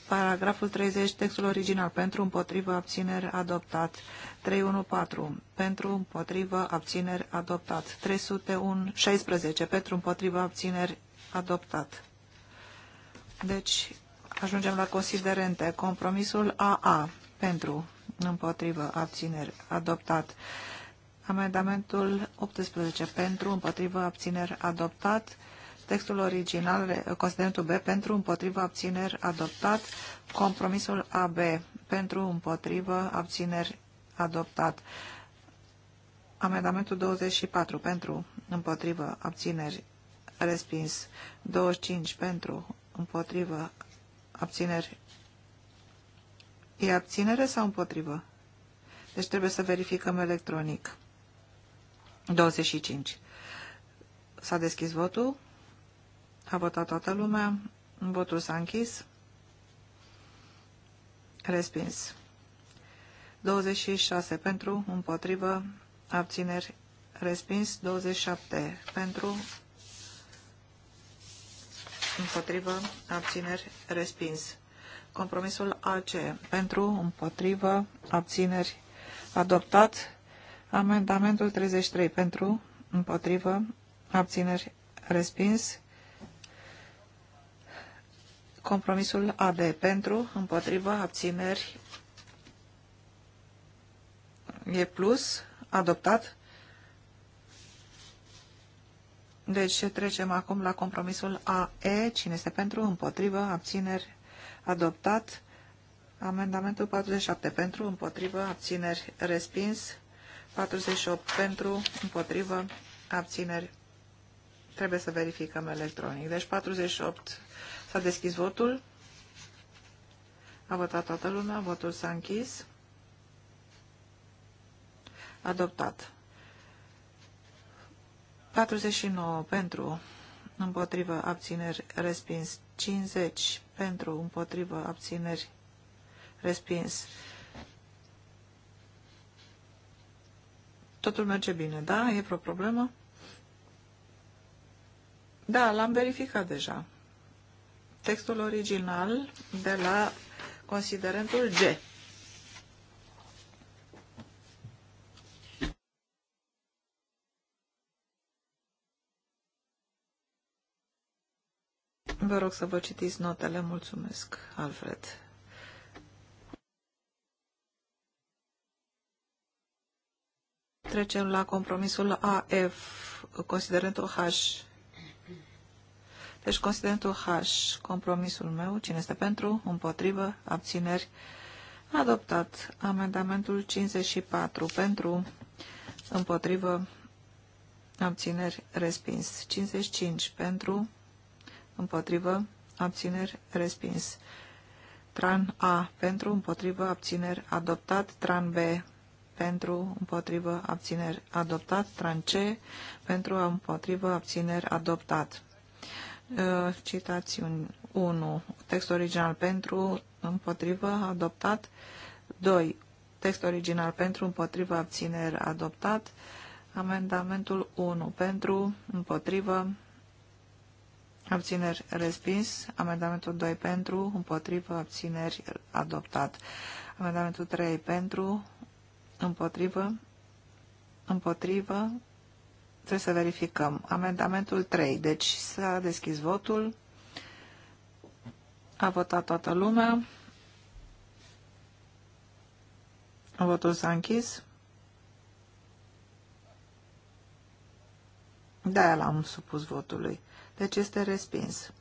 Paragraful 30, textul original. Pentru, împotrivă, abțineri, adoptat. 314. Pentru, împotrivă, abțineri, adoptat. 316. Pentru, împotrivă, abțineri, adoptat. Deci, ajungem la considerente. Compromisul AA. Pentru, împotrivă, abțineri, adoptat. Amendamentul 18. Pentru, împotrivă, abțineri, adoptat textul original, considerentul B pentru împotrivă abțineri adoptat, compromisul AB pentru împotrivă abțineri adoptat. Amendamentul 24 pentru împotrivă abțineri respins, 25 pentru împotrivă abțineri. E abținere sau împotrivă? Deci trebuie să verificăm electronic. 25. S-a deschis votul. A votat toată lumea. Votul s-a închis. Respins. 26 pentru, împotrivă, abțineri, respins. 27 pentru, împotrivă, abțineri, respins. Compromisul AC pentru, împotrivă, abțineri, adoptat. Amendamentul 33 pentru, împotrivă, abțineri, respins. Compromisul AD pentru, împotrivă, abțineri e plus, adoptat. Deci trecem acum la compromisul AE. Cine este pentru, împotrivă, abțineri, adoptat. Amendamentul 47 pentru, împotrivă, abțineri, respins. 48 pentru, împotrivă, abțineri. Trebuie să verificăm electronic. Deci 48 S-a deschis votul. A votat toată lumea, votul s-a închis. Adoptat. 49 pentru, împotrivă, abțineri, respins. 50 pentru, împotrivă, abțineri, respins. Totul merge bine, da? E vreo problemă? Da, l-am verificat deja textul original de la considerentul G. Vă rog să vă citiți notele. Mulțumesc, Alfred. Trecem la compromisul AF, considerentul H. Deci considerentul H, compromisul meu, cine este pentru, împotrivă, abțineri, adoptat. Amendamentul 54 pentru, împotrivă, abțineri, respins. 55 pentru, împotrivă, abțineri, respins. Tran A pentru, împotrivă, abțineri, adoptat. Tran B pentru, împotrivă, abțineri, adoptat. Tran C pentru, împotrivă, abțineri, adoptat. Uh, citațiuni 1. Text original pentru, împotrivă, adoptat. 2. Text original pentru, împotrivă, abțineri, adoptat. Amendamentul 1 pentru, împotrivă, abțineri, respins. Amendamentul 2 pentru, împotrivă, abțineri, adoptat. Amendamentul 3 pentru, împotrivă, împotrivă, Trebuie să verificăm. Amendamentul 3. Deci s-a deschis votul. A votat toată lumea. Votul s-a închis. Da, l-am supus votului. Deci este respins.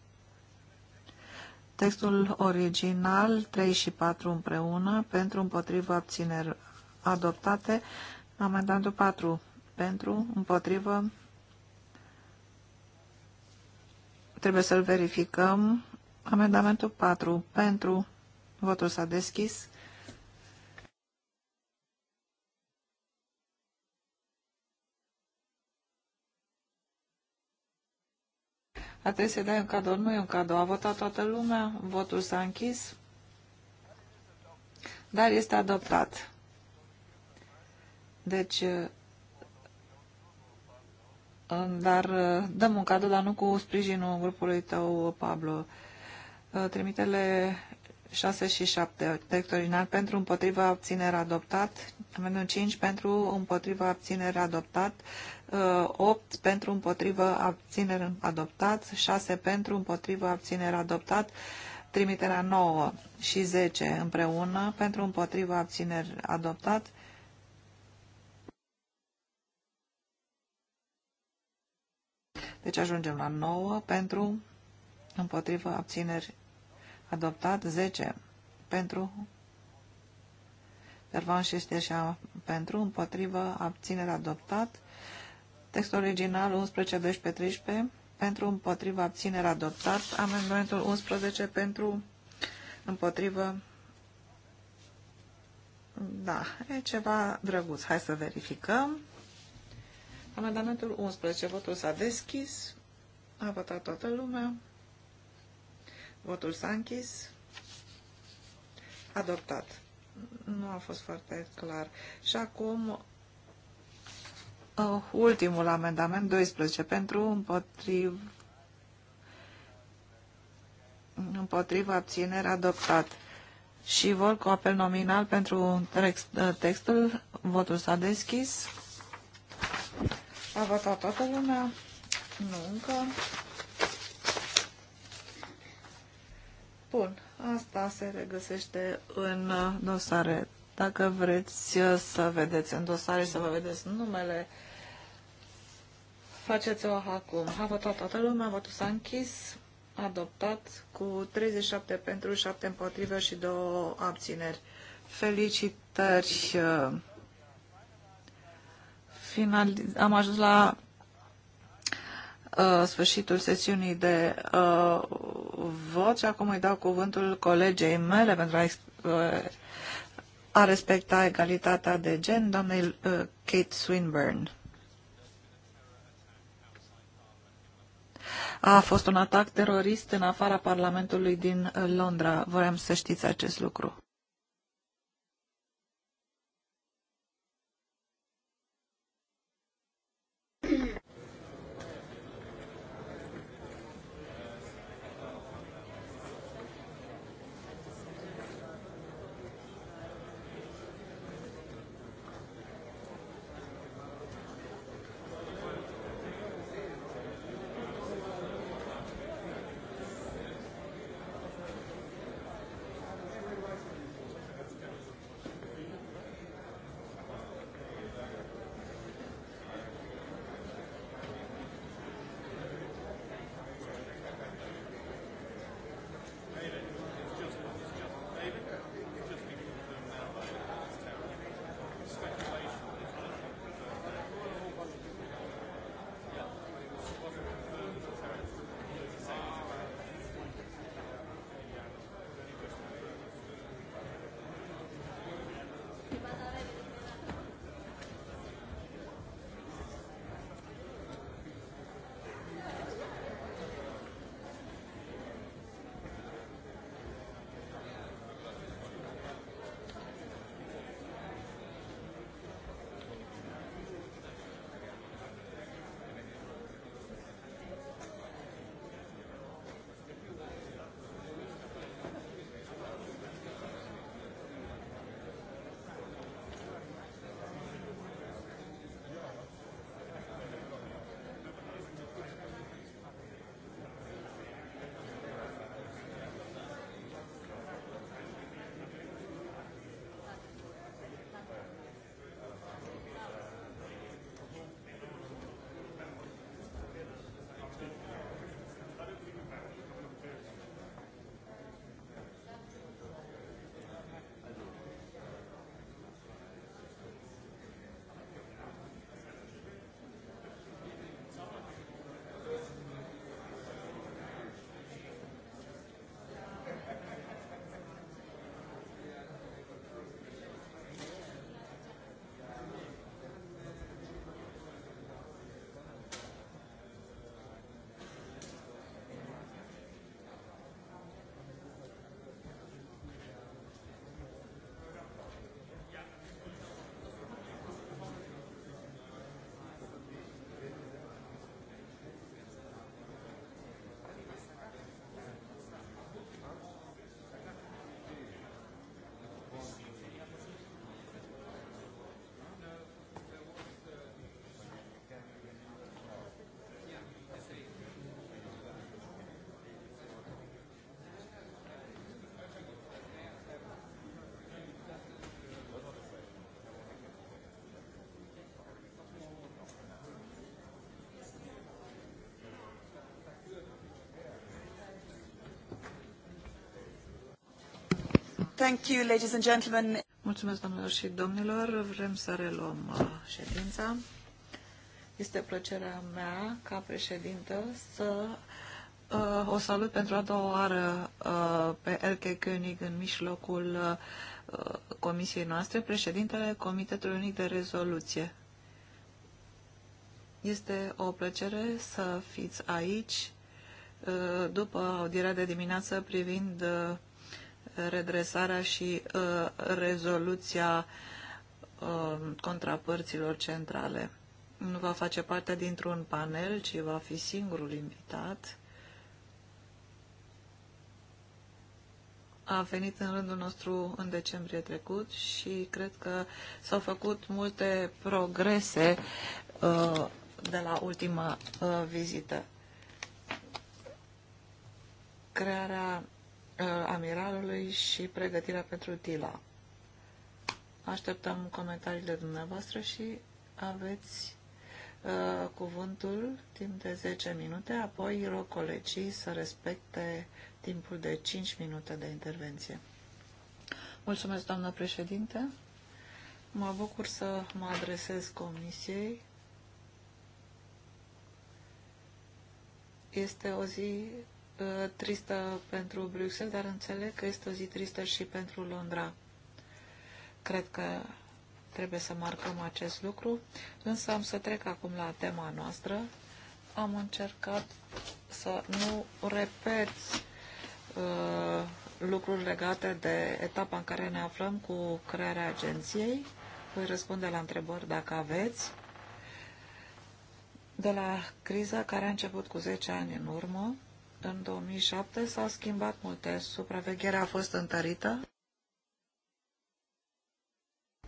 Textul original, 3 și 4 împreună, pentru împotriva abțineri adoptate, amendamentul 4 pentru, împotrivă. Trebuie să-l verificăm. Amendamentul 4 pentru, votul s-a deschis. A trebuit să dai un cadou, nu e un cadou. A votat toată lumea, votul s-a închis, dar este adoptat. Deci, dar uh, dăm un cadou, dar nu cu sprijinul grupului tău, Pablo. Uh, trimitele 6 și 7, text original, pentru împotriva abținere adoptat, amendul 5 pentru împotriva abținere adoptat, 8 uh, pentru împotriva abținere adoptat, 6 pentru împotriva abținere adoptat, trimiterea 9 și 10 împreună pentru împotriva abținere adoptat, Deci ajungem la 9 pentru, împotrivă, abțineri, adoptat. 10 pentru, Pervan și Șteșa pentru, împotrivă, abținere, adoptat. Textul original 11, 12, 13 pentru, împotrivă, abținere, adoptat. Amendamentul 11 pentru, împotrivă, da, e ceva drăguț. Hai să verificăm. Amendamentul 11. Votul s-a deschis. A votat toată lumea. Votul s-a închis. Adoptat. Nu a fost foarte clar. Și acum uh, ultimul amendament, 12, pentru împotriv împotriva abținere adoptat. Și vor cu apel nominal pentru text, uh, textul. Votul s-a deschis. A votat toată lumea? Nu încă. Bun, asta se regăsește în dosare. Dacă vreți să vedeți în dosare, să vă vedeți numele, faceți-o acum. A votat toată lumea, votul s-a închis, adoptat cu 37 pentru, 7 împotrivă și 2 abțineri. Felicitări uh, final, am ajuns la uh, sfârșitul sesiunii de uh, vot și acum îi dau cuvântul colegei mele pentru a, uh, a respecta egalitatea de gen, doamnei uh, Kate Swinburne. A fost un atac terorist în afara Parlamentului din Londra. Vreau să știți acest lucru. Thank you, ladies and gentlemen. Mulțumesc, domnilor și domnilor. Vrem să reluăm uh, ședința. Este plăcerea mea, ca președintă, să uh, o salut pentru a doua oară uh, pe Elke König în mijlocul uh, comisiei noastre, președintele Comitetului Unic de Rezoluție. Este o plăcere să fiți aici uh, după audierea de dimineață privind uh, redresarea și uh, rezoluția uh, contrapărților centrale. Nu va face parte dintr-un panel, ci va fi singurul invitat. a venit în rândul nostru în decembrie trecut și cred că s-au făcut multe progrese uh, de la ultima vizită. Crearea Uh, amiralului și pregătirea pentru tila. Așteptăm comentariile dumneavoastră și aveți uh, cuvântul timp de 10 minute, apoi rog colegii să respecte timpul de 5 minute de intervenție. Mulțumesc, doamnă președinte. Mă bucur să mă adresez comisiei. Este o zi Uh, tristă pentru Bruxelles, dar înțeleg că este o zi tristă și pentru Londra. Cred că trebuie să marcăm acest lucru, însă am să trec acum la tema noastră. Am încercat să nu repet uh, lucruri legate de etapa în care ne aflăm cu crearea agenției. Voi răspunde la întrebări dacă aveți. De la criza care a început cu 10 ani în urmă, în 2007 s-au schimbat multe. Supravegherea a fost întărită.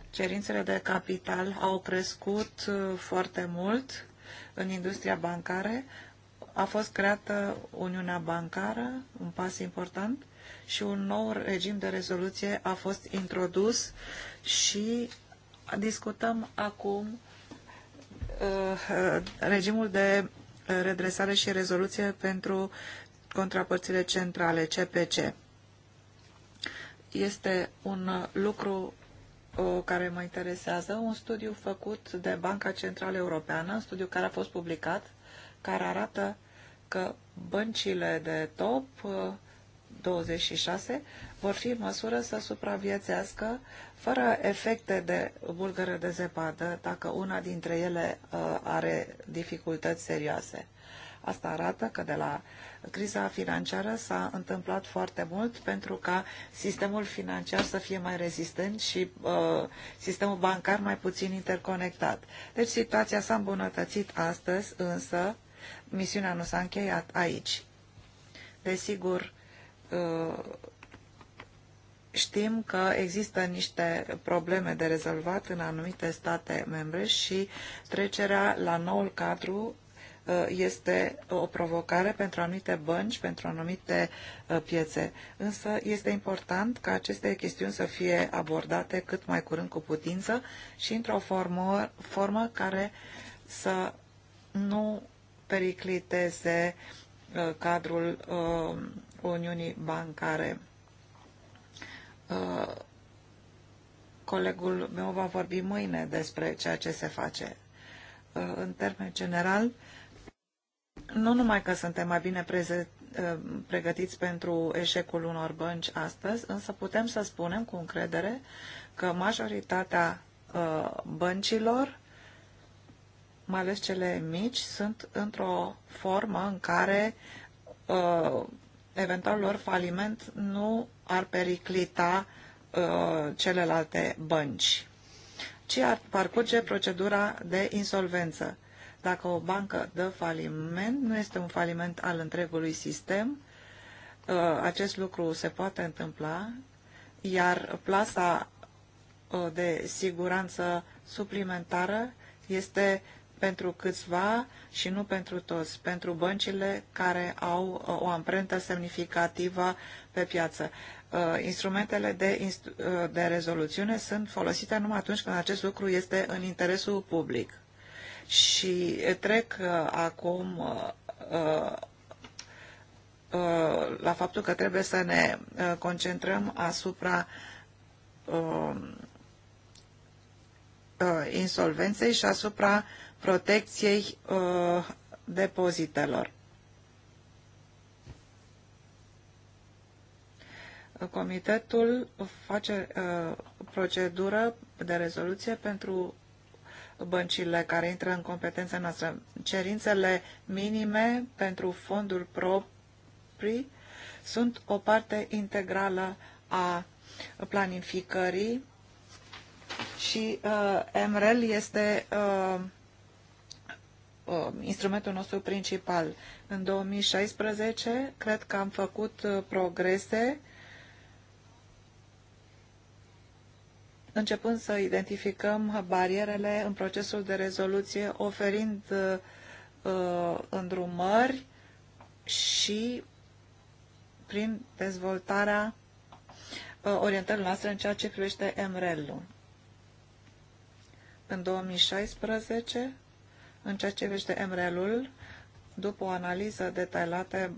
Cerințele de capital au crescut uh, foarte mult în industria bancară. A fost creată Uniunea Bancară, un pas important, și un nou regim de rezoluție a fost introdus și discutăm acum uh, uh regimul de redresare și rezoluție pentru contrapărțile centrale, CPC. Este un lucru care mă interesează, un studiu făcut de Banca Centrală Europeană, un studiu care a fost publicat, care arată că băncile de top 26 vor fi în măsură să supraviețească fără efecte de bulgăre de zepadă dacă una dintre ele uh, are dificultăți serioase. Asta arată că de la criza financiară s-a întâmplat foarte mult pentru ca sistemul financiar să fie mai rezistent și uh, sistemul bancar mai puțin interconectat. Deci situația s-a îmbunătățit astăzi, însă misiunea nu s-a încheiat aici. Desigur, uh, Știm că există niște probleme de rezolvat în anumite state membre și trecerea la noul cadru Uh, este o provocare pentru anumite bănci, pentru anumite uh, piețe. Însă este important ca aceste chestiuni să fie abordate cât mai curând cu putință și într-o formă, formă care să nu pericliteze uh, cadrul Uniunii Bancare. Colegul meu va vorbi mâine despre ceea ce se face. În termen general, nu numai că suntem mai bine eh, pregătiți pentru eșecul unor bănci astăzi, însă putem să spunem cu încredere că majoritatea eh, băncilor, mai ales cele mici, sunt într-o formă în care eh, eventual lor faliment nu ar periclita celelalte bănci, ci ar parcurge procedura de insolvență dacă o bancă dă faliment, nu este un faliment al întregului sistem. Uh, acest lucru se poate întâmpla, iar plasa uh, de siguranță suplimentară este pentru câțiva și nu pentru toți, pentru băncile care au uh, o amprentă semnificativă pe piață. Instrumentele de, de rezoluțiune sunt folosite numai atunci când acest lucru este în interesul public. Și trec uh, acum uh, uh, la faptul că trebuie să ne concentrăm asupra um, insolvenței și asupra protecției depozitelor. Comitetul face procedură de rezoluție pentru băncile care intră în competența noastră. Cerințele minime pentru fonduri proprii sunt o parte integrală a planificării și uh, MREL este uh, uh, instrumentul nostru principal. În 2016 cred că am făcut uh, progrese începând să identificăm barierele în procesul de rezoluție, oferind uh, îndrumări și prin dezvoltarea uh, orientărilor noastre în ceea ce privește MREL-ul. În 2016, în ceea ce privește MREL-ul, după o analiză detaliată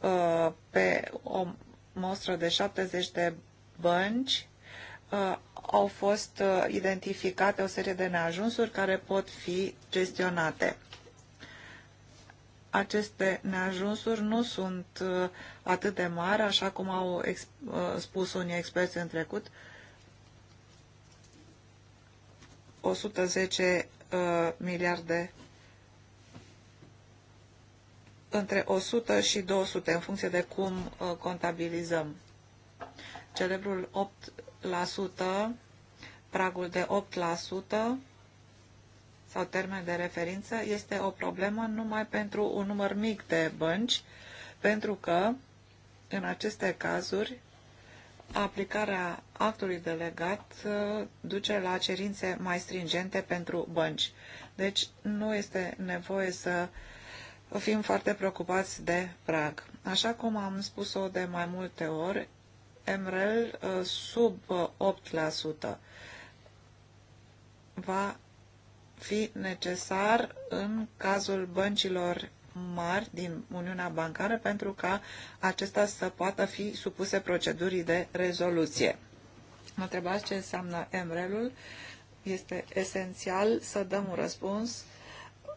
uh, pe o mostră de 70 de bănci uh, au fost uh, identificate o serie de neajunsuri care pot fi gestionate. Aceste neajunsuri nu sunt uh, atât de mari, așa cum au spus unii experți în trecut. 110 miliarde între 100 și 200 în funcție de cum contabilizăm celebrul 8%, pragul de 8% sau termen de referință este o problemă numai pentru un număr mic de bănci, pentru că în aceste cazuri aplicarea actului delegat uh, duce la cerințe mai stringente pentru bănci. Deci nu este nevoie să fim foarte preocupați de prag. Așa cum am spus-o de mai multe ori, MREL uh, sub 8% uh, va fi necesar în cazul băncilor mari din Uniunea Bancară pentru ca acestea să poată fi supuse procedurii de rezoluție. Mă întrebați ce înseamnă MREL-ul. Este esențial să dăm un răspuns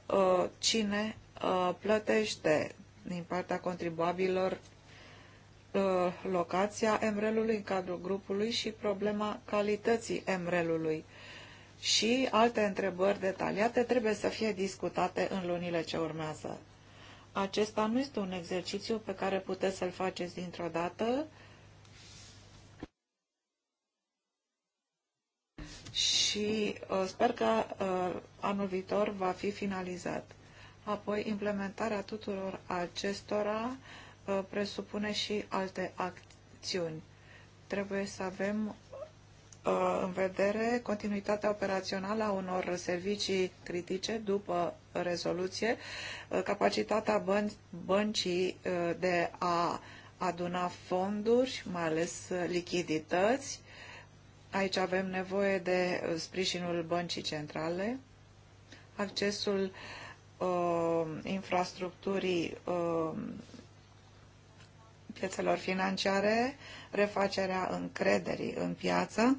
uh, cine plătește din partea contribuabilor Uh, locația emrelului în cadrul grupului și problema calității emrelului. Și alte întrebări detaliate trebuie să fie discutate în lunile ce urmează. Acesta nu este un exercițiu pe care puteți să-l faceți dintr-o dată și uh, sper că uh, anul viitor va fi finalizat. Apoi, implementarea tuturor acestora Uh, presupune și alte acțiuni. Trebuie să avem uh, în vedere continuitatea operațională a unor servicii critice după rezoluție, uh, capacitatea bân- băncii de a aduna fonduri, mai ales lichidități. Aici avem nevoie de sprijinul băncii centrale, accesul uh, infrastructurii uh, piețelor financiare, refacerea încrederii în piață.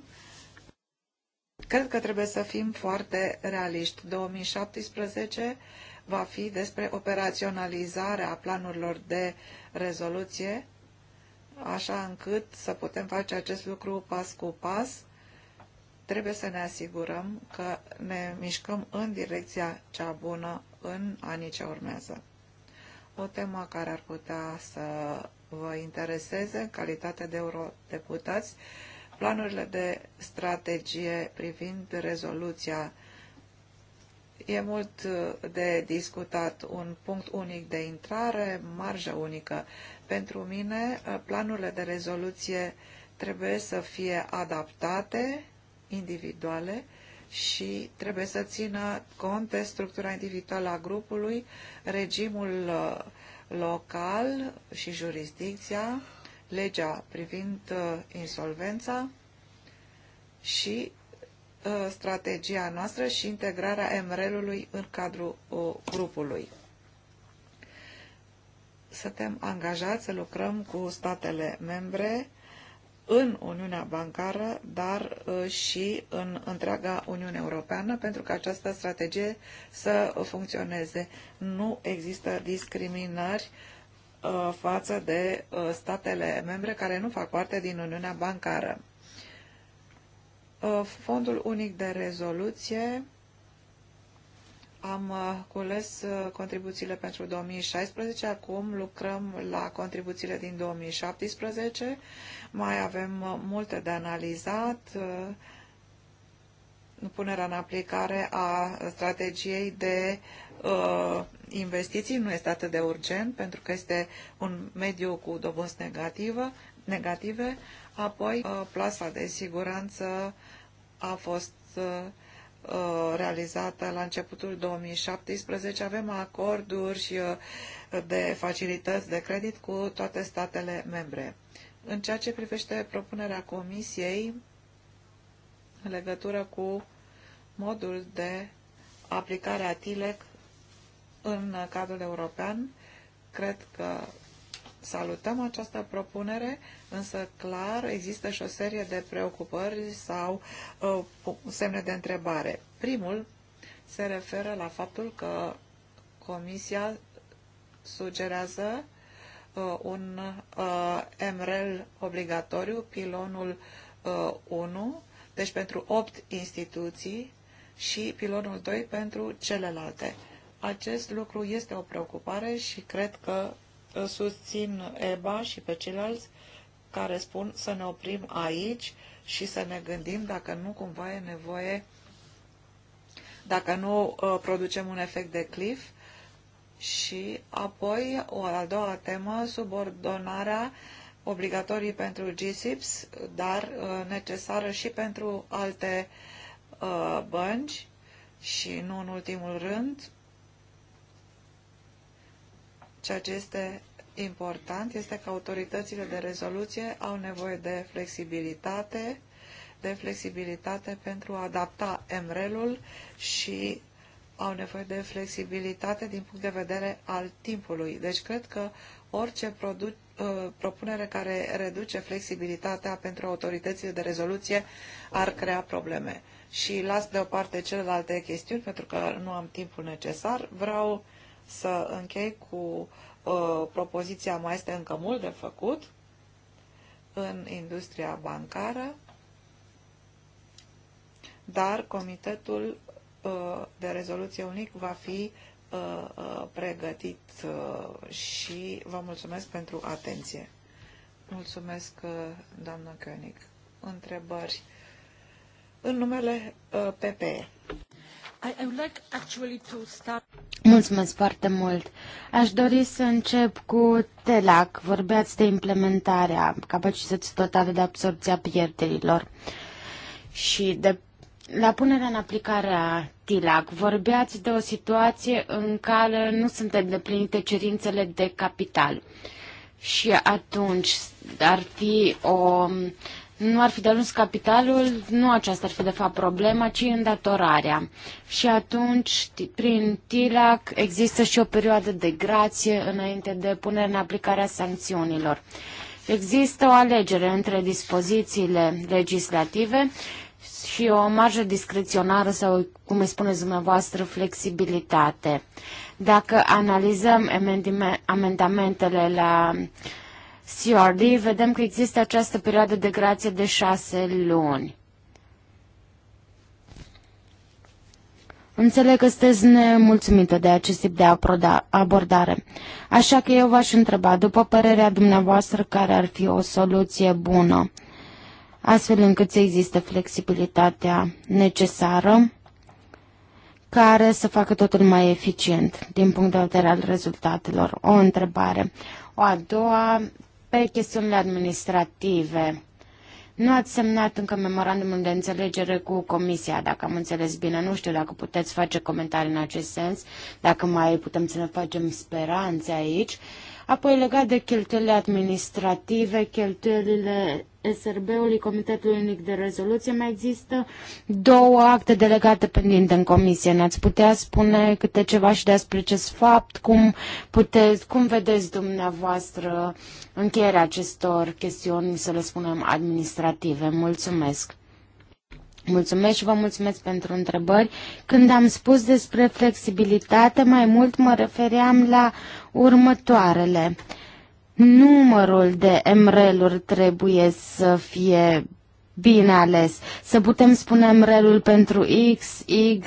Cred că trebuie să fim foarte realiști. 2017 va fi despre operaționalizarea planurilor de rezoluție, așa încât să putem face acest lucru pas cu pas. Trebuie să ne asigurăm că ne mișcăm în direcția cea bună în anii ce urmează. O temă care ar putea să vă intereseze în calitate de eurodeputați planurile de strategie privind rezoluția. E mult uh, de discutat un punct unic de intrare, marjă unică. Pentru mine, uh, planurile de rezoluție trebuie să fie adaptate, individuale, și trebuie să țină cont de structura individuală a grupului, regimul uh, local și jurisdicția, legea privind uh, insolvența și uh, strategia noastră și integrarea MRL-ului în cadrul uh, grupului. Suntem angajați să lucrăm cu statele membre în Uniunea Bancară, dar uh, și în întreaga Uniune Europeană, pentru că această strategie să funcționeze. Nu există discriminări uh, față de uh, statele membre care nu fac parte din Uniunea Bancară. Fondul unic de rezoluție am uh, cules uh, contribuțiile pentru 2016, acum lucrăm la contribuțiile din 2017, mai avem uh, multe de analizat, punerea în aplicare a strategiei de uh, investiții nu este atât de urgent pentru că este un mediu cu dobânzi negativă, negative. Apoi, uh, plasa de siguranță a fost uh, Uh, realizată la începutul 2017. Avem acorduri uh, de facilități de credit cu toate statele membre. În ceea ce privește propunerea Comisiei în legătură cu modul de aplicare a TILEC în cadrul european, cred că Salutăm această propunere, însă clar există și o serie de preocupări sau uh, semne de întrebare. Primul se referă la faptul că Comisia sugerează uh, un uh, MREL obligatoriu, pilonul uh, 1, deci pentru 8 instituții și pilonul 2 pentru celelalte. Acest lucru este o preocupare și cred că susțin EBA și pe ceilalți care spun să ne oprim aici și să ne gândim dacă nu cumva e nevoie, dacă nu uh, producem un efect de cliff și apoi o a doua temă, subordonarea obligatorii pentru GSIPS, dar uh, necesară și pentru alte uh, bănci și nu în ultimul rând, ceea ce este important este că autoritățile de rezoluție au nevoie de flexibilitate, de flexibilitate pentru a adapta MREL-ul și au nevoie de flexibilitate din punct de vedere al timpului. Deci cred că orice produc, uh, propunere care reduce flexibilitatea pentru autoritățile de rezoluție ar crea probleme. Și las deoparte celelalte chestiuni pentru că nu am timpul necesar. Vreau să închei cu Uh, propoziția mai este încă mult de făcut în industria bancară, dar Comitetul uh, de Rezoluție Unic va fi uh, pregătit și vă mulțumesc pentru atenție. Mulțumesc, doamnă König. Întrebări în numele PPE. Mulțumesc foarte mult. Aș dori să încep cu TELAC. Vorbeați de implementarea capacității totale de absorbție a pierderilor și de la punerea în aplicare a TILAC, vorbeați de o situație în care nu sunt îndeplinite cerințele de capital. Și atunci ar fi o nu ar fi de ajuns capitalul, nu aceasta ar fi de fapt problema, ci îndatorarea. Și atunci, prin TILAC, există și o perioadă de grație înainte de punerea în aplicare a sancțiunilor. Există o alegere între dispozițiile legislative și o marjă discreționară sau, cum îi spuneți dumneavoastră, flexibilitate. Dacă analizăm amendamentele la uh, CRD, vedem că există această perioadă de grație de șase luni. Înțeleg că sunteți nemulțumită de acest tip de abordare. Așa că eu v-aș întreba, după părerea dumneavoastră, care ar fi o soluție bună, astfel încât să existe flexibilitatea necesară, care să facă totul mai eficient din punct de vedere al rezultatelor. O întrebare. O a doua pe chestiunile administrative. Nu ați semnat încă memorandumul de înțelegere cu Comisia, dacă am înțeles bine. Nu știu dacă puteți face comentarii în acest sens, dacă mai putem să ne facem speranțe aici. Apoi, legat de cheltuielile administrative, cheltuielile SRB-ului, Comitetul Unic de Rezoluție, mai există două acte delegate pendinte în comisie. Ne-ați putea spune câte ceva și despre acest fapt? Cum, puteți, cum vedeți dumneavoastră încheierea acestor chestiuni, să le spunem, administrative? Mulțumesc! Mulțumesc și vă mulțumesc pentru întrebări. Când am spus despre flexibilitate, mai mult mă refeream la următoarele. Uh, Numărul de emreluri trebuie să fie bine ales. Să putem spune MREL-ul pentru X, Y,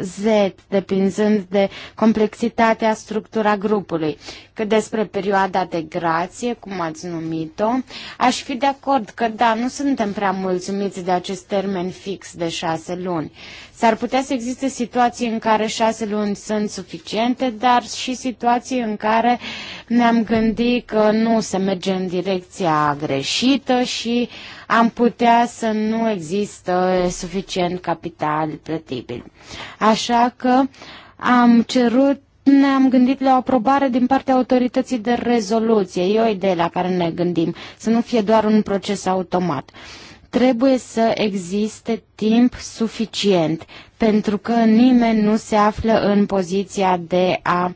Z, depinzând de complexitatea structura grupului. Că despre perioada de grație, cum ați numit-o, aș fi de acord că da, nu suntem prea mulțumiți de acest termen fix de șase luni. S-ar putea să existe situații în care șase luni sunt suficiente, dar și situații în care ne-am gândit că nu se merge în direcția greșită și uh, am putea să nu există suficient capital plătibil. Așa că am cerut ne-am gândit la o aprobare din partea autorității de rezoluție. E o idee la care ne gândim, să nu fie doar un proces automat. Trebuie să existe timp suficient, pentru că nimeni nu se află în poziția de a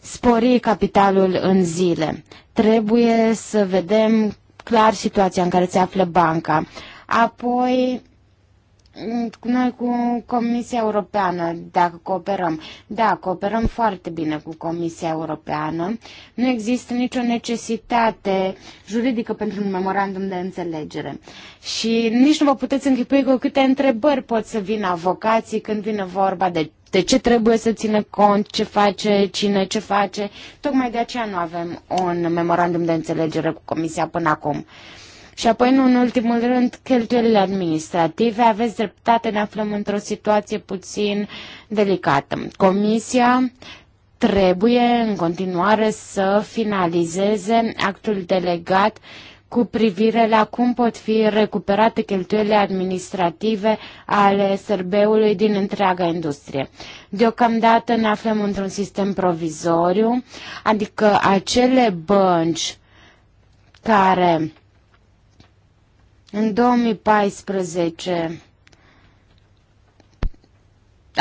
spori capitalul în zile. Trebuie să vedem clar situația în care se află banca. Apoi, mm, noi cu Comisia Europeană, dacă cooperăm. Da, cooperăm foarte bine cu Comisia Europeană. Nu există nicio necesitate juridică pentru un memorandum de înțelegere. Și nici nu vă puteți închipui cu câte întrebări pot să vină avocații când vine vorba de de ce trebuie să țină cont, ce face, cine ce face. Tocmai de aceea nu avem un memorandum de înțelegere cu Comisia până acum. Și apoi, nu în ultimul rând, cheltuielile administrative. Aveți dreptate, ne aflăm într-o situație puțin delicată. Comisia trebuie în continuare să finalizeze actul delegat cu privire la cum pot fi recuperate cheltuielile administrative ale SRB-ului din întreaga industrie. Deocamdată ne aflăm într-un sistem provizoriu, adică acele bănci care în 2014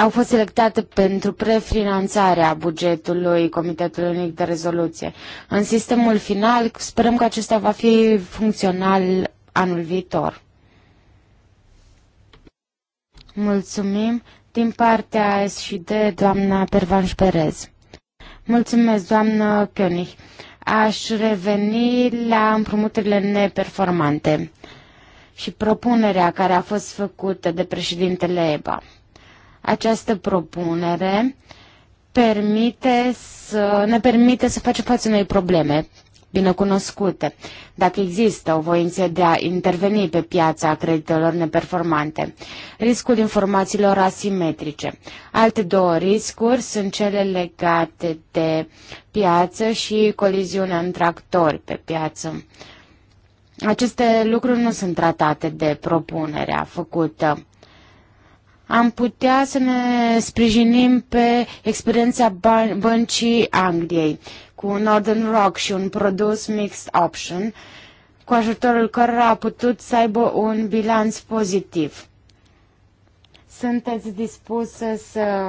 au fost selectate pentru prefinanțarea bugetului Comitetului Unic de Rezoluție. În sistemul final, sperăm că acesta va fi funcțional anul viitor. Mulțumim. Din partea S și de doamna Pervanș Perez. Mulțumesc, doamnă König. Aș reveni la împrumuturile neperformante și propunerea care a fost făcută de președintele EBA. Această propunere permite să, ne permite să facem față unei probleme binecunoscute, dacă există o voință de a interveni pe piața creditelor neperformante. Riscul informațiilor asimetrice. Alte două riscuri sunt cele legate de piață și coliziunea între actori pe piață. Aceste lucruri nu sunt tratate de propunerea făcută am putea să ne sprijinim pe experiența ban- băncii Angliei cu Northern Rock și un produs Mixed Option, cu ajutorul cărora a putut să aibă un bilanț pozitiv. Sunteți dispusă să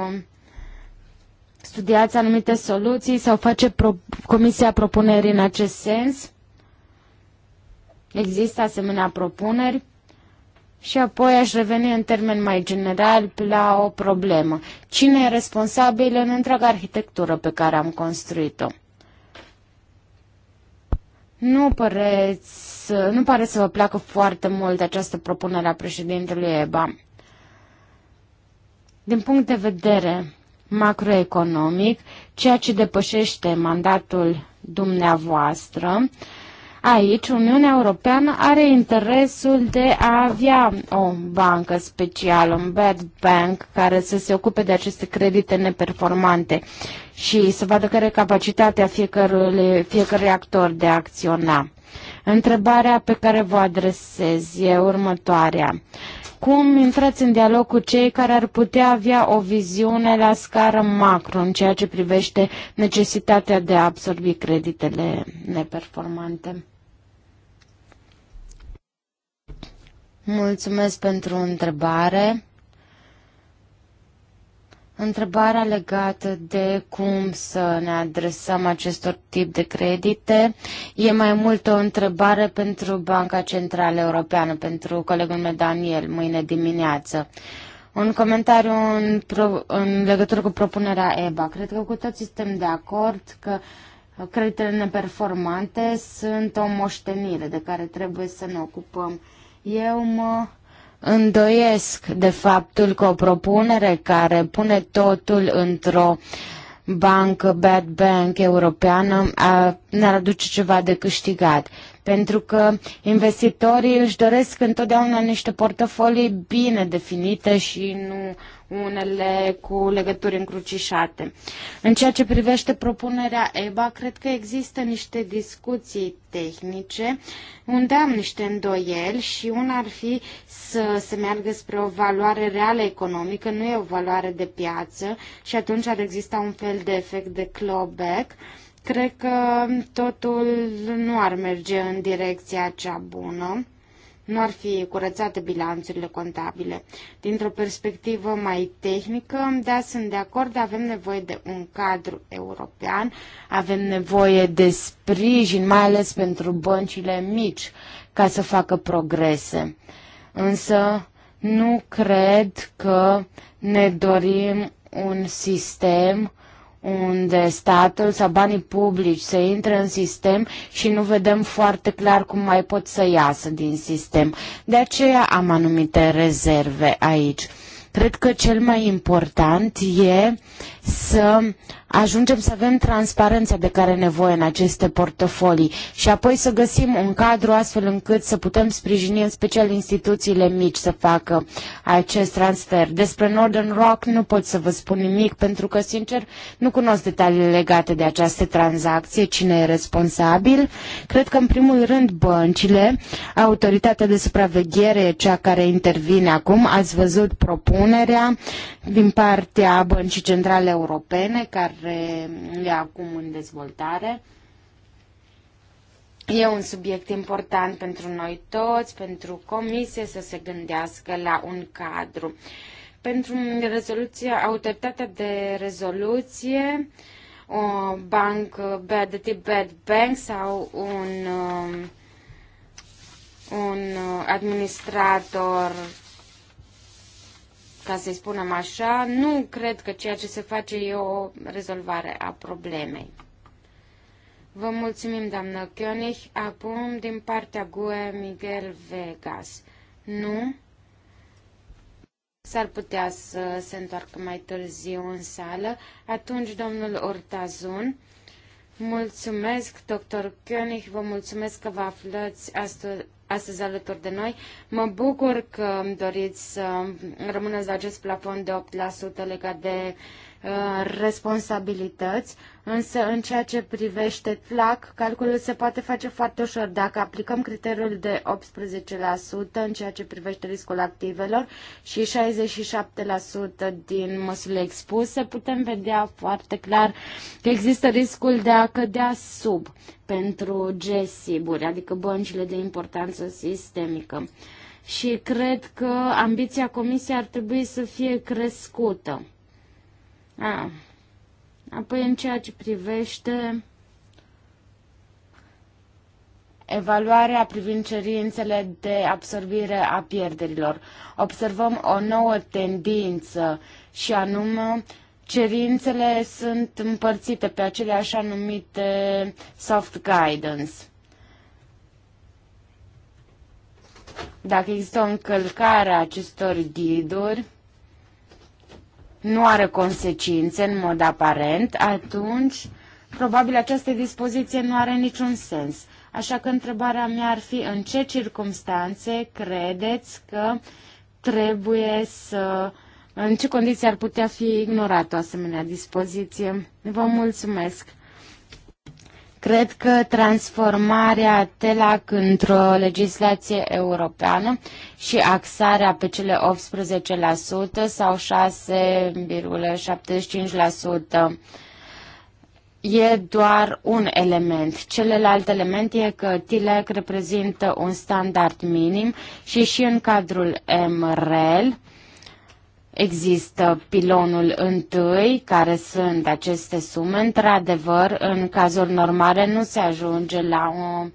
studiați anumite soluții sau face pro- Comisia propuneri în acest sens? Există asemenea propuneri? Și apoi aș reveni în termen mai general la o problemă. Cine e responsabil în întreaga arhitectură pe care am construit-o? Nu, păreți, nu pare să vă placă foarte mult această propunere a președintelui EBA. Din punct de vedere macroeconomic, ceea ce depășește mandatul dumneavoastră, uh, Aici, Uniunea Europeană are interesul de a avea o bancă specială, un bad bank, care să se ocupe de aceste credite neperformante și să vadă care e capacitatea fiecărui, fiecărui actor de a acționa. Întrebarea pe care vă adresez e următoarea. Cum intrați în dialog cu cei care ar putea avea o viziune la scară macro în ceea ce privește necesitatea de a absorbi creditele neperformante? Mulțumesc pentru întrebare. Întrebarea legată de cum să ne adresăm acestor tip de credite e mai mult o întrebare pentru Banca Centrală Europeană, pentru colegul meu Daniel, mâine dimineață. Un comentariu în, pro, în legătură cu propunerea EBA. Cred că cu toți suntem de acord că creditele neperformante sunt o moștenire de care trebuie să ne ocupăm. Eu mă îndoiesc de faptul că o propunere care pune totul într-o bancă, bad bank europeană, ne-ar aduce ceva de câștigat. Pentru că investitorii își doresc întotdeauna niște portofolii bine definite și nu unele cu legături încrucișate. În ceea ce privește propunerea EBA, cred că există niște discuții tehnice unde am niște îndoieli și una ar fi să se meargă spre o valoare reală economică, nu e o valoare de piață și atunci ar exista un fel de efect de clawback. Cred că totul nu ar merge în direcția cea bună nu ar fi curățate bilanțurile contabile. Dintr-o perspectivă mai tehnică, da, sunt de acord, avem nevoie de un cadru european, avem nevoie de sprijin, mai ales pentru băncile mici, ca să facă progrese. Însă nu cred că ne dorim un sistem uh, unde statul sau banii publici se intră în sistem și nu vedem foarte clar cum mai pot să iasă din sistem. De aceea am anumite rezerve aici. Cred că cel mai important e să ajungem să avem transparența de care nevoie în aceste portofolii și apoi să găsim un cadru astfel încât să putem sprijini în special instituțiile mici să facă acest transfer. Despre Northern Rock nu pot să vă spun nimic pentru că, sincer, nu cunosc detaliile legate de această tranzacție, cine e responsabil. Cred că, în primul rând, băncile, autoritatea de supraveghere e cea care intervine acum. Ați văzut propunerea din partea Băncii Centrale europene care e acum în dezvoltare. E un subiect important pentru noi toți, pentru comisie să se gândească la un cadru. Pentru rezoluția autoritatea de rezoluție, o bank, bad, de tip bad bank sau un, um, un administrator ca să-i spunem așa, nu cred că ceea ce se face e o rezolvare a problemei. Vă mulțumim, doamnă König. Acum, din partea GUE, Miguel Vegas. Nu? S-ar putea să se întoarcă mai târziu în sală. Atunci, domnul Ortazun, mulțumesc, doctor König, vă mulțumesc că vă aflați astăzi astăzi alături de noi. Mă bucur că îmi doriți să rămâneți la acest plafon de 8% legat de uh, Uh, responsabilități, însă în ceea ce privește flag, calculul se poate face foarte ușor. Dacă aplicăm criteriul de 18% în ceea ce privește riscul activelor și 67% din măsurile expuse, putem vedea foarte clar că există riscul de a cădea sub pentru GSIB-uri, adică băncile de importanță sistemică. Și cred că ambiția Comisiei ar trebui să fie crescută a. Apoi, în ceea ce privește evaluarea privind cerințele de absorbire a pierderilor, observăm o nouă tendință și anume cerințele sunt împărțite pe acele așa numite soft guidance. Dacă există o încălcare a acestor ghiduri, nu are consecințe în mod aparent, atunci probabil această dispoziție nu are niciun sens. Așa că întrebarea mea ar fi în ce circunstanțe credeți că trebuie să în ce condiții ar putea fi ignorată o asemenea dispoziție? Vă mulțumesc! Cred că transformarea TELAC într-o legislație europeană și axarea pe cele 18% sau 6,75% e doar un element. Celălalt element e că TILEC reprezintă un standard minim și și în cadrul MREL Există pilonul întâi, care sunt aceste sume. Într-adevăr, în cazuri normale nu se ajunge la un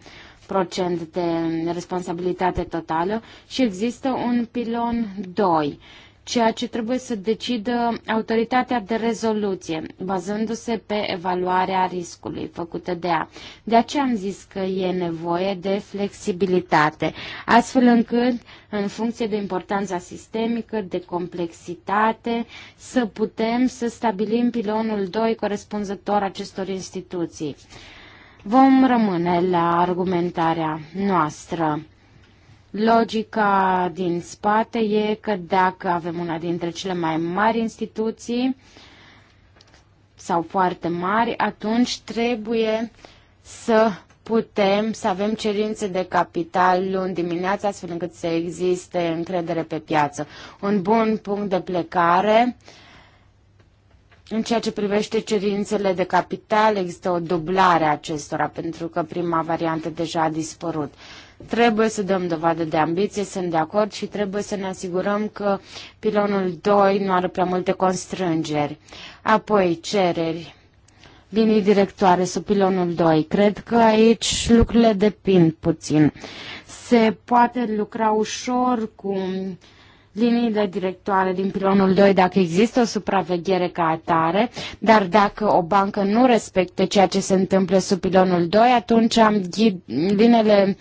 procent de responsabilitate totală și există un pilon 2 ceea ce trebuie să decidă autoritatea de rezoluție, bazându-se pe evaluarea riscului făcută de ea. De aceea am zis că e nevoie de flexibilitate, astfel încât, în funcție de importanța sistemică, de complexitate, să putem să stabilim pilonul 2 corespunzător acestor instituții. Vom rămâne la argumentarea noastră. Logica din spate e că dacă avem una dintre cele mai mari instituții sau foarte mari, atunci trebuie să putem să avem cerințe de capital luni dimineața, astfel încât să existe încredere pe piață. Un bun punct de plecare în ceea ce privește cerințele de capital, există o dublare a acestora, pentru că prima variantă deja a dispărut. Trebuie să dăm dovadă de ambiție, sunt de acord și trebuie să ne asigurăm că pilonul 2 nu are prea multe constrângeri. Apoi cereri, linii directoare sub pilonul 2. Cred că aici lucrurile depind puțin. Se poate lucra ușor cu liniile directoare din pilonul 2 dacă există o supraveghere ca atare, dar dacă o bancă nu respectă ceea ce se întâmplă sub pilonul 2, atunci linele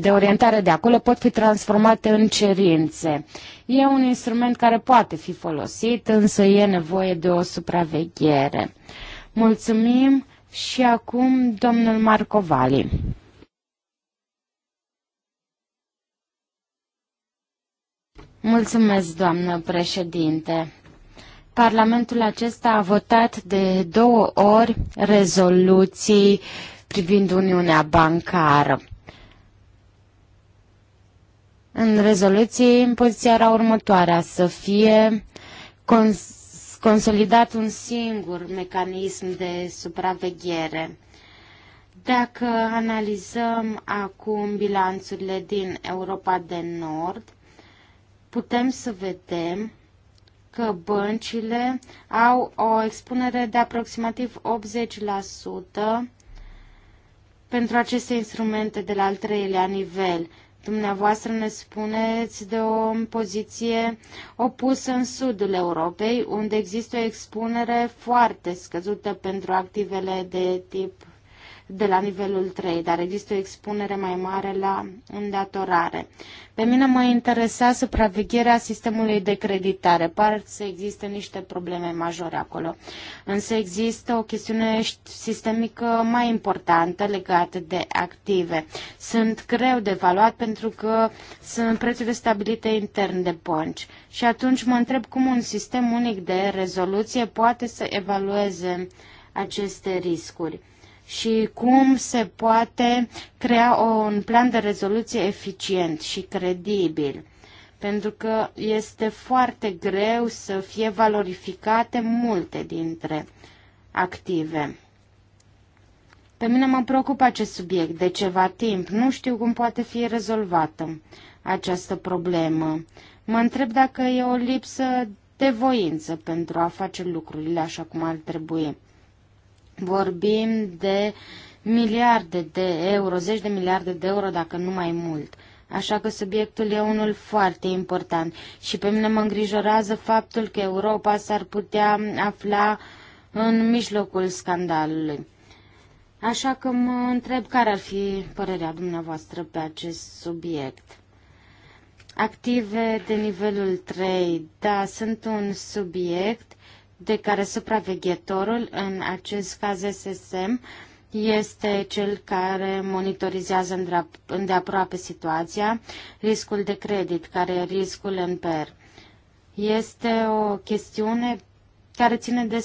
de orientare de acolo pot fi transformate în cerințe. E un instrument care poate fi folosit, însă e nevoie de o supraveghere. Mulțumim și acum domnul Marcovali. Mulțumesc, doamnă președinte. Parlamentul acesta a votat de două ori rezoluții privind Uniunea Bancară. În rezoluții, poziția era următoarea, să fie cons consolidat un singur mecanism de supraveghere. Dacă analizăm acum bilanțurile din Europa de Nord, putem să vedem că băncile au o expunere de aproximativ 80% pentru aceste instrumente de la al treilea nivel. Dumneavoastră ne spuneți de o poziție opusă în sudul Europei, unde există o expunere foarte scăzută pentru activele de tip de la nivelul 3, dar există o expunere mai mare la îndatorare. Pe mine mă interesa supravegherea sistemului de creditare. Par să există niște probleme majore acolo. Însă există o chestiune sistemică mai importantă legată de active. Sunt greu de evaluat pentru că sunt prețurile stabilite intern de bănci. Și atunci mă întreb cum un sistem unic de rezoluție poate să evalueze aceste riscuri și cum se poate crea un plan de rezoluție eficient și credibil. Pentru că este foarte greu să fie valorificate multe dintre active. Pe mine mă preocupă acest subiect de ceva timp. Nu știu cum poate fi rezolvată această problemă. Mă întreb dacă e o lipsă de voință pentru a face lucrurile așa cum ar trebui. Vorbim de miliarde de euro, zeci de miliarde de euro, dacă nu mai mult. Așa că subiectul e unul foarte important și pe mine mă îngrijorează faptul că Europa s-ar putea afla în mijlocul scandalului. Așa că mă întreb care ar fi părerea dumneavoastră pe acest subiect. Active de nivelul 3, da, sunt un subiect de care supraveghetorul, în acest caz SSM, este cel care monitorizează îndeaproape situația, riscul de credit, care e riscul NPR. Este o chestiune care ține de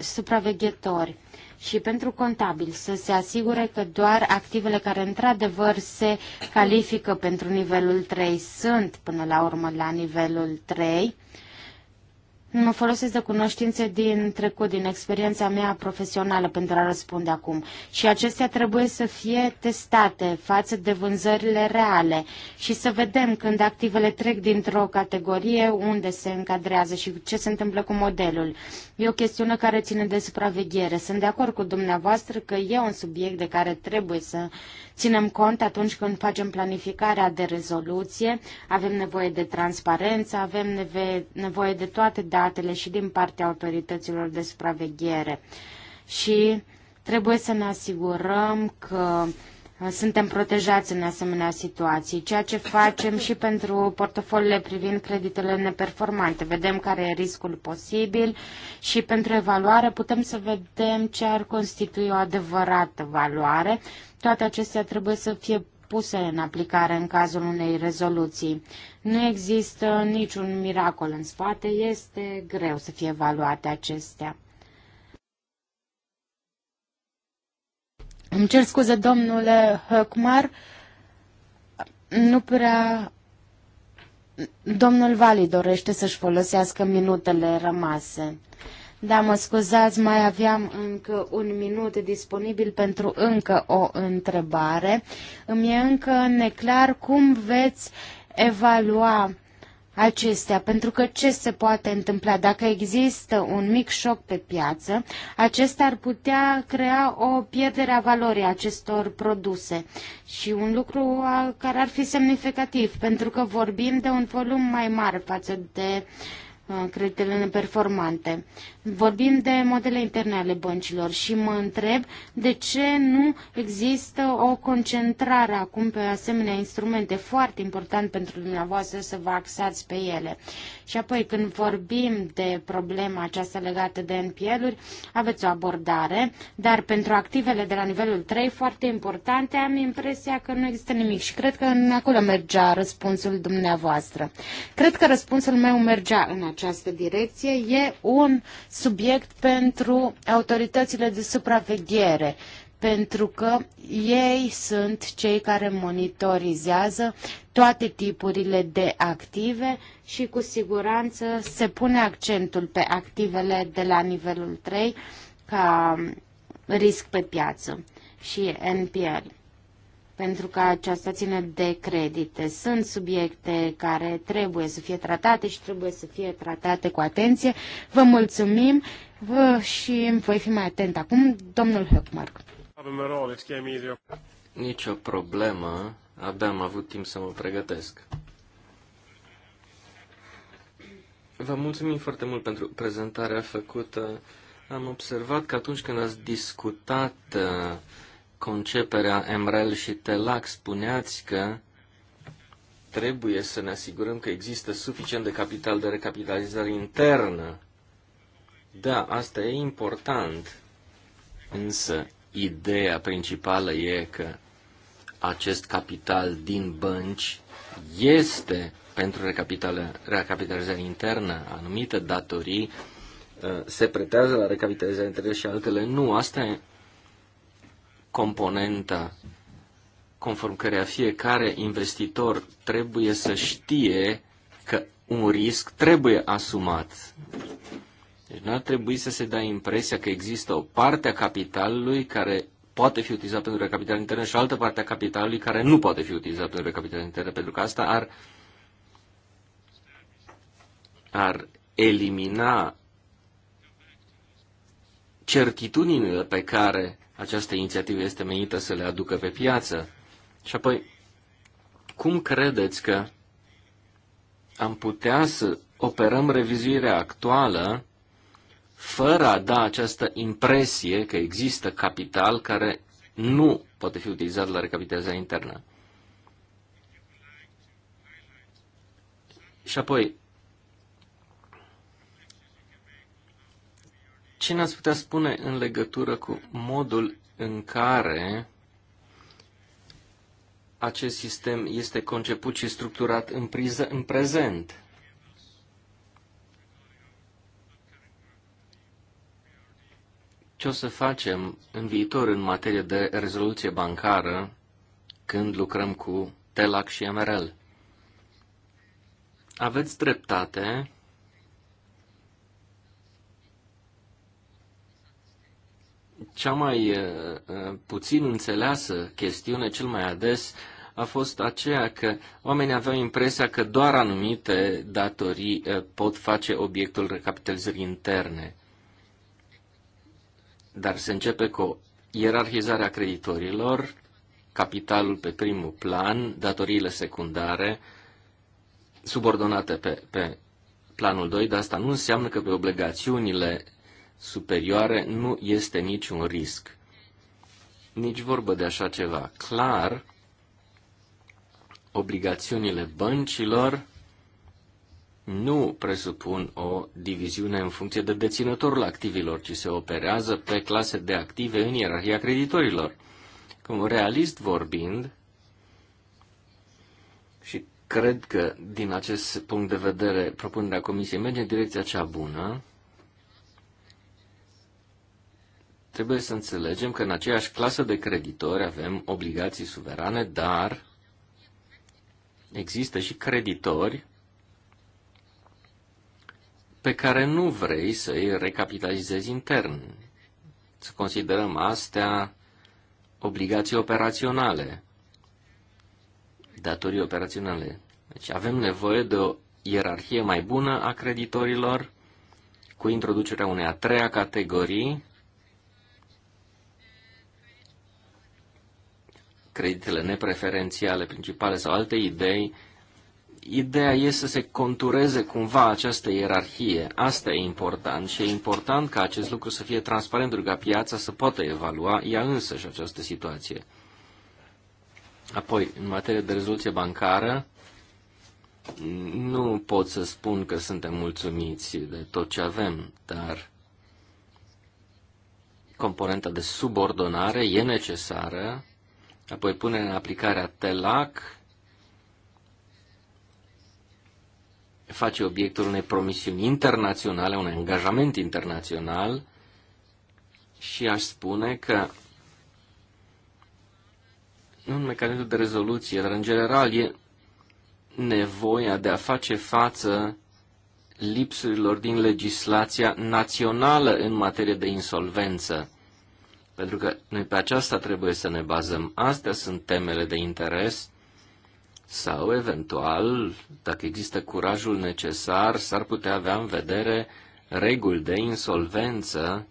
supraveghetori și pentru contabil să se asigure că doar activele care într-adevăr se califică pentru nivelul 3 sunt până la urmă la nivelul 3, Mă folosesc de cunoștințe din trecut, din experiența mea profesională pentru a răspunde acum. Și acestea trebuie să fie testate față de vânzările reale și să vedem când activele trec dintr-o categorie unde se încadrează și ce se întâmplă cu modelul. E o chestiune care ține de supraveghere. Sunt de acord cu dumneavoastră că e un subiect de care trebuie să ținem cont atunci când facem planificarea de rezoluție. Avem nevoie de transparență, avem nevoie de toate datele și din partea autorităților de supraveghere. Și trebuie să ne asigurăm că suntem protejați în asemenea situații, ceea ce facem și pentru portofoliile privind creditele neperformante. Vedem care e riscul posibil și pentru evaluare putem să vedem ce ar constitui o adevărată valoare. Toate acestea trebuie să fie puse în aplicare în cazul unei rezoluții. Nu există niciun miracol în spate, este greu să fie evaluate acestea. Îmi cer scuze, domnule Hăcmar, nu prea... Domnul Vali dorește să-și folosească minutele rămase. Da, mă scuzați, mai aveam încă un minut disponibil pentru încă o întrebare. Îmi e încă neclar cum veți evalua acestea, pentru că ce se poate întâmpla? Dacă există un mic șoc pe piață, acesta ar putea crea o pierdere a valorii acestor produse și un lucru care ar fi semnificativ, pentru că vorbim de un volum mai mare față de uh, Uh, creditele neperformante. Vorbim de modele interne ale băncilor și mă întreb de ce nu există o concentrare acum pe asemenea instrumente foarte important pentru dumneavoastră să vă axați pe ele. Și apoi când vorbim de problema aceasta legată de NPL-uri, aveți o abordare, dar pentru activele de la nivelul 3 foarte importante am impresia că nu există nimic și cred că în acolo mergea răspunsul dumneavoastră. Cred că răspunsul meu mergea în această direcție. E un subiect pentru autoritățile de supraveghere pentru că ei sunt cei care monitorizează toate tipurile de active și cu siguranță se pune accentul pe activele de la nivelul 3 ca risc pe piață și NPL pentru că aceasta ține de credite. Sunt subiecte care trebuie să fie tratate și trebuie să fie tratate cu atenție. Vă mulțumim vă și voi fi mai atent acum, domnul Höckmark. Nici o problemă, abia am avut timp să mă pregătesc. Vă mulțumim foarte mult pentru prezentarea făcută. Am observat că atunci când ați discutat uh, conceperea MREL și TELAC, spuneați că trebuie să ne asigurăm că există suficient de capital de recapitalizare internă. Da, asta e important. Însă, ideea principală e că acest capital din bănci este pentru recapitalizare internă. Anumite datorii uh, se pretează la recapitalizare internă și altele nu. Asta e componenta conform cărea fiecare investitor trebuie să știe că un risc trebuie asumat. Deci nu ar trebui să se dea impresia că există o parte a capitalului care poate fi utilizat pentru recapitalizare internă și o altă parte a capitalului care nu poate fi utilizat pentru recapitalizare internă, pentru că asta ar, ar elimina certitudinile pe care această inițiativă este menită să le aducă pe piață. Și apoi, cum credeți că am putea să operăm revizuirea actuală fără a da această impresie că există capital care nu poate fi utilizat la recapitalizarea internă. Și apoi, ce ne-ați putea spune în legătură cu modul în care acest sistem este conceput și structurat în, priză, în prezent? ce o să facem în viitor în materie de rezoluție bancară când lucrăm cu TELAC și MRL. Aveți dreptate. Cea mai eh, puțin înțeleasă chestiune cel mai ades a fost aceea că oamenii aveau impresia că doar anumite datorii eh, pot face obiectul recapitalizării interne. Dar se începe cu ierarhizarea creditorilor, capitalul pe primul plan, datoriile secundare, subordonate pe, pe planul 2, dar asta nu înseamnă că pe obligațiunile superioare nu este niciun risc. Nici vorbă de așa ceva. Clar, obligațiunile băncilor nu presupun o diviziune în funcție de deținătorul activilor, ci se operează pe clase de active în ierarhia creditorilor. Cum realist vorbind, și cred că din acest punct de vedere propunerea Comisiei merge în direcția cea bună, trebuie să înțelegem că în aceeași clasă de creditori avem obligații suverane, dar există și creditori pe care nu vrei să îi recapitalizezi intern. Să considerăm astea obligații operaționale, datorii operaționale. Deci avem nevoie de o ierarhie mai bună a creditorilor, cu introducerea unei a treia categorii, creditele nepreferențiale principale sau alte idei ideea e să se contureze cumva această ierarhie. Asta e important și e important ca acest lucru să fie transparent, pentru ca piața să poată evalua ea însă și această situație. Apoi, în materie de rezoluție bancară, nu pot să spun că suntem mulțumiți de tot ce avem, dar componenta de subordonare e necesară, apoi punerea în aplicare a TELAC face obiectul unei promisiuni internaționale, un angajament internațional și aș spune că nu un mecanism de rezoluție, dar în general e nevoia de a face față lipsurilor din legislația națională în materie de insolvență. Pentru că noi pe aceasta trebuie să ne bazăm. Astea sunt temele de interes sau eventual, dacă există curajul necesar, s-ar putea avea în vedere reguli de insolvență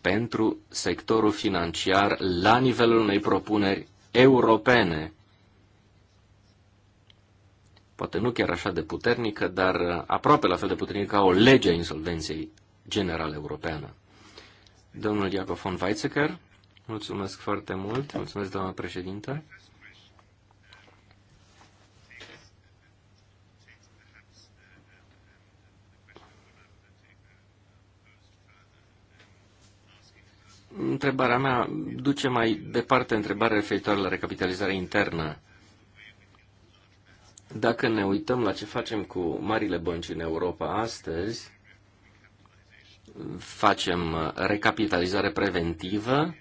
pentru sectorul financiar la nivelul unei propuneri europene. Poate nu chiar așa de puternică, dar aproape la fel de puternică ca o lege a insolvenței general europeană. Domnul Jacob von Weizsäcker, mulțumesc foarte mult, mulțumesc doamna președintă. Întrebarea mea duce mai departe întrebarea referitoare la recapitalizarea internă. Dacă ne uităm la ce facem cu marile bănci în Europa astăzi, facem recapitalizare preventivă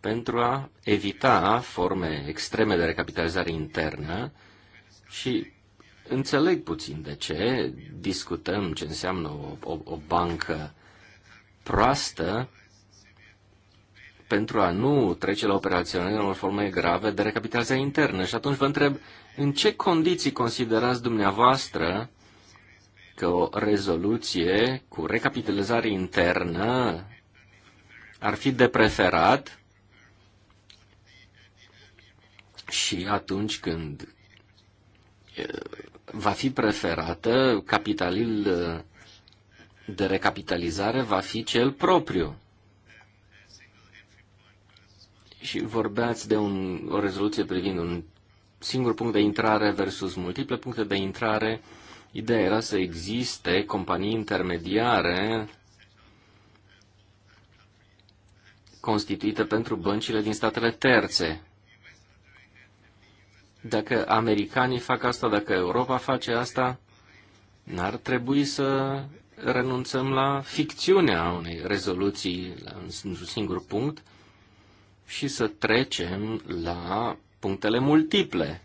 pentru a evita forme extreme de recapitalizare internă și înțeleg puțin de ce discutăm ce înseamnă o, o, o bancă proastă, pentru a nu trece la operațiune în forme grave de recapitalizare internă. Și atunci vă întreb, în ce condiții considerați dumneavoastră că o rezoluție cu recapitalizare internă ar fi de preferat și atunci când va fi preferată, capitalul de recapitalizare va fi cel propriu. Și vorbeați de un, o rezoluție privind un singur punct de intrare versus multiple puncte de intrare. Ideea era să existe companii intermediare constituite pentru băncile din statele terțe. Dacă americanii fac asta, dacă Europa face asta, n-ar trebui să renunțăm la ficțiunea unei rezoluții la un singur punct și să trecem la punctele multiple.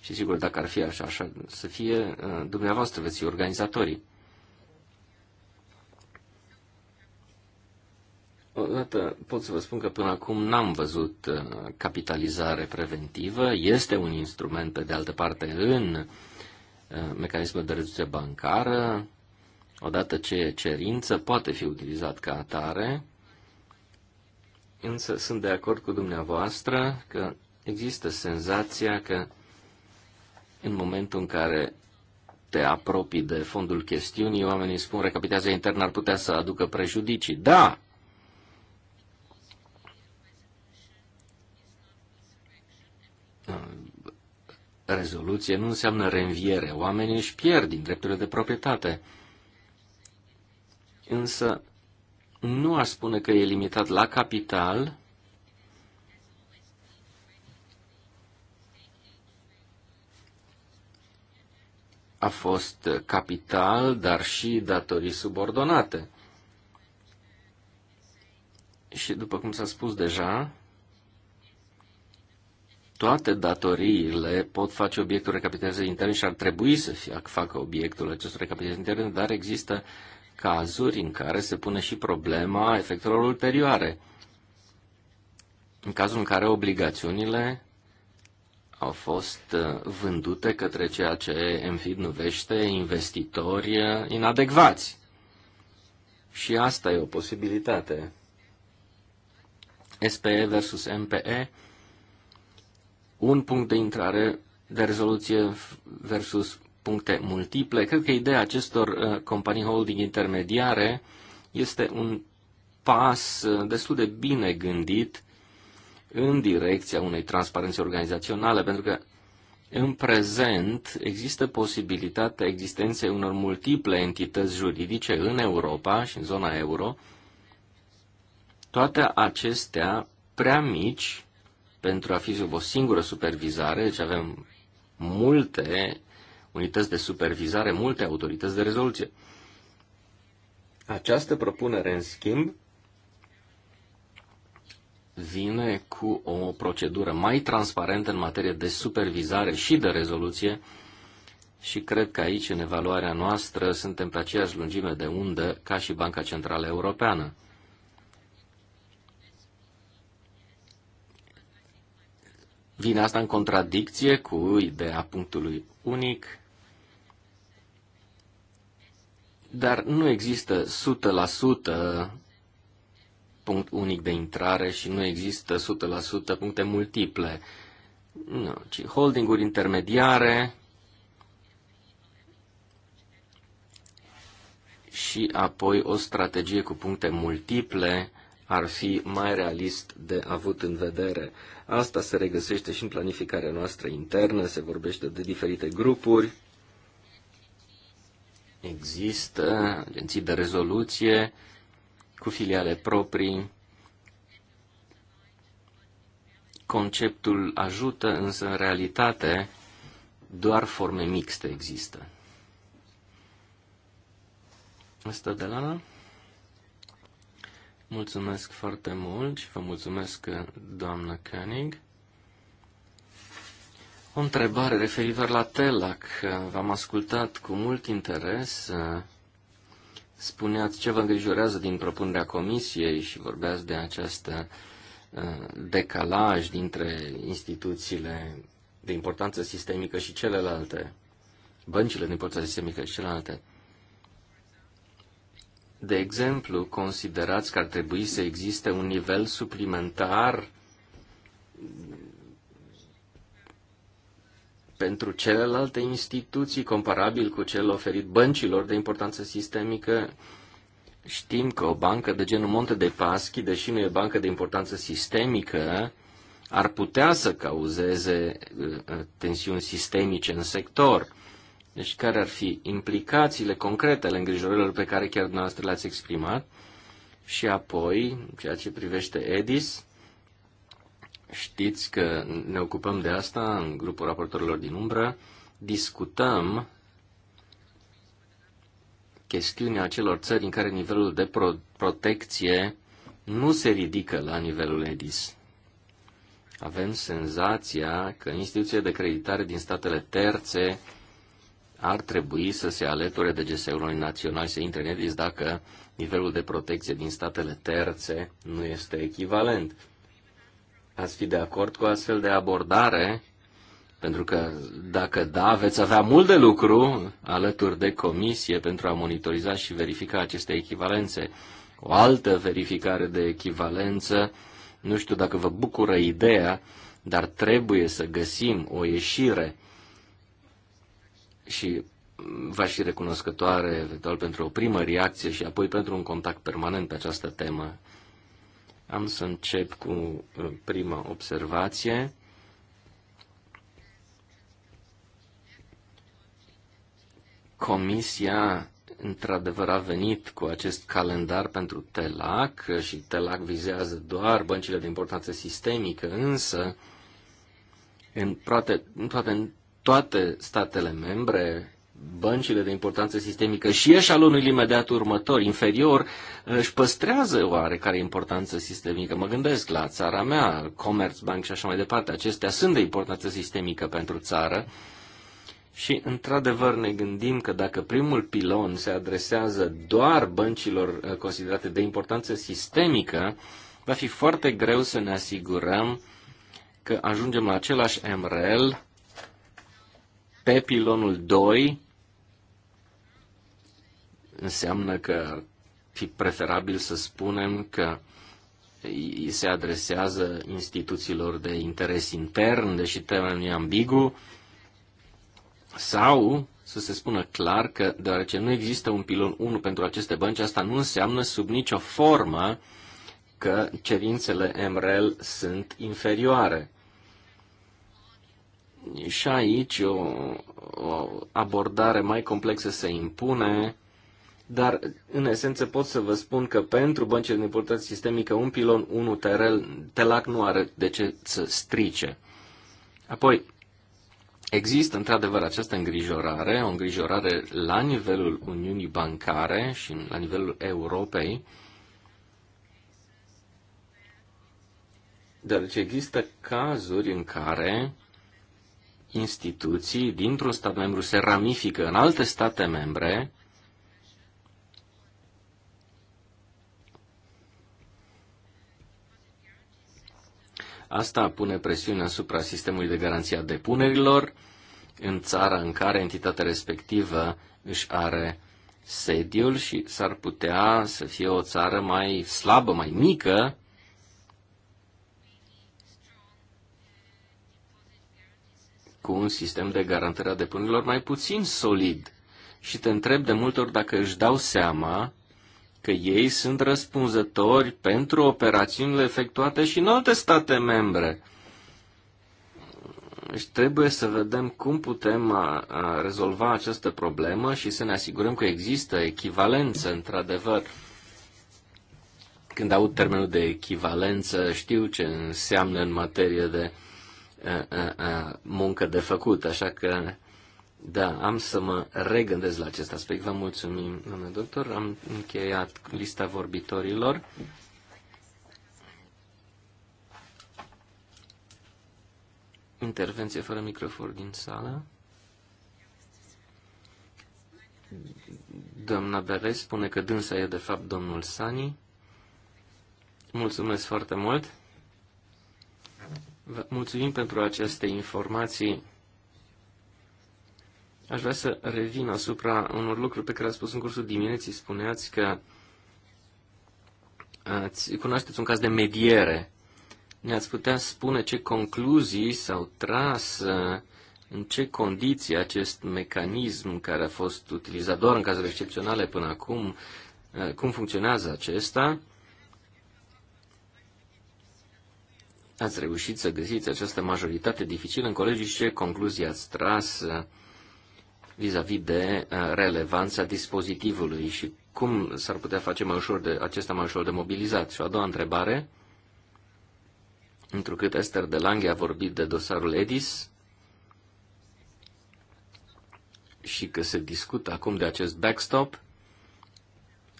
Și sigur, dacă ar fi așa, așa să fie, uh, dumneavoastră veți fi organizatorii. Odată pot să vă spun că până acum n-am văzut uh, capitalizare preventivă. Este un instrument, pe de altă parte, în uh, mecanismul de reducere bancară. Odată ce e cerință, poate fi utilizat ca atare însă sunt de acord cu dumneavoastră că există senzația că în momentul în care te apropii de fondul chestiunii, oamenii spun recapitația internă ar putea să aducă prejudicii. Da! Rezoluție nu înseamnă reînviere. Oamenii își pierd din drepturile de proprietate. Însă nu a spune că e limitat la capital, a fost capital, dar și datorii subordonate. Și după cum s-a spus deja, toate datoriile pot face obiectul recapitalizării interne și ar trebui să fie, facă obiectul acestor recapitalizări interne, dar există cazuri în care se pune și problema efectelor ulterioare. În cazul în care obligațiunile au fost uh, vândute către ceea ce MFID numește investitori uh, inadecvați. Și asta e o posibilitate. SPE versus MPE, un punct de intrare de rezoluție versus puncte multiple. Cred că ideea acestor uh, companii holding intermediare este un pas uh, destul de bine gândit în direcția unei transparențe organizaționale, pentru că în prezent există posibilitatea existenței unor multiple entități juridice în Europa și în zona euro, toate acestea prea mici pentru a fi sub o singură supervizare, deci avem multe unități de supervizare, multe autorități de rezoluție. Această propunere, în schimb, vine cu o procedură mai transparentă în materie de supervizare și de rezoluție și cred că aici, în evaluarea noastră, suntem pe aceeași lungime de undă ca și Banca Centrală Europeană. Vine asta în contradicție cu ideea punctului unic dar nu există 100% punct unic de intrare și nu există 100% puncte multiple. Nu, ci holdinguri intermediare și apoi o strategie cu puncte multiple ar fi mai realist de avut în vedere. Asta se regăsește și în planificarea noastră internă, se vorbește de diferite grupuri Există agenții de rezoluție cu filiale proprii. Conceptul ajută, însă în realitate doar forme mixte există. Asta de la Mulțumesc foarte mult și vă mulțumesc, doamnă König. O întrebare referitor la TELAC. V-am ascultat cu mult interes. Spuneați ce vă îngrijorează din propunerea comisiei și vorbeați de acest uh, decalaj dintre instituțiile de importanță sistemică și celelalte, băncile de importanță sistemică și celelalte. De exemplu, considerați că ar trebui să existe un nivel suplimentar pentru celelalte instituții, comparabil cu cel oferit băncilor de importanță sistemică, știm că o bancă de genul Monte de Paschi, deși nu e bancă de importanță sistemică, ar putea să cauzeze uh, uh, tensiuni sistemice în sector. Deci care ar fi implicațiile concrete ale îngrijorărilor pe care chiar dumneavoastră le-ați exprimat? Și apoi, ceea ce privește EDIS, Știți că ne ocupăm de asta în grupul raportorilor din umbră. Discutăm chestiunea acelor țări în care nivelul de pro- protecție nu se ridică la nivelul EDIS. Avem senzația că instituțiile de creditare din statele terțe ar trebui să se alăture de GSE-ului național și să intre în EDIS dacă nivelul de protecție din statele terțe nu este echivalent ați fi de acord cu astfel de abordare? Pentru că dacă da, veți avea mult de lucru alături de comisie pentru a monitoriza și verifica aceste echivalențe. O altă verificare de echivalență, nu știu dacă vă bucură ideea, dar trebuie să găsim o ieșire și v-aș fi recunoscătoare eventual pentru o primă reacție și apoi pentru un contact permanent pe această temă. Am să încep cu uh, prima observație. Comisia într-adevăr a venit cu acest calendar pentru TELAC și TELAC vizează doar băncile de importanță sistemică, însă în toate, în toate, în toate statele membre băncile de importanță sistemică și eșalonul imediat următor, inferior, își păstrează oarecare importanță sistemică. Mă gândesc la țara mea, Commerzbank și așa mai departe. Acestea sunt de importanță sistemică pentru țară. Și, într-adevăr, ne gândim că dacă primul pilon se adresează doar băncilor uh, considerate de importanță sistemică, va fi foarte greu să ne asigurăm că ajungem la același MREL pe pilonul 2 înseamnă că ar fi preferabil să spunem că se adresează instituțiilor de interes intern, deși termenul e ambigu, sau să se spună clar că, deoarece nu există un pilon 1 pentru aceste bănci, asta nu înseamnă sub nicio formă că cerințele MREL sunt inferioare. Și aici o, o abordare mai complexă se impune, dar în esență pot să vă spun că pentru băncile de importanță sistemică un pilon 1 TRL TELAC nu are de ce să strice. Apoi, există într-adevăr această îngrijorare, o îngrijorare la nivelul Uniunii Bancare și la nivelul Europei, deoarece există cazuri în care instituții dintr-un stat membru se ramifică în alte state membre Asta pune presiune asupra sistemului de garanție a depunerilor în țara în care entitatea respectivă își are sediul și s-ar putea să fie o țară mai slabă, mai mică, cu un sistem de garantare a depunerilor mai puțin solid. Și te întreb de multe ori dacă își dau seama că ei sunt răspunzători pentru operațiunile efectuate și în alte state membre. și deci trebuie să vedem cum putem a, a rezolva această problemă și să ne asigurăm că există echivalență, într-adevăr. Când aud termenul de echivalență, știu ce înseamnă în materie de a, a, a, muncă de făcut, așa că da, am să mă regândesc la acest aspect. Vă mulțumim, domnule doctor. Am încheiat lista vorbitorilor. Intervenție fără microfon din sală. Doamna Beres spune că dânsa e de fapt domnul Sani. Mulțumesc foarte mult. Vă mulțumim pentru aceste informații Aș vrea să revin asupra unor lucruri pe care le-ați spus în cursul dimineții. Spuneați că ați, cunoașteți un caz de mediere. Ne-ați putea spune ce concluzii s-au tras, în ce condiții acest mecanism care a fost utilizat doar în cazuri excepționale până acum, cum funcționează acesta? Ați reușit să găsiți această majoritate dificilă în colegii și ce concluzii ați tras? vis-a-vis de uh, relevanța dispozitivului și cum s-ar putea face mai ușor de, acesta mai ușor de mobilizat. Și a doua întrebare, întrucât Esther de Lange a vorbit de dosarul EDIS și că se discută acum de acest backstop,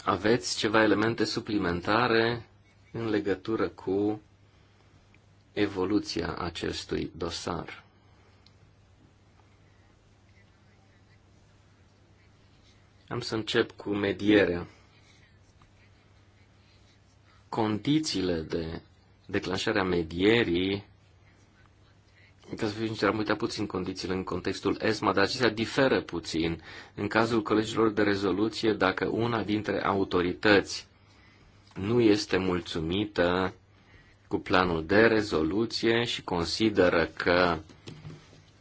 aveți ceva elemente suplimentare în legătură cu evoluția acestui dosar. Am să încep cu medierea. Condițiile de declanșare a medierii, ca să fiu sincer, am uitat puțin condițiile în contextul ESMA, dar acestea diferă puțin. În cazul colegilor de rezoluție, dacă una dintre autorități nu este mulțumită cu planul de rezoluție și consideră că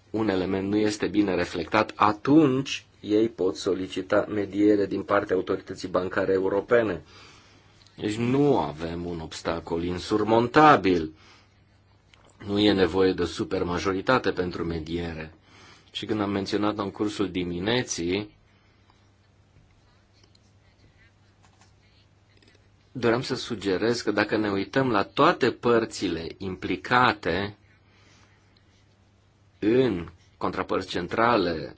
un element nu este bine reflectat, atunci ei pot solicita mediere din partea autorității bancare europene. Deci nu avem un obstacol insurmontabil. Nu e nevoie de supermajoritate pentru mediere. Și când am menționat în cursul dimineții, doream să sugerez că dacă ne uităm la toate părțile implicate în contrapărți centrale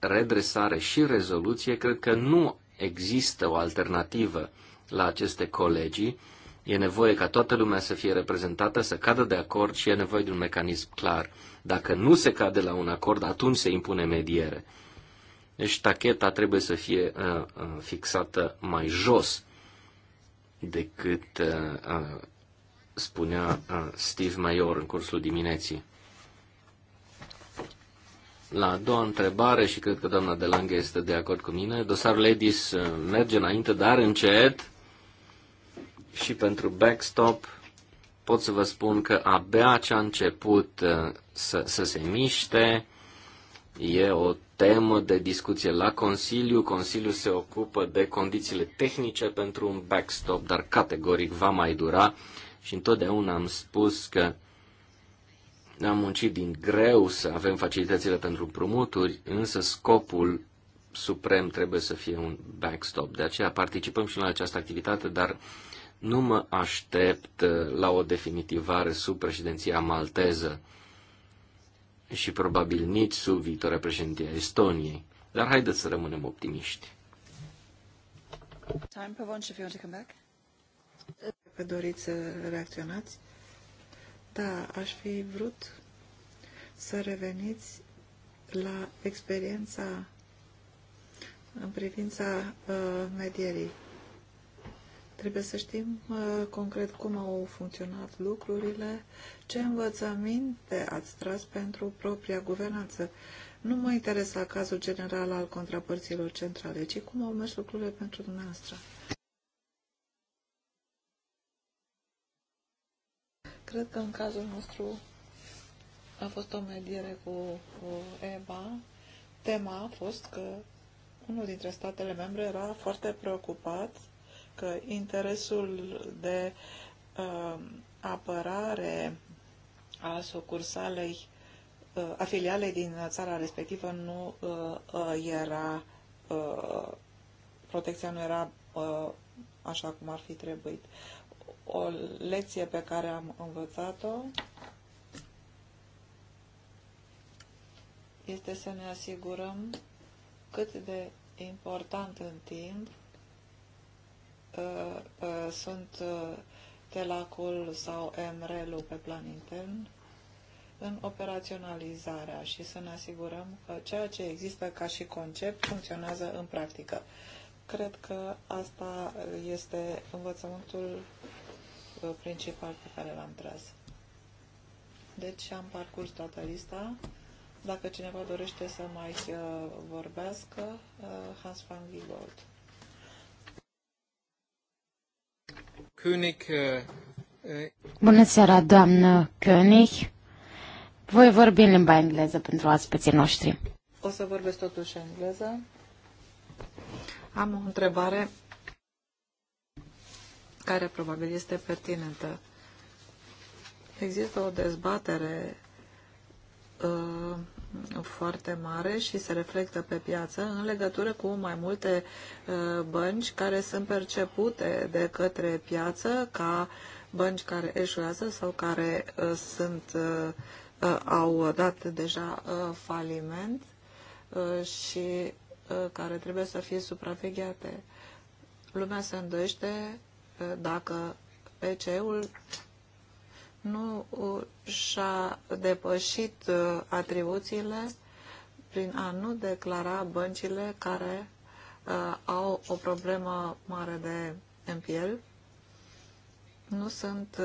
redresare și rezoluție, cred că nu există o alternativă la aceste colegii. E nevoie ca toată lumea să fie reprezentată, să cadă de acord și e nevoie de un mecanism clar. Dacă nu se cade la un acord, atunci se impune mediere. Deci tacheta trebuie să fie uh, uh fixată mai jos decât uh, uh, spunea uh, Steve Mayor în cursul dimineții. La a doua întrebare, și cred că doamna Delanghe este de acord cu mine, dosarul EDIS uh, merge înainte, dar încet. Și pentru backstop pot să vă spun că abia ce a început uh, să, să se miște, e o temă de discuție la Consiliu. Consiliul se ocupă de condițiile tehnice pentru un backstop, dar categoric va mai dura. Și întotdeauna am spus că am muncit din greu să avem facilitățile pentru împrumuturi, însă scopul suprem trebuie să fie un backstop. De aceea participăm și la această activitate, dar nu mă aștept uh, la o definitivare sub președinția malteză și probabil nici sub viitoarea președinție a Estoniei. Dar haideți să rămânem optimiști. Time, Pavon, if you want to come back. Dacă doriți să reacționați. Da, aș fi vrut să reveniți la experiența în privința uh, medierii. Trebuie să știm uh, concret cum au funcționat lucrurile, ce învățăminte ați tras pentru propria guvernanță. Nu mă interesa cazul general al contrapărților centrale, ci cum au mers lucrurile pentru dumneavoastră. Cred că în cazul nostru a fost o mediere cu, cu Eva. Tema a fost că unul dintre statele membre era foarte preocupat că interesul de uh, apărare a sucursalei, uh, a filialei din țara respectivă nu uh, uh, era, uh, protecția nu era uh, așa cum ar fi trebuit. O lecție pe care am învățat-o este să ne asigurăm cât de important în timp uh, uh, sunt uh, telacul sau MRL-ul pe plan intern în operaționalizarea și să ne asigurăm că ceea ce există ca și concept funcționează în practică. Cred că asta este învățământul uh, principal pe care l-am tras. Deci am parcurs toată lista. Dacă cineva dorește să mai uh, vorbească, uh, Hans van Wiegold. König, Bună seara, doamnă König. Voi vorbi în limba engleză pentru aspeții noștri. O să vorbesc totuși engleză. Am o întrebare care probabil este pertinentă. Există o dezbatere uh, foarte mare și se reflectă pe piață în legătură cu mai multe uh, bănci care sunt percepute de către piață ca bănci care eșuează sau care uh, sunt, uh, uh au dat deja uh, faliment uh, și Uh, care trebuie să fie supravegheate. Lumea se îndoiește uh, dacă pc ul nu și-a depășit uh, atribuțiile prin a nu declara băncile care au o problemă mare de NPL. nu sunt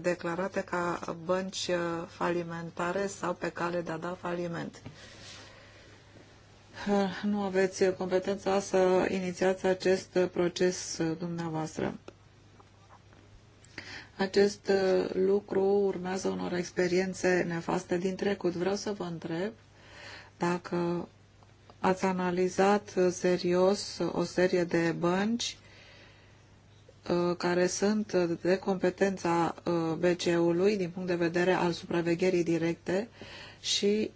declarate ca bănci falimentare sau pe cale de a da faliment nu aveți competența să inițiați acest proces uh, dumneavoastră. Acest uh, lucru urmează unor experiențe nefaste din trecut. Vreau să vă întreb dacă ați analizat uh, serios o serie de bănci care sunt de competența BCE-ului din punct de vedere al supravegherii directe și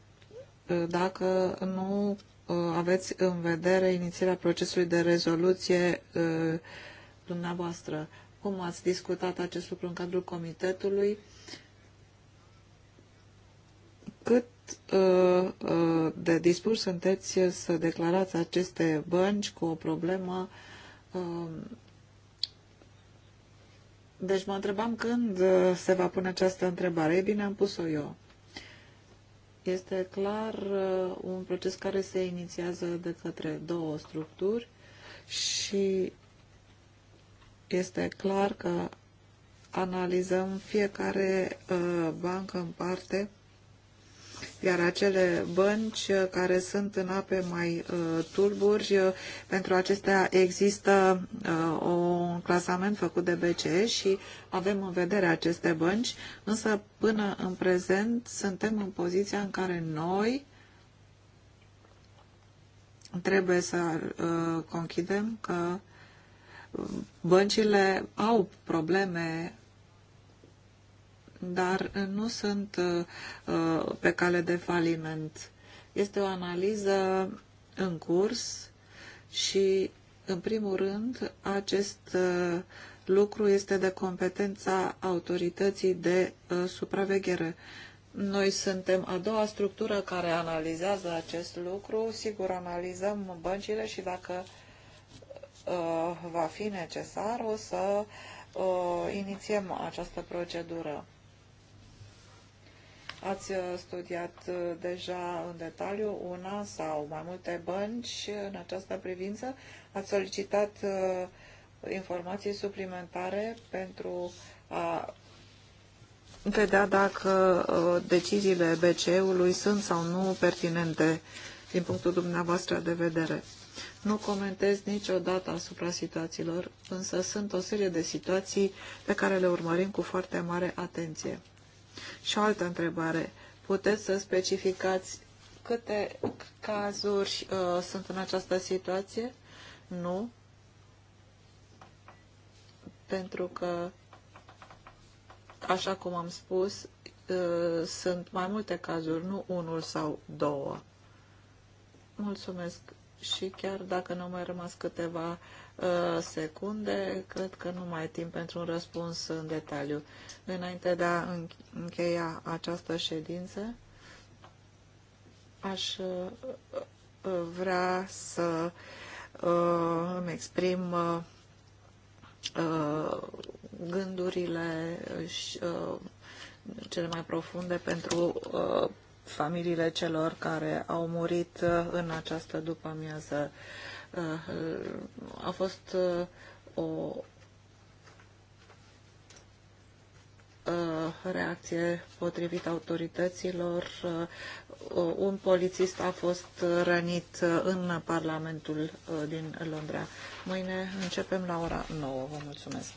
dacă nu Uh, aveți în vedere inițierea procesului de rezoluție uh, dumneavoastră? Cum ați discutat acest lucru în cadrul comitetului? Cât uh, de dispus sunteți să declarați aceste bănci cu o problemă um, deci mă întrebam când se va pune această întrebare. Ei bine, am pus-o eu. Este clar uh, un proces care se inițiază de către două structuri și este clar că analizăm fiecare uh, bancă în parte iar acele bănci uh, care sunt în ape mai uh, tulburi, uh, pentru acestea există un clasament făcut de BCE și avem în vedere aceste bănci, însă până în prezent suntem în poziția în care noi trebuie să conchidem că um, băncile au probleme dar uh, nu sunt uh, uh, pe cale de faliment. Este o analiză în curs și, în primul rând, acest lucru este de competența autorității de supraveghere. Noi suntem a doua structură care analizează acest lucru. Sigur, analizăm băncile și dacă uh, va fi necesar, o să uh, inițiem această procedură. Ați uh, studiat uh, deja în detaliu una sau mai multe bănci în această privință. Ați solicitat uh, informații suplimentare pentru a vedea dacă deciziile BCE-ului sunt sau nu pertinente din punctul dumneavoastră de vedere. Nu comentez niciodată asupra situațiilor, însă sunt o serie de situații pe care le urmărim cu foarte mare atenție. Și o altă întrebare. Puteți să specificați câte cazuri uh, sunt în această situație? Nu. Pentru că, așa cum am spus, uh, sunt mai multe cazuri, nu unul sau două. Mulțumesc. Și chiar dacă nu mai rămas câteva Uh, secunde. Cred că nu mai e timp pentru un răspuns în detaliu. Înainte de a încheia această ședință, aș uh, uh, vrea să îmi exprim gândurile și cele mai profunde pentru familiile celor care au murit în această după-amiază. Uh, uh, a fost uh, o reacție potrivit autorităților. Un polițist a fost rănit în Parlamentul din Londra. Mâine începem la ora 9. Vă mulțumesc!